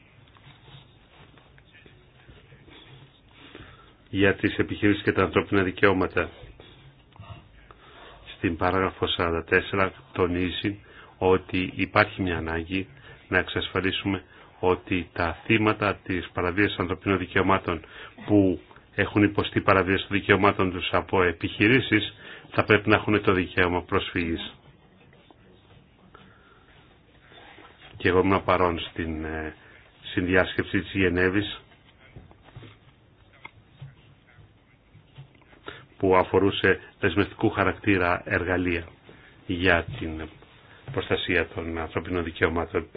για τις επιχειρήσεις και τα ανθρώπινα δικαιώματα. Στην παράγραφο 44 τονίζει ότι υπάρχει μια ανάγκη να εξασφαλίσουμε ότι τα θύματα της παραβίασης ανθρωπίνων δικαιωμάτων που έχουν υποστεί παραβίαση των δικαιωμάτων τους από επιχειρήσεις θα πρέπει να έχουν το δικαίωμα προσφυγής. Και εγώ ήμουν παρόν στην ε, συνδιάσκεψη της Γενέβης που αφορούσε δεσμευτικού χαρακτήρα εργαλεία για την προστασία των ανθρωπίνων δικαιωμάτων.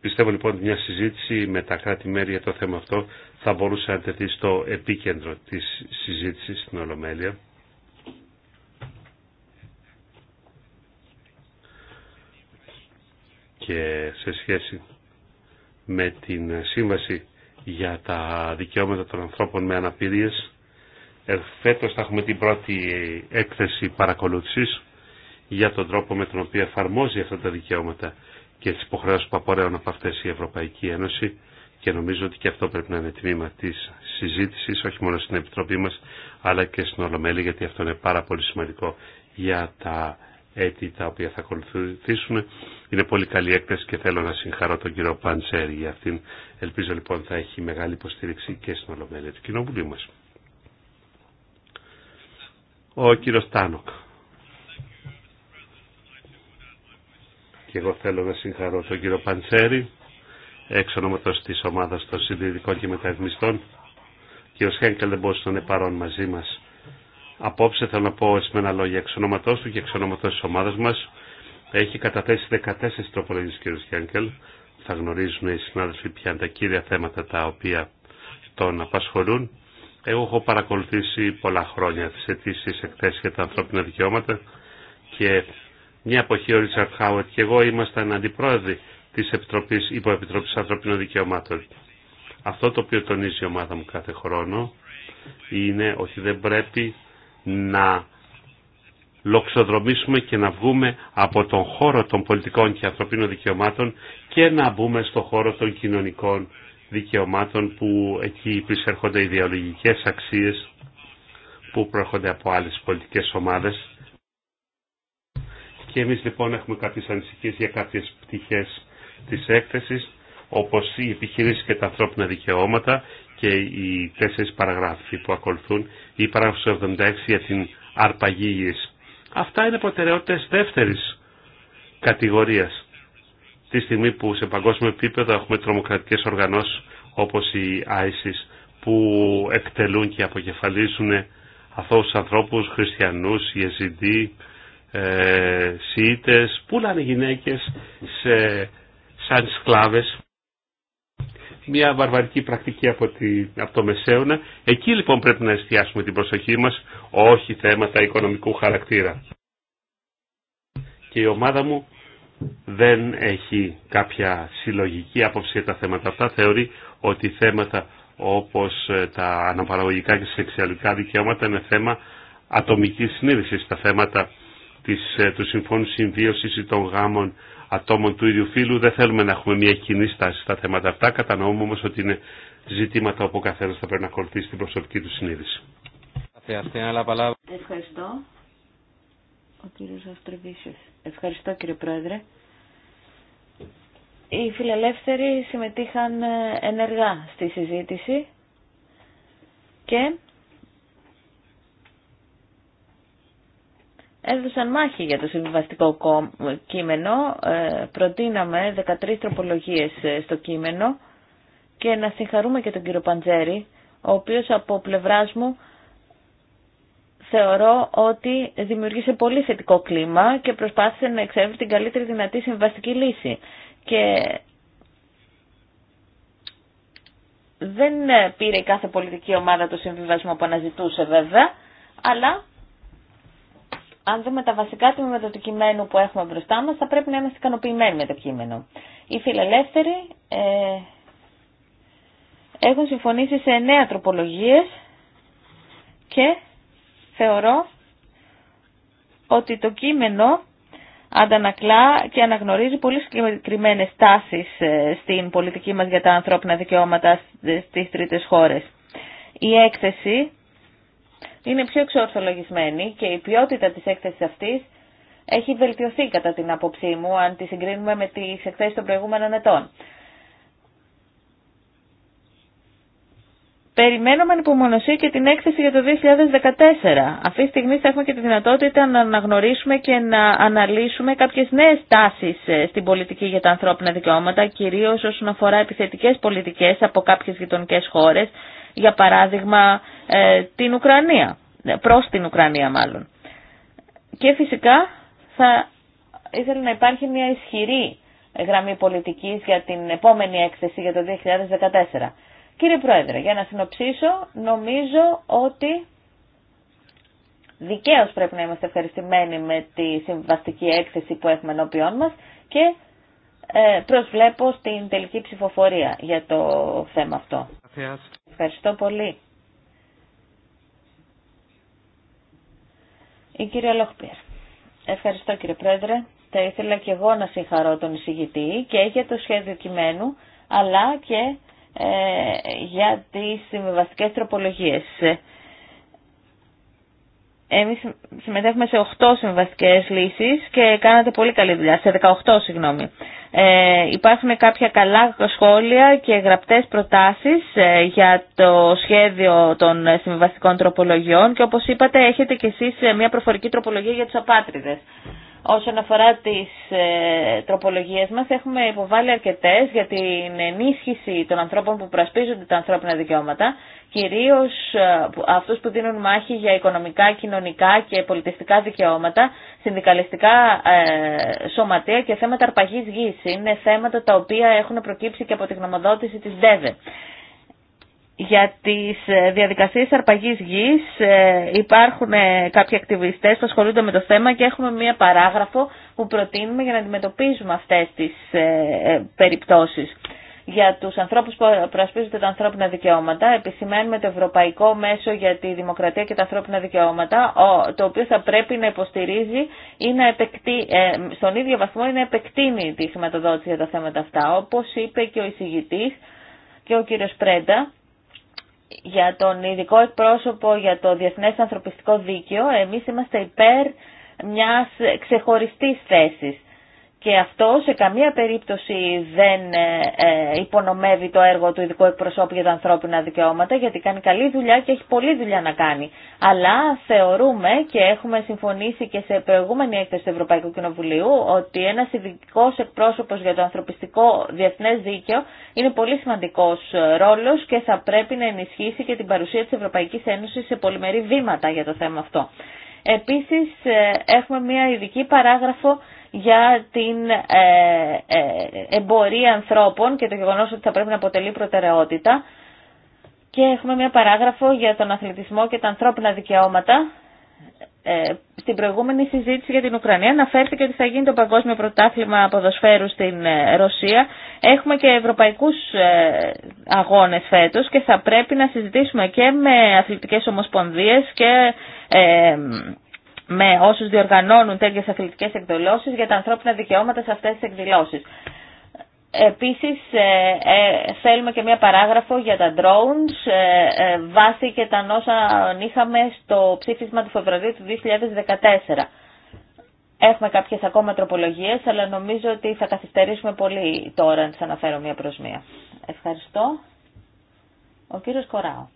Πιστεύω λοιπόν ότι μια συζήτηση με τα κράτη-μέρη για το θέμα αυτό θα μπορούσε να τεθεί στο επίκεντρο της συζήτησης στην Ολομέλεια. Και σε σχέση με την σύμβαση για τα δικαιώματα των ανθρώπων με αναπηρίες ε, φέτος θα έχουμε την πρώτη έκθεση παρακολούθησης για τον τρόπο με τον οποίο εφαρμόζει αυτά τα δικαιώματα και τις υποχρεώσεις που απορρέουν από αυτές η Ευρωπαϊκή Ένωση και νομίζω ότι και αυτό πρέπει να είναι τμήμα της συζήτησης, όχι μόνο στην Επιτροπή μας, αλλά και στην Ολομέλη, γιατί αυτό είναι πάρα πολύ σημαντικό για τα έτη τα οποία θα ακολουθήσουν. Είναι πολύ καλή έκθεση και θέλω να συγχαρώ τον κύριο Παντσέρη για αυτήν. Ελπίζω λοιπόν θα έχει μεγάλη υποστήριξη και στην Ολομέλεια του Κοινοβουλίου μας. Ο κύριος Τάνοκ. Και εγώ θέλω να συγχαρώ τον κύριο Παντσέρη, εξ ονόματος της ομάδας των συντηρητικών και μεταρρυθμιστών. Ο κύριο Χένκελ δεν μπορούσε να είναι παρόν μαζί μας. Απόψε θέλω να πω έσμενα λόγια εξ ονόματός του και εξ ονόματος της ομάδας μας. Έχει καταθέσει 14 τροπολογίες κύριο Χένκελ. Θα γνωρίζουν οι συνάδελφοι ποια είναι τα κύρια θέματα τα οποία τον απασχολούν. Εγώ έχω παρακολουθήσει πολλά χρόνια τις αιτήσει εκθέσεις για τα ανθρώπινα δικαιώματα και μια εποχή ο Ρίτσαρτ Χάουερτ και εγώ ήμασταν αντιπρόεδροι της Επιτροπής, Υποεπιτροπής Ανθρωπίνων Δικαιωμάτων. Αυτό το οποίο τονίζει η ομάδα μου κάθε χρόνο είναι ότι δεν πρέπει να λοξοδρομήσουμε και να βγούμε από τον χώρο των πολιτικών και ανθρωπίνων δικαιωμάτων και να μπούμε στον χώρο των κοινωνικών δικαιωμάτων που εκεί εισέρχονται ιδεολογικές αξίες που προέρχονται από άλλες πολιτικές ομάδες. Και εμείς λοιπόν έχουμε κάποιες ανησυχίες για κάποιες πτυχές της έκθεσης, όπως η επιχείρηση και τα ανθρώπινα δικαιώματα και οι τέσσερις παραγράφοι που ακολουθούν, ή παράγραφος 76 για την αρπαγή γης. Αυτά είναι προτεραιότητες δεύτερης κατηγορίας τη στιγμή που σε παγκόσμιο επίπεδο έχουμε τρομοκρατικές οργανώσεις όπως οι ISIS που εκτελούν και αποκεφαλίζουν αθώους ανθρώπους, χριστιανούς, Ιεζιντοί, ε, Σιήτες, πουλάνε γυναίκες σαν σκλάβες. Μια βαρβαρική πρακτική από, τη, από το Μεσαίωνα. Εκεί λοιπόν πρέπει να εστιάσουμε την προσοχή μας, όχι θέματα οικονομικού χαρακτήρα. Και η ομάδα μου δεν έχει κάποια συλλογική άποψη για τα θέματα αυτά. Θεωρεί ότι θέματα όπως ε, τα αναπαραγωγικά και σεξουαλικά δικαιώματα είναι θέμα ατομικής συνείδησης. Τα θέματα της, ε, του Συμφώνου Συμβίωσης ή των γάμων ατόμων του ίδιου φύλου δεν θέλουμε να έχουμε μια κοινή στάση στα θέματα αυτά. Κατανοούμε όμως ότι είναι ζητήματα όπου ο καθένας θα πρέπει να ακολουθήσει την προσωπική του συνείδηση. Ευχαριστώ ο κύριος Ευχαριστώ κύριε Πρόεδρε. Οι φιλελεύθεροι συμμετείχαν ε, ενεργά στη συζήτηση και έδωσαν μάχη για το συμβιβαστικό κείμενο. Ε, προτείναμε 13 τροπολογίες ε, στο κείμενο και να συγχαρούμε και τον κύριο Παντζέρη, ο οποίος από πλευράς μου θεωρώ ότι δημιούργησε πολύ θετικό κλίμα και προσπάθησε να εξεύρει την καλύτερη δυνατή συμβαστική λύση. Και δεν πήρε η κάθε πολιτική ομάδα το συμβιβασμό που αναζητούσε βέβαια, αλλά αν δούμε τα βασικά τμήματα του κειμένου που έχουμε μπροστά μας, θα πρέπει να είμαστε ικανοποιημένοι με το κείμενο. Οι φιλελεύθεροι ε, έχουν συμφωνήσει σε εννέα τροπολογίες και θεωρώ ότι το κείμενο αντανακλά και αναγνωρίζει πολύ συγκεκριμένε τάσεις ε, στην πολιτική μας για τα ανθρώπινα δικαιώματα στις τρίτες χώρες. Η έκθεση είναι πιο εξορθολογισμένη και η ποιότητα της έκθεσης αυτής έχει βελτιωθεί κατά την άποψή μου αν τη συγκρίνουμε με τις εκθέσεις των προηγούμενων ετών. Περιμένουμε με ανυπομονωσία και την έκθεση για το 2014. Αυτή τη στιγμή θα έχουμε και τη δυνατότητα να αναγνωρίσουμε και να αναλύσουμε κάποιες νέες τάσεις ε, στην πολιτική για τα ανθρώπινα δικαιώματα, κυρίως όσον αφορά επιθετικές πολιτικές από κάποιες γειτονικέ χώρες, για παράδειγμα ε, την Ουκρανία, ε, προς την Ουκρανία μάλλον. Και φυσικά θα ήθελα να υπάρχει μια ισχυρή γραμμή πολιτικής για την επόμενη έκθεση για το 2014. Κύριε Πρόεδρε, για να συνοψίσω, νομίζω ότι δικαίως πρέπει να είμαστε ευχαριστημένοι με τη συμβαστική έκθεση που έχουμε ενώπιόν μας και ε, προσβλέπω στην τελική ψηφοφορία για το θέμα αυτό. Ευχαριστώ πολύ. Η κυρία Λοχπίερ. Ευχαριστώ κύριε Πρόεδρε. Θα ήθελα και εγώ να συγχαρώ τον εισηγητή και για το σχέδιο κειμένου αλλά και ε, για τις συμβιβαστικές τροπολογίες. Εμείς συμμετέχουμε σε 8 συμβιβαστικές λύσεις και κάνατε πολύ καλή δουλειά, σε 18 συγγνώμη. Ε, υπάρχουν κάποια καλά σχόλια και γραπτές προτάσεις ε, για το σχέδιο των συμβιβαστικών τροπολογιών και όπως είπατε έχετε και εσείς μια προφορική τροπολογία για τους απάτριδες. Όσον αφορά τις ε, τροπολογίες μας, έχουμε υποβάλει αρκετές για την ενίσχυση των ανθρώπων που προασπίζονται τα ανθρώπινα δικαιώματα, κυρίως ε, αυτούς που δίνουν μάχη για οικονομικά, κοινωνικά και πολιτιστικά δικαιώματα, συνδικαλιστικά ε, σωματεία και θέματα αρπαγής γης. Είναι θέματα τα οποία έχουν προκύψει και από τη γνωμοδότηση της ΔΕΒΕ για τις ε, διαδικασίες αρπαγής γης ε, υπάρχουν ε, κάποιοι ακτιβιστές που ασχολούνται με το θέμα και έχουμε μία παράγραφο που προτείνουμε για να αντιμετωπίζουμε αυτές τις περιπτώσεις. Για τους ανθρώπους που προασπίζονται τα ανθρώπινα δικαιώματα επισημαίνουμε το Ευρωπαϊκό Μέσο για τη Δημοκρατία και τα Ανθρώπινα Δικαιώματα το οποίο θα πρέπει να υποστηρίζει ή να επεκτεί, στον ίδιο βαθμό ή να επεκτείνει τη χρηματοδότηση για τα θέματα αυτά. Όπως είπε και ο εισηγητής και ο κύριος Πρέντα για τον ειδικό εκπρόσωπο για το Διεθνές Ανθρωπιστικό Δίκαιο, εμείς είμαστε υπέρ μιας ξεχωριστής θέσης και αυτό σε καμία περίπτωση δεν ε, ε, υπονομεύει το έργο του ειδικού εκπροσώπου για τα ανθρώπινα δικαιώματα γιατί κάνει καλή δουλειά και έχει πολλή δουλειά να κάνει. Αλλά θεωρούμε και έχουμε συμφωνήσει και σε προηγούμενη έκθεση του Ευρωπαϊκού Κοινοβουλίου ότι ένα ειδικό εκπρόσωπο για το ανθρωπιστικό διεθνέ δίκαιο είναι πολύ σημαντικό ε, ρόλο και θα πρέπει να ενισχύσει και την παρουσία τη Ευρωπαϊκή Ένωση σε πολυμερή βήματα για το θέμα αυτό. Επίσης έχουμε μια ειδική παράγραφο για την ε, ε, εμπορία ανθρώπων και το γεγονός ότι θα πρέπει να αποτελεί προτεραιότητα. Και έχουμε μια παράγραφο για τον αθλητισμό και τα ανθρώπινα δικαιώματα. Ε, στην προηγούμενη συζήτηση για την Ουκρανία αναφέρθηκε ότι θα γίνει το Παγκόσμιο Πρωτάθλημα Ποδοσφαίρου στην Ρωσία. Έχουμε και ευρωπαϊκούς αγώνες φέτος και θα πρέπει να συζητήσουμε και με αθλητικές ομοσπονδίες και με όσους διοργανώνουν τέτοιες αθλητικές εκδηλώσεις για τα ανθρώπινα δικαιώματα σε αυτές τις εκδηλώσεις. Επίσης θέλουμε ε, ε, και μία παράγραφο για τα drones ε, βάσει και τα νόσα είχαμε στο ψήφισμα του Φεβρουαρίου του 2014. Έχουμε κάποιες ακόμα τροπολογίες, αλλά νομίζω ότι θα καθυστερήσουμε πολύ τώρα να τις αναφέρω μία προς μία. Ευχαριστώ. Ο κύριος Κοράου.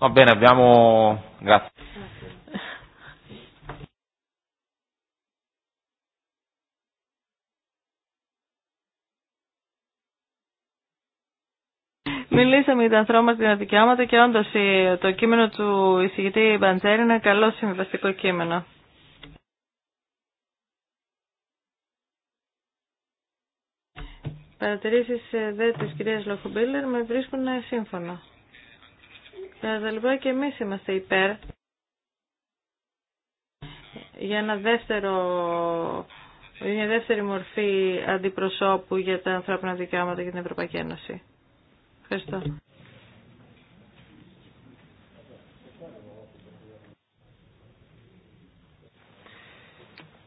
Va bene, abbiamo... Grazie. Μιλήσαμε για τα ανθρώπινα δικαιώματα και όντω το κείμενο του εισηγητή Μπαντζέρη είναι καλό συμβαστικό κείμενο. Παρατηρήσει ε, δε τη κυρία Λοχομπίλερ με βρίσκουν σύμφωνα θα λοιπόν, και εμείς είμαστε υπέρ για ένα δεύτερο μια δεύτερη μορφή αντιπροσώπου για τα ανθρώπινα δικαιώματα και την Ευρωπαϊκή Ένωση. Ευχαριστώ.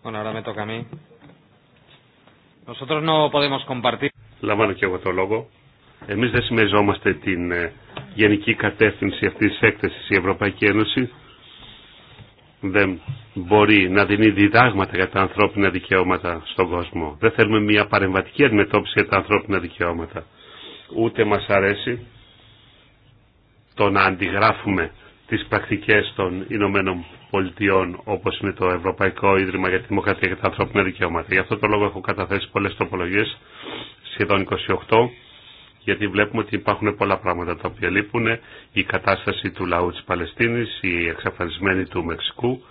Bueno, ahora me toca a mí. Nosotros no Λαμβάνω και εγώ το λόγο. Εμείς δεν συμμεριζόμαστε την ε, γενική κατεύθυνση αυτής της έκθεσης η Ευρωπαϊκή Ένωση δεν μπορεί να δίνει διδάγματα για τα ανθρώπινα δικαιώματα στον κόσμο. Δεν θέλουμε μια παρεμβατική αντιμετώπιση για τα ανθρώπινα δικαιώματα. Ούτε μας αρέσει το να αντιγράφουμε τις πρακτικές των Ηνωμένων Πολιτειών όπως είναι το Ευρωπαϊκό Ίδρυμα για τη Δημοκρατία και τα Ανθρώπινα Δικαιώματα. Γι' αυτό το λόγο έχω καταθέσει πολλές τροπολογίες, σχεδόν 28, γιατί βλέπουμε ότι υπάρχουν πολλά πράγματα τα οποία λείπουν, η κατάσταση του λαού της Παλαιστίνης, οι εξαφανισμένοι του Μεξικού,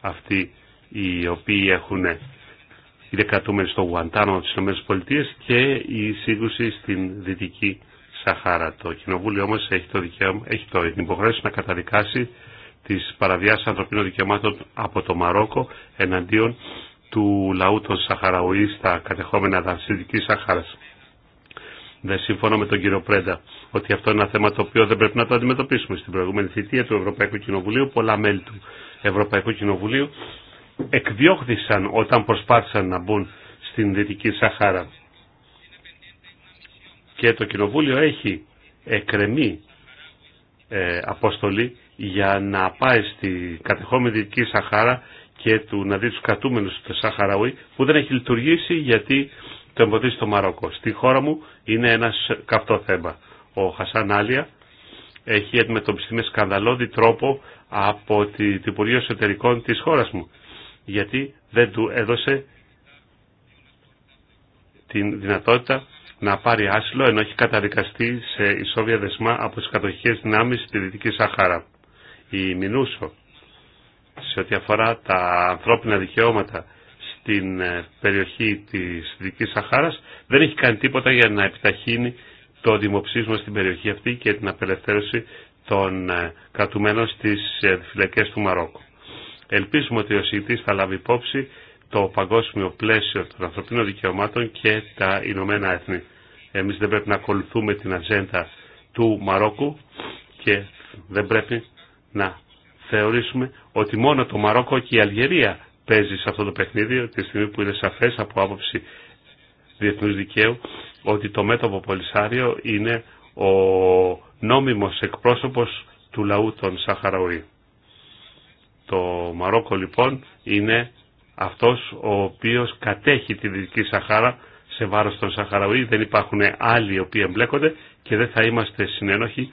αυτοί οι οποίοι έχουν οι δεκατούμενοι στο Γουαντάνο της ΗΠΑ και η σύγκρουση στην Δυτική Σαχάρα. Το Κοινοβούλιο όμως έχει, το δικαίωμα, έχει το, την υποχρέωση να καταδικάσει τις παραβιάσεις ανθρωπίνων δικαιωμάτων από το Μαρόκο εναντίον του λαού των Σαχαραουή στα κατεχόμενα δάση Σαχάρας. Δεν ναι, συμφωνώ με τον κύριο Πρέντα ότι αυτό είναι ένα θέμα το οποίο δεν πρέπει να το αντιμετωπίσουμε. Στην προηγούμενη θητεία του Ευρωπαϊκού Κοινοβουλίου, πολλά μέλη του Ευρωπαϊκού Κοινοβουλίου εκδιώχθησαν όταν προσπάθησαν να μπουν στην Δυτική Σαχάρα. Και το Κοινοβούλιο έχει εκρεμή ε, αποστολή για να πάει στη κατεχόμενη Δυτική Σαχάρα και του να δει τους κρατούμενου του Σαχαραούι που δεν έχει λειτουργήσει γιατί το εμποδίσει το Μαρόκο. Στη χώρα μου είναι ένα καυτό θέμα. Ο Χασάν Άλια έχει αντιμετωπιστεί με σκανδαλώδη τρόπο από την Υπουργείο Εσωτερικών της χώρα μου. Γιατί δεν του έδωσε την δυνατότητα να πάρει άσυλο ενώ έχει καταδικαστεί σε ισόβια δεσμά από τι κατοχικέ δυνάμει στη Δυτική Σάχαρα. Η Μινούσο σε ό,τι αφορά τα ανθρώπινα δικαιώματα στην ε, περιοχή της Δυτικής Σαχάρας δεν έχει κάνει τίποτα για να επιταχύνει το δημοψήφισμα στην περιοχή αυτή και την απελευθέρωση των ε, κρατουμένων στις ε, φυλακές του Μαρόκου. Ελπίζουμε ότι ο ΣΥΤΙΣ θα λάβει υπόψη το παγκόσμιο πλαίσιο των ανθρωπίνων δικαιωμάτων και τα Ηνωμένα Έθνη. Εμείς δεν πρέπει να ακολουθούμε την ατζέντα του Μαρόκου και δεν πρέπει να θεωρήσουμε ότι μόνο το Μαρόκο και η Αλγερία παίζει σε αυτό το παιχνίδι, τη στιγμή που είναι σαφέ από άποψη διεθνούς δικαίου ότι το μέτωπο Πολυσάριο είναι ο νόμιμος εκπρόσωπος του λαού των Σαχαραουή. Το Μαρόκο λοιπόν είναι αυτός ο οποίος κατέχει τη Δυτική Σαχάρα σε βάρος των Σαχαραουή. Δεν υπάρχουν άλλοι οι οποίοι εμπλέκονται και δεν θα είμαστε συνένοχοι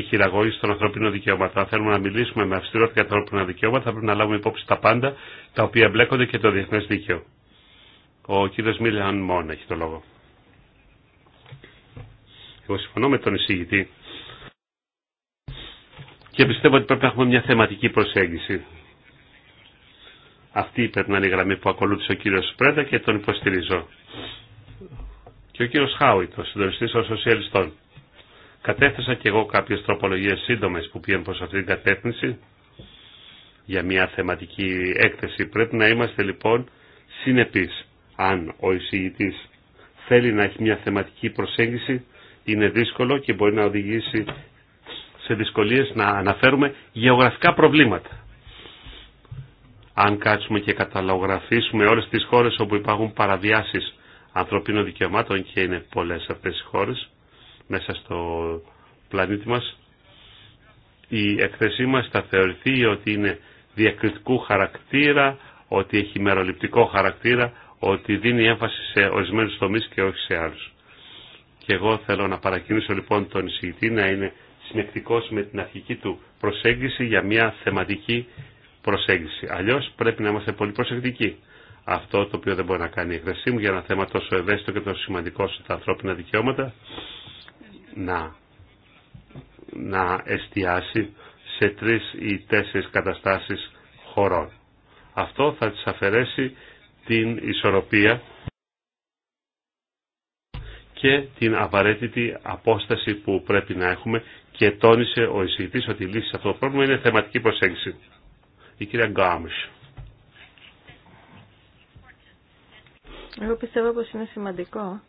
τη χειραγώγηση των ανθρωπίνων δικαιωμάτων. Αν θέλουμε να μιλήσουμε με αυστηρότητα για τα ανθρώπινα δικαιώματα, θα πρέπει να λάβουμε υπόψη τα πάντα τα οποία μπλέκονται και το διεθνέ δίκαιο. Ο κύριο Μίλιαν Μόν έχει το λόγο. Εγώ συμφωνώ με τον εισηγητή και πιστεύω ότι πρέπει να έχουμε μια θεματική προσέγγιση. Αυτή πρέπει να είναι η γραμμή που ακολούθησε ο κύριο Πρέντα και τον υποστηρίζω. Και ο κύριο Χάουιτ, ο συντονιστή των Σοσιαλιστών. Κατέθεσα και εγώ κάποιες τροπολογίες σύντομες που πήγαν προς αυτήν την κατεύθυνση για μια θεματική έκθεση. Πρέπει να είμαστε λοιπόν συνεπείς. Αν ο εισηγητής θέλει να έχει μια θεματική προσέγγιση, είναι δύσκολο και μπορεί να οδηγήσει σε δυσκολίες να αναφέρουμε γεωγραφικά προβλήματα. Αν κάτσουμε και καταλογραφήσουμε όλες τις χώρες όπου υπάρχουν παραβιάσεις ανθρωπίνων δικαιωμάτων και είναι πολλές αυτές οι χώρες, μέσα στο πλανήτη μας. Η εκθεσή μας θα θεωρηθεί ότι είναι διακριτικού χαρακτήρα, ότι έχει μεροληπτικό χαρακτήρα, ότι δίνει έμφαση σε ορισμένου τομεί και όχι σε άλλου. Και εγώ θέλω να παρακινήσω λοιπόν τον εισηγητή να είναι συνεκτικός με την αρχική του προσέγγιση για μια θεματική προσέγγιση. Αλλιώ πρέπει να είμαστε πολύ προσεκτικοί. Αυτό το οποίο δεν μπορεί να κάνει η εκθεσή μου για ένα θέμα τόσο ευαίσθητο και τόσο σημαντικό στα ανθρώπινα δικαιώματα να, να εστιάσει σε τρεις ή τέσσερις καταστάσεις χωρών. Αυτό θα της αφαιρέσει την ισορροπία και την απαραίτητη απόσταση που πρέπει να έχουμε και τόνισε ο εισηγητής ότι η λύση σε αυτό το πρόβλημα είναι θεματική προσέγγιση. Η κυρία Γκάμισ. Εγώ πιστεύω πως είναι σημαντικό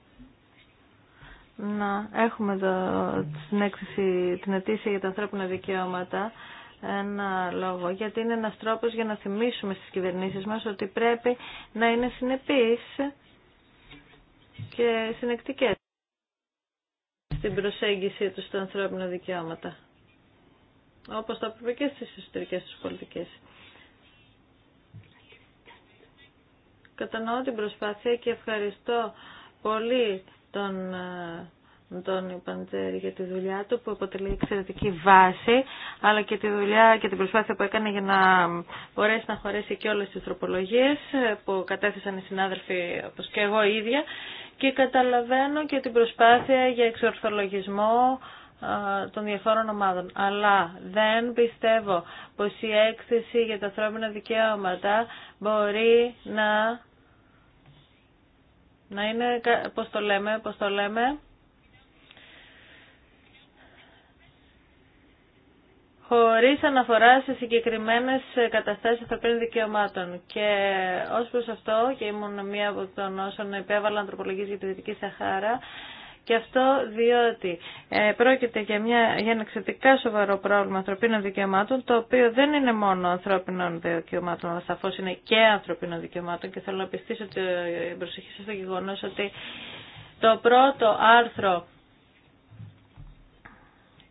να έχουμε εδώ την αιτήσια για τα ανθρώπινα δικαιώματα ένα λόγο, γιατί είναι ένας τρόπος για να θυμίσουμε στις κυβερνήσεις μας ότι πρέπει να είναι συνεπείς και συνεκτικές στην προσέγγιση τους στα ανθρώπινα δικαιώματα. Όπως τα έπρεπε και στις εσωτερικές τους πολιτικές. Κατανοώ την προσπάθεια και ευχαριστώ πολύ τον ε, τον Παντζέρη για τη δουλειά του που αποτελεί εξαιρετική βάση αλλά και τη δουλειά και την προσπάθεια που έκανε για να μπορέσει να χωρέσει και όλες τις τροπολογίες ε, που κατέθεσαν οι συνάδελφοι όπως και εγώ ίδια και καταλαβαίνω και την προσπάθεια για εξορθολογισμό ε, των διαφόρων ομάδων. Αλλά δεν πιστεύω πως η έκθεση για τα ανθρώπινα δικαιώματα μπορεί να να είναι, πώς το λέμε, πώς το λέμε, χωρίς αναφορά σε συγκεκριμένες καταστάσεις ανθρωπίνων δικαιωμάτων. Και ως προς αυτό, και ήμουν μία από τον όσων επέβαλα ανθρωπολογίες για τη Δυτική Σαχάρα, και αυτό διότι ε, πρόκειται για, μια, για ένα εξαιρετικά σοβαρό πρόβλημα ανθρωπίνων δικαιωμάτων, το οποίο δεν είναι μόνο ανθρωπίνων δικαιωμάτων, αλλά σαφώ είναι και ανθρωπίνων δικαιωμάτων. Και θέλω να πιστήσω ε, η προσοχή σα στο γεγονό ότι το πρώτο άρθρο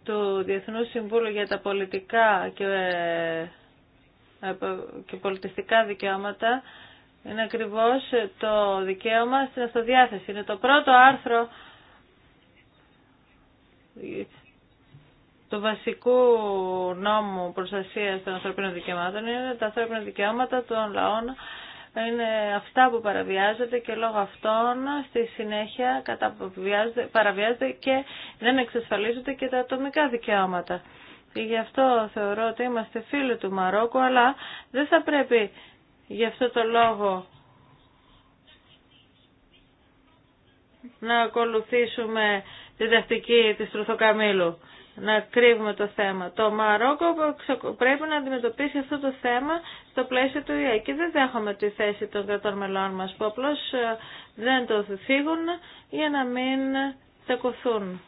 του Διεθνού Συμβούλου για τα πολιτικά και, ε, ε, και πολιτιστικά δικαιώματα είναι ακριβώς το δικαίωμα στην αυτοδιάθεση. Είναι το πρώτο άρθρο το βασικό νόμο προστασίας των ανθρωπίνων δικαιωμάτων είναι τα ανθρώπινα δικαιώματα των λαών είναι αυτά που παραβιάζονται και λόγω αυτών στη συνέχεια παραβιάζονται και δεν εξασφαλίζονται και τα ατομικά δικαιώματα. Γι' αυτό θεωρώ ότι είμαστε φίλοι του Μαρόκου, αλλά δεν θα πρέπει γι' αυτό το λόγο να ακολουθήσουμε διδακτική της Τρουθοκαμίλου. να κρύβουμε το θέμα. Το Μαρόκο πρέπει να αντιμετωπίσει αυτό το θέμα στο πλαίσιο του ΙΕ και δεν δέχομαι τη θέση των κρατών μελών μας που απλώς ε, δεν το φύγουν για να μην τεκωθούν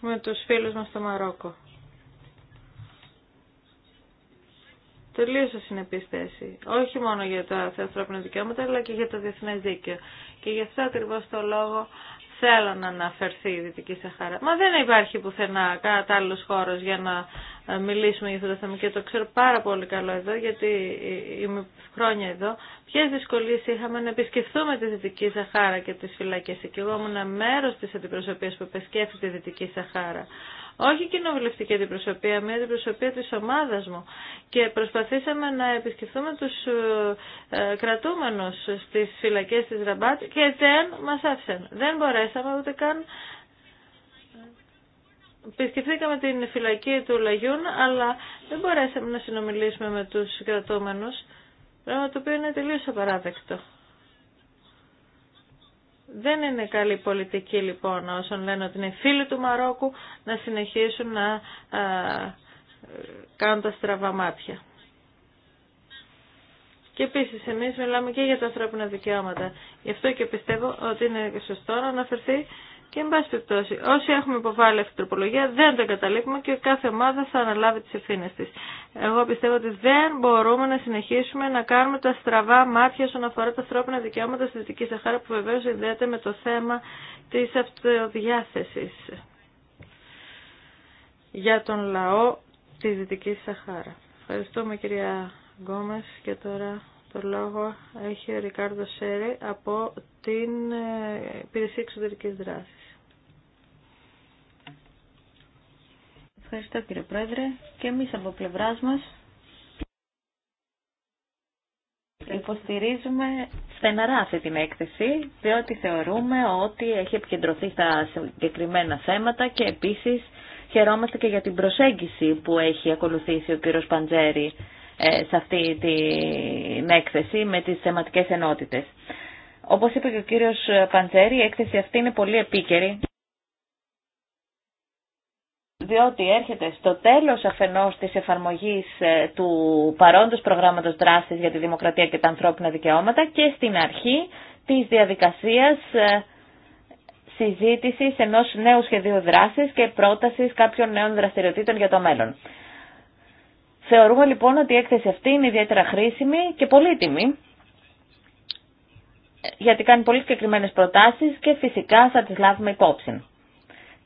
με τους φίλους μας στο Μαρόκο. Τελείωσε ασυνεπή θέση. Όχι μόνο για τα ανθρώπινα δικαιώματα, αλλά και για το διεθνέ δίκαιο. Και γι' αυτό ακριβώ το λόγο θέλω να αναφερθεί η Δυτική Σαχάρα. Μα δεν υπάρχει πουθενά κατάλληλο χώρο για να ε, μιλήσουμε για αυτό το θέμα και το ξέρω πάρα πολύ καλό εδώ, γιατί ε, είμαι χρόνια εδώ. Ποιε δυσκολίε είχαμε να επισκεφθούμε τη Δυτική Σαχάρα και τι φυλακέ. Και εγώ ήμουν μέρο τη αντιπροσωπεία που επισκέφθηκε τη Δυτική Σαχάρα όχι κοινοβουλευτική αντιπροσωπεία, μια αντιπροσωπεία της ομάδας μου και προσπαθήσαμε να επισκεφθούμε τους ε, ε, κρατούμενους στις φυλακές της Ραμπάτ και δεν μας άφησαν. Δεν μπορέσαμε ούτε καν επισκεφθήκαμε την φυλακή του Λαγιούν, αλλά δεν μπορέσαμε να συνομιλήσουμε με τους κρατούμενους, πράγμα το οποίο είναι τελείως απαράδεκτο. Δεν είναι καλή πολιτική λοιπόν όσων λένε ότι είναι φίλοι του Μαρόκου να συνεχίσουν να κάνουν τα στραβά μάτια. Και επίση, εμεί μιλάμε και για τα ανθρώπινα δικαιώματα. Γι' αυτό και πιστεύω ότι είναι σωστό να αναφερθεί και εν πάση περιπτώσει, όσοι έχουμε υποβάλει αυτή την τροπολογία δεν το καταλήγουμε και κάθε ομάδα θα αναλάβει τις ευθύνε της. Εγώ πιστεύω ότι δεν μπορούμε να συνεχίσουμε να κάνουμε τα στραβά μάτια όσον αφορά τα ανθρώπινα δικαιώματα στη Δυτική Σαχάρα που βεβαίω συνδέεται με το θέμα της αυτοδιάθεσης για τον λαό της Δυτικής Σαχάρα. Ευχαριστούμε κυρία Γκόμες και τώρα το λόγο έχει ο Ρικάρδο Σέρι από την ε, Υπηρεσία Εξωτερικής Δράσης. Ευχαριστώ κύριε Πρόεδρε και εμείς από πλευράς μας υποστηρίζουμε στεναρά αυτή την έκθεση διότι θεωρούμε ότι έχει επικεντρωθεί στα συγκεκριμένα θέματα και επίσης χαιρόμαστε και για την προσέγγιση που έχει ακολουθήσει ο κύριος Παντζέρη ε, σε αυτή την έκθεση με τις θεματικές ενότητες. Όπως είπε και ο κύριος Παντζέρη, η έκθεση αυτή είναι πολύ επίκαιρη διότι έρχεται στο τέλος αφενός της εφαρμογής ε, του παρόντος προγράμματος δράσης για τη δημοκρατία και τα ανθρώπινα δικαιώματα και στην αρχή της διαδικασίας ε, συζήτησης ενός νέου σχεδίου δράσης και πρότασης κάποιων νέων δραστηριοτήτων για το μέλλον. Θεωρούμε λοιπόν ότι η έκθεση αυτή είναι ιδιαίτερα χρήσιμη και πολύτιμη ε, γιατί κάνει πολύ συγκεκριμένε προτάσεις και φυσικά θα τις λάβουμε υπόψη.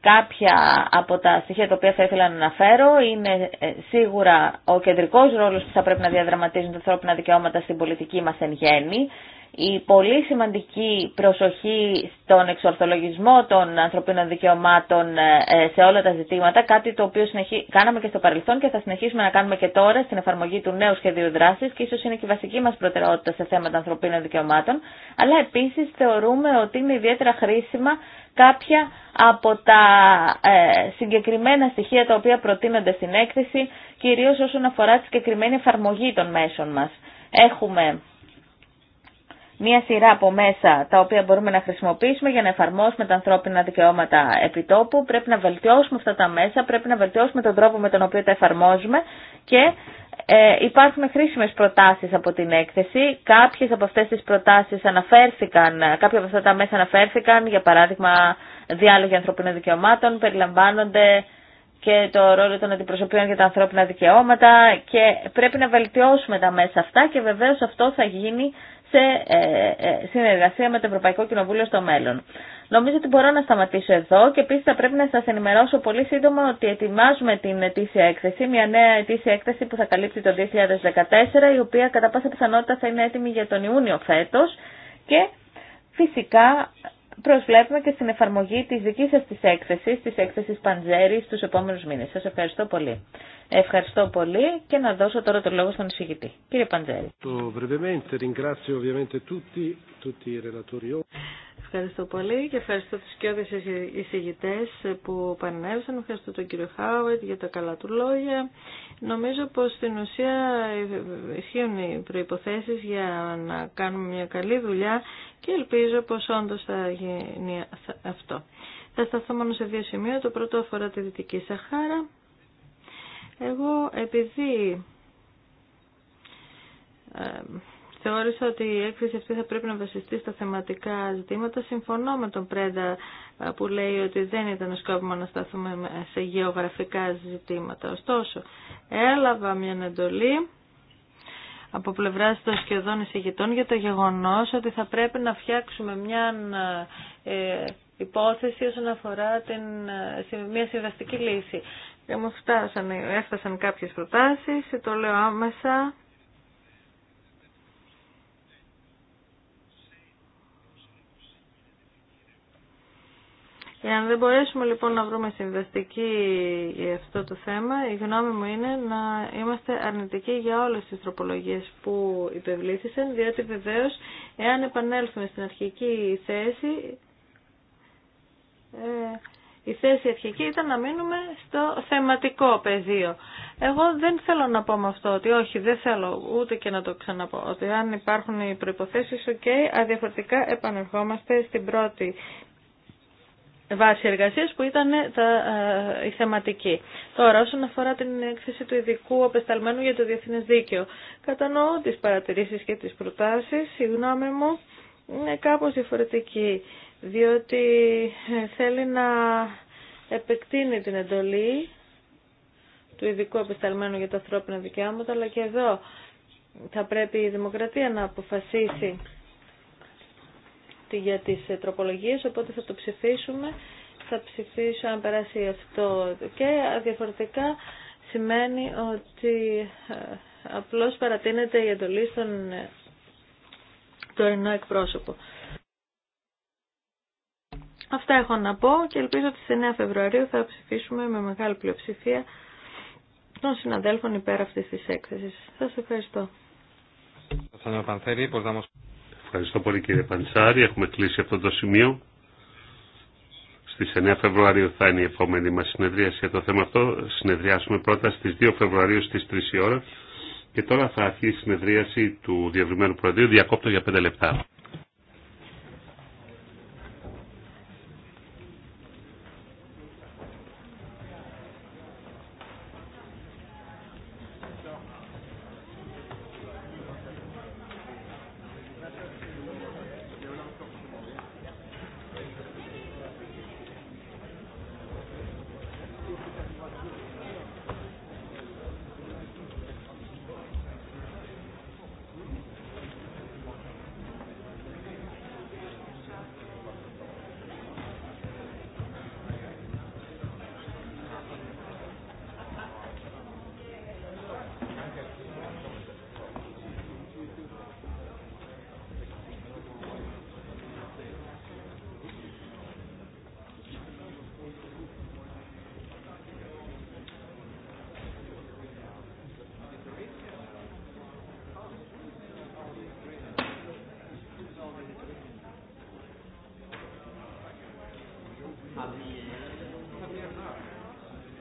Κάποια από τα στοιχεία τα οποία θα ήθελα να αναφέρω είναι ε, σίγουρα ο κεντρικός ρόλος που θα πρέπει να διαδραματίζουν τα ανθρώπινα δικαιώματα στην πολιτική μας εν γέννη η πολύ σημαντική προσοχή στον εξορθολογισμό των ανθρωπίνων δικαιωμάτων ε, σε όλα τα ζητήματα, κάτι το οποίο κάναμε και στο παρελθόν και θα συνεχίσουμε να κάνουμε και τώρα στην εφαρμογή του νέου σχεδίου δράση και ίσω είναι και η βασική μα προτεραιότητα σε θέματα ανθρωπίνων δικαιωμάτων. Αλλά επίση θεωρούμε ότι είναι ιδιαίτερα χρήσιμα κάποια από τα ε, συγκεκριμένα στοιχεία τα οποία προτείνονται στην έκθεση, κυρίω όσον αφορά τη συγκεκριμένη εφαρμογή των μέσων μα. Έχουμε μία σειρά από μέσα τα οποία μπορούμε να χρησιμοποιήσουμε για να εφαρμόσουμε τα ανθρώπινα δικαιώματα επιτόπου. Πρέπει να βελτιώσουμε αυτά τα μέσα, πρέπει να βελτιώσουμε τον τρόπο με τον οποίο τα εφαρμόζουμε και ε, υπάρχουν χρήσιμε προτάσει από την έκθεση. Κάποιε από αυτέ τι προτάσει αναφέρθηκαν, κάποια από αυτά τα μέσα αναφέρθηκαν, για παράδειγμα διάλογοι ανθρωπίνων δικαιωμάτων, περιλαμβάνονται και το ρόλο των αντιπροσωπείων για τα ανθρώπινα δικαιώματα και πρέπει να βελτιώσουμε τα μέσα αυτά και βεβαίως αυτό θα γίνει σε ε, ε, συνεργασία με το Ευρωπαϊκό Κοινοβούλιο στο μέλλον. Νομίζω ότι μπορώ να σταματήσω εδώ και επίση θα πρέπει να σα ενημερώσω πολύ σύντομα ότι ετοιμάζουμε την ετήσια έκθεση, μια νέα ετήσια έκθεση που θα καλύπτει το 2014, η οποία κατά πάσα πιθανότητα θα είναι έτοιμη για τον Ιούνιο φέτο και φυσικά προσβλέπουμε και στην εφαρμογή της δικής σας της έκθεσης, της έκθεσης Παντζέρη στους επόμενους μήνες. Σας ευχαριστώ πολύ. Ευχαριστώ πολύ και να δώσω τώρα το λόγο στον εισηγητή. Κύριε Παντζέρη. Ευχαριστώ πολύ και ευχαριστώ τους τις εισηγητές που πανέλθαν. Ευχαριστώ τον κύριο Χάουετ για τα καλά του λόγια. Νομίζω πως στην ουσία ισχύουν οι προϋποθέσεις για να κάνουμε μια καλή δουλειά και ελπίζω πως όντως θα γίνει αυτό. Θα σταθώ μόνο σε δύο σημεία. Το πρώτο αφορά τη Δυτική Σαχάρα. Εγώ επειδή ε, Θεώρησα ότι η έκθεση αυτή θα πρέπει να βασιστεί στα θεματικά ζητήματα. Συμφωνώ με τον Πρέντα που λέει ότι δεν ήταν σκόπιμο να σταθούμε σε γεωγραφικά ζητήματα. Ωστόσο, έλαβα μια εντολή από πλευρά των σχεδόν εισηγητών για το γεγονός ότι θα πρέπει να φτιάξουμε μια ε, υπόθεση όσον αφορά την, μια συμβαστική λύση. Ε, έφτασαν κάποιες προτάσεις, το λέω άμεσα. Εάν δεν μπορέσουμε λοιπόν να βρούμε συνδεστική για αυτό το θέμα, η γνώμη μου είναι να είμαστε αρνητικοί για όλες τις τροπολογίες που υπευλήθησαν, διότι βεβαίως εάν επανέλθουμε στην αρχική θέση, ε, η θέση αρχική ήταν να μείνουμε στο θεματικό πεδίο. Εγώ δεν θέλω να πω με αυτό ότι όχι, δεν θέλω ούτε και να το ξαναπώ. Ότι αν υπάρχουν οι προϋποθέσεις, οκ, αδιαφορετικά επανερχόμαστε στην πρώτη βάση εργασίας που ήταν ε, τα, ε, η θεματική. Τώρα, όσον αφορά την έκθεση του ειδικού απεσταλμένου για το διεθνές δίκαιο, κατανοώ τις παρατηρήσεις και τις προτάσεις, η γνώμη μου είναι κάπως διαφορετική, διότι ε, θέλει να επεκτείνει την εντολή του ειδικού απεσταλμένου για τα ανθρώπινα δικαιώματα, αλλά και εδώ θα πρέπει η δημοκρατία να αποφασίσει για τις ε, τροπολογίες, οπότε θα το ψηφίσουμε. Θα ψηφίσω αν περάσει αυτό και διαφορετικά σημαίνει ότι ε, απλώς παρατείνεται η εντολή στον ε, τωρινό εκπρόσωπο. Αυτά έχω να πω και ελπίζω ότι στις 9 Φεβρουαρίου θα ψηφίσουμε με μεγάλη πλειοψηφία των συναδέλφων υπέρ αυτής της έκθεσης. Σας ευχαριστώ. Ευχαριστώ πολύ κύριε Παντσάρη. Έχουμε κλείσει αυτό το σημείο. Στις 9 Φεβρουαρίου θα είναι η επόμενη μας συνεδρίαση για το θέμα αυτό. Συνεδριάσουμε πρώτα στις 2 Φεβρουαρίου στις 3 η ώρα. Και τώρα θα αρχίσει η συνεδρίαση του Διευρυμένου Προεδρείου. Διακόπτω για 5 λεπτά.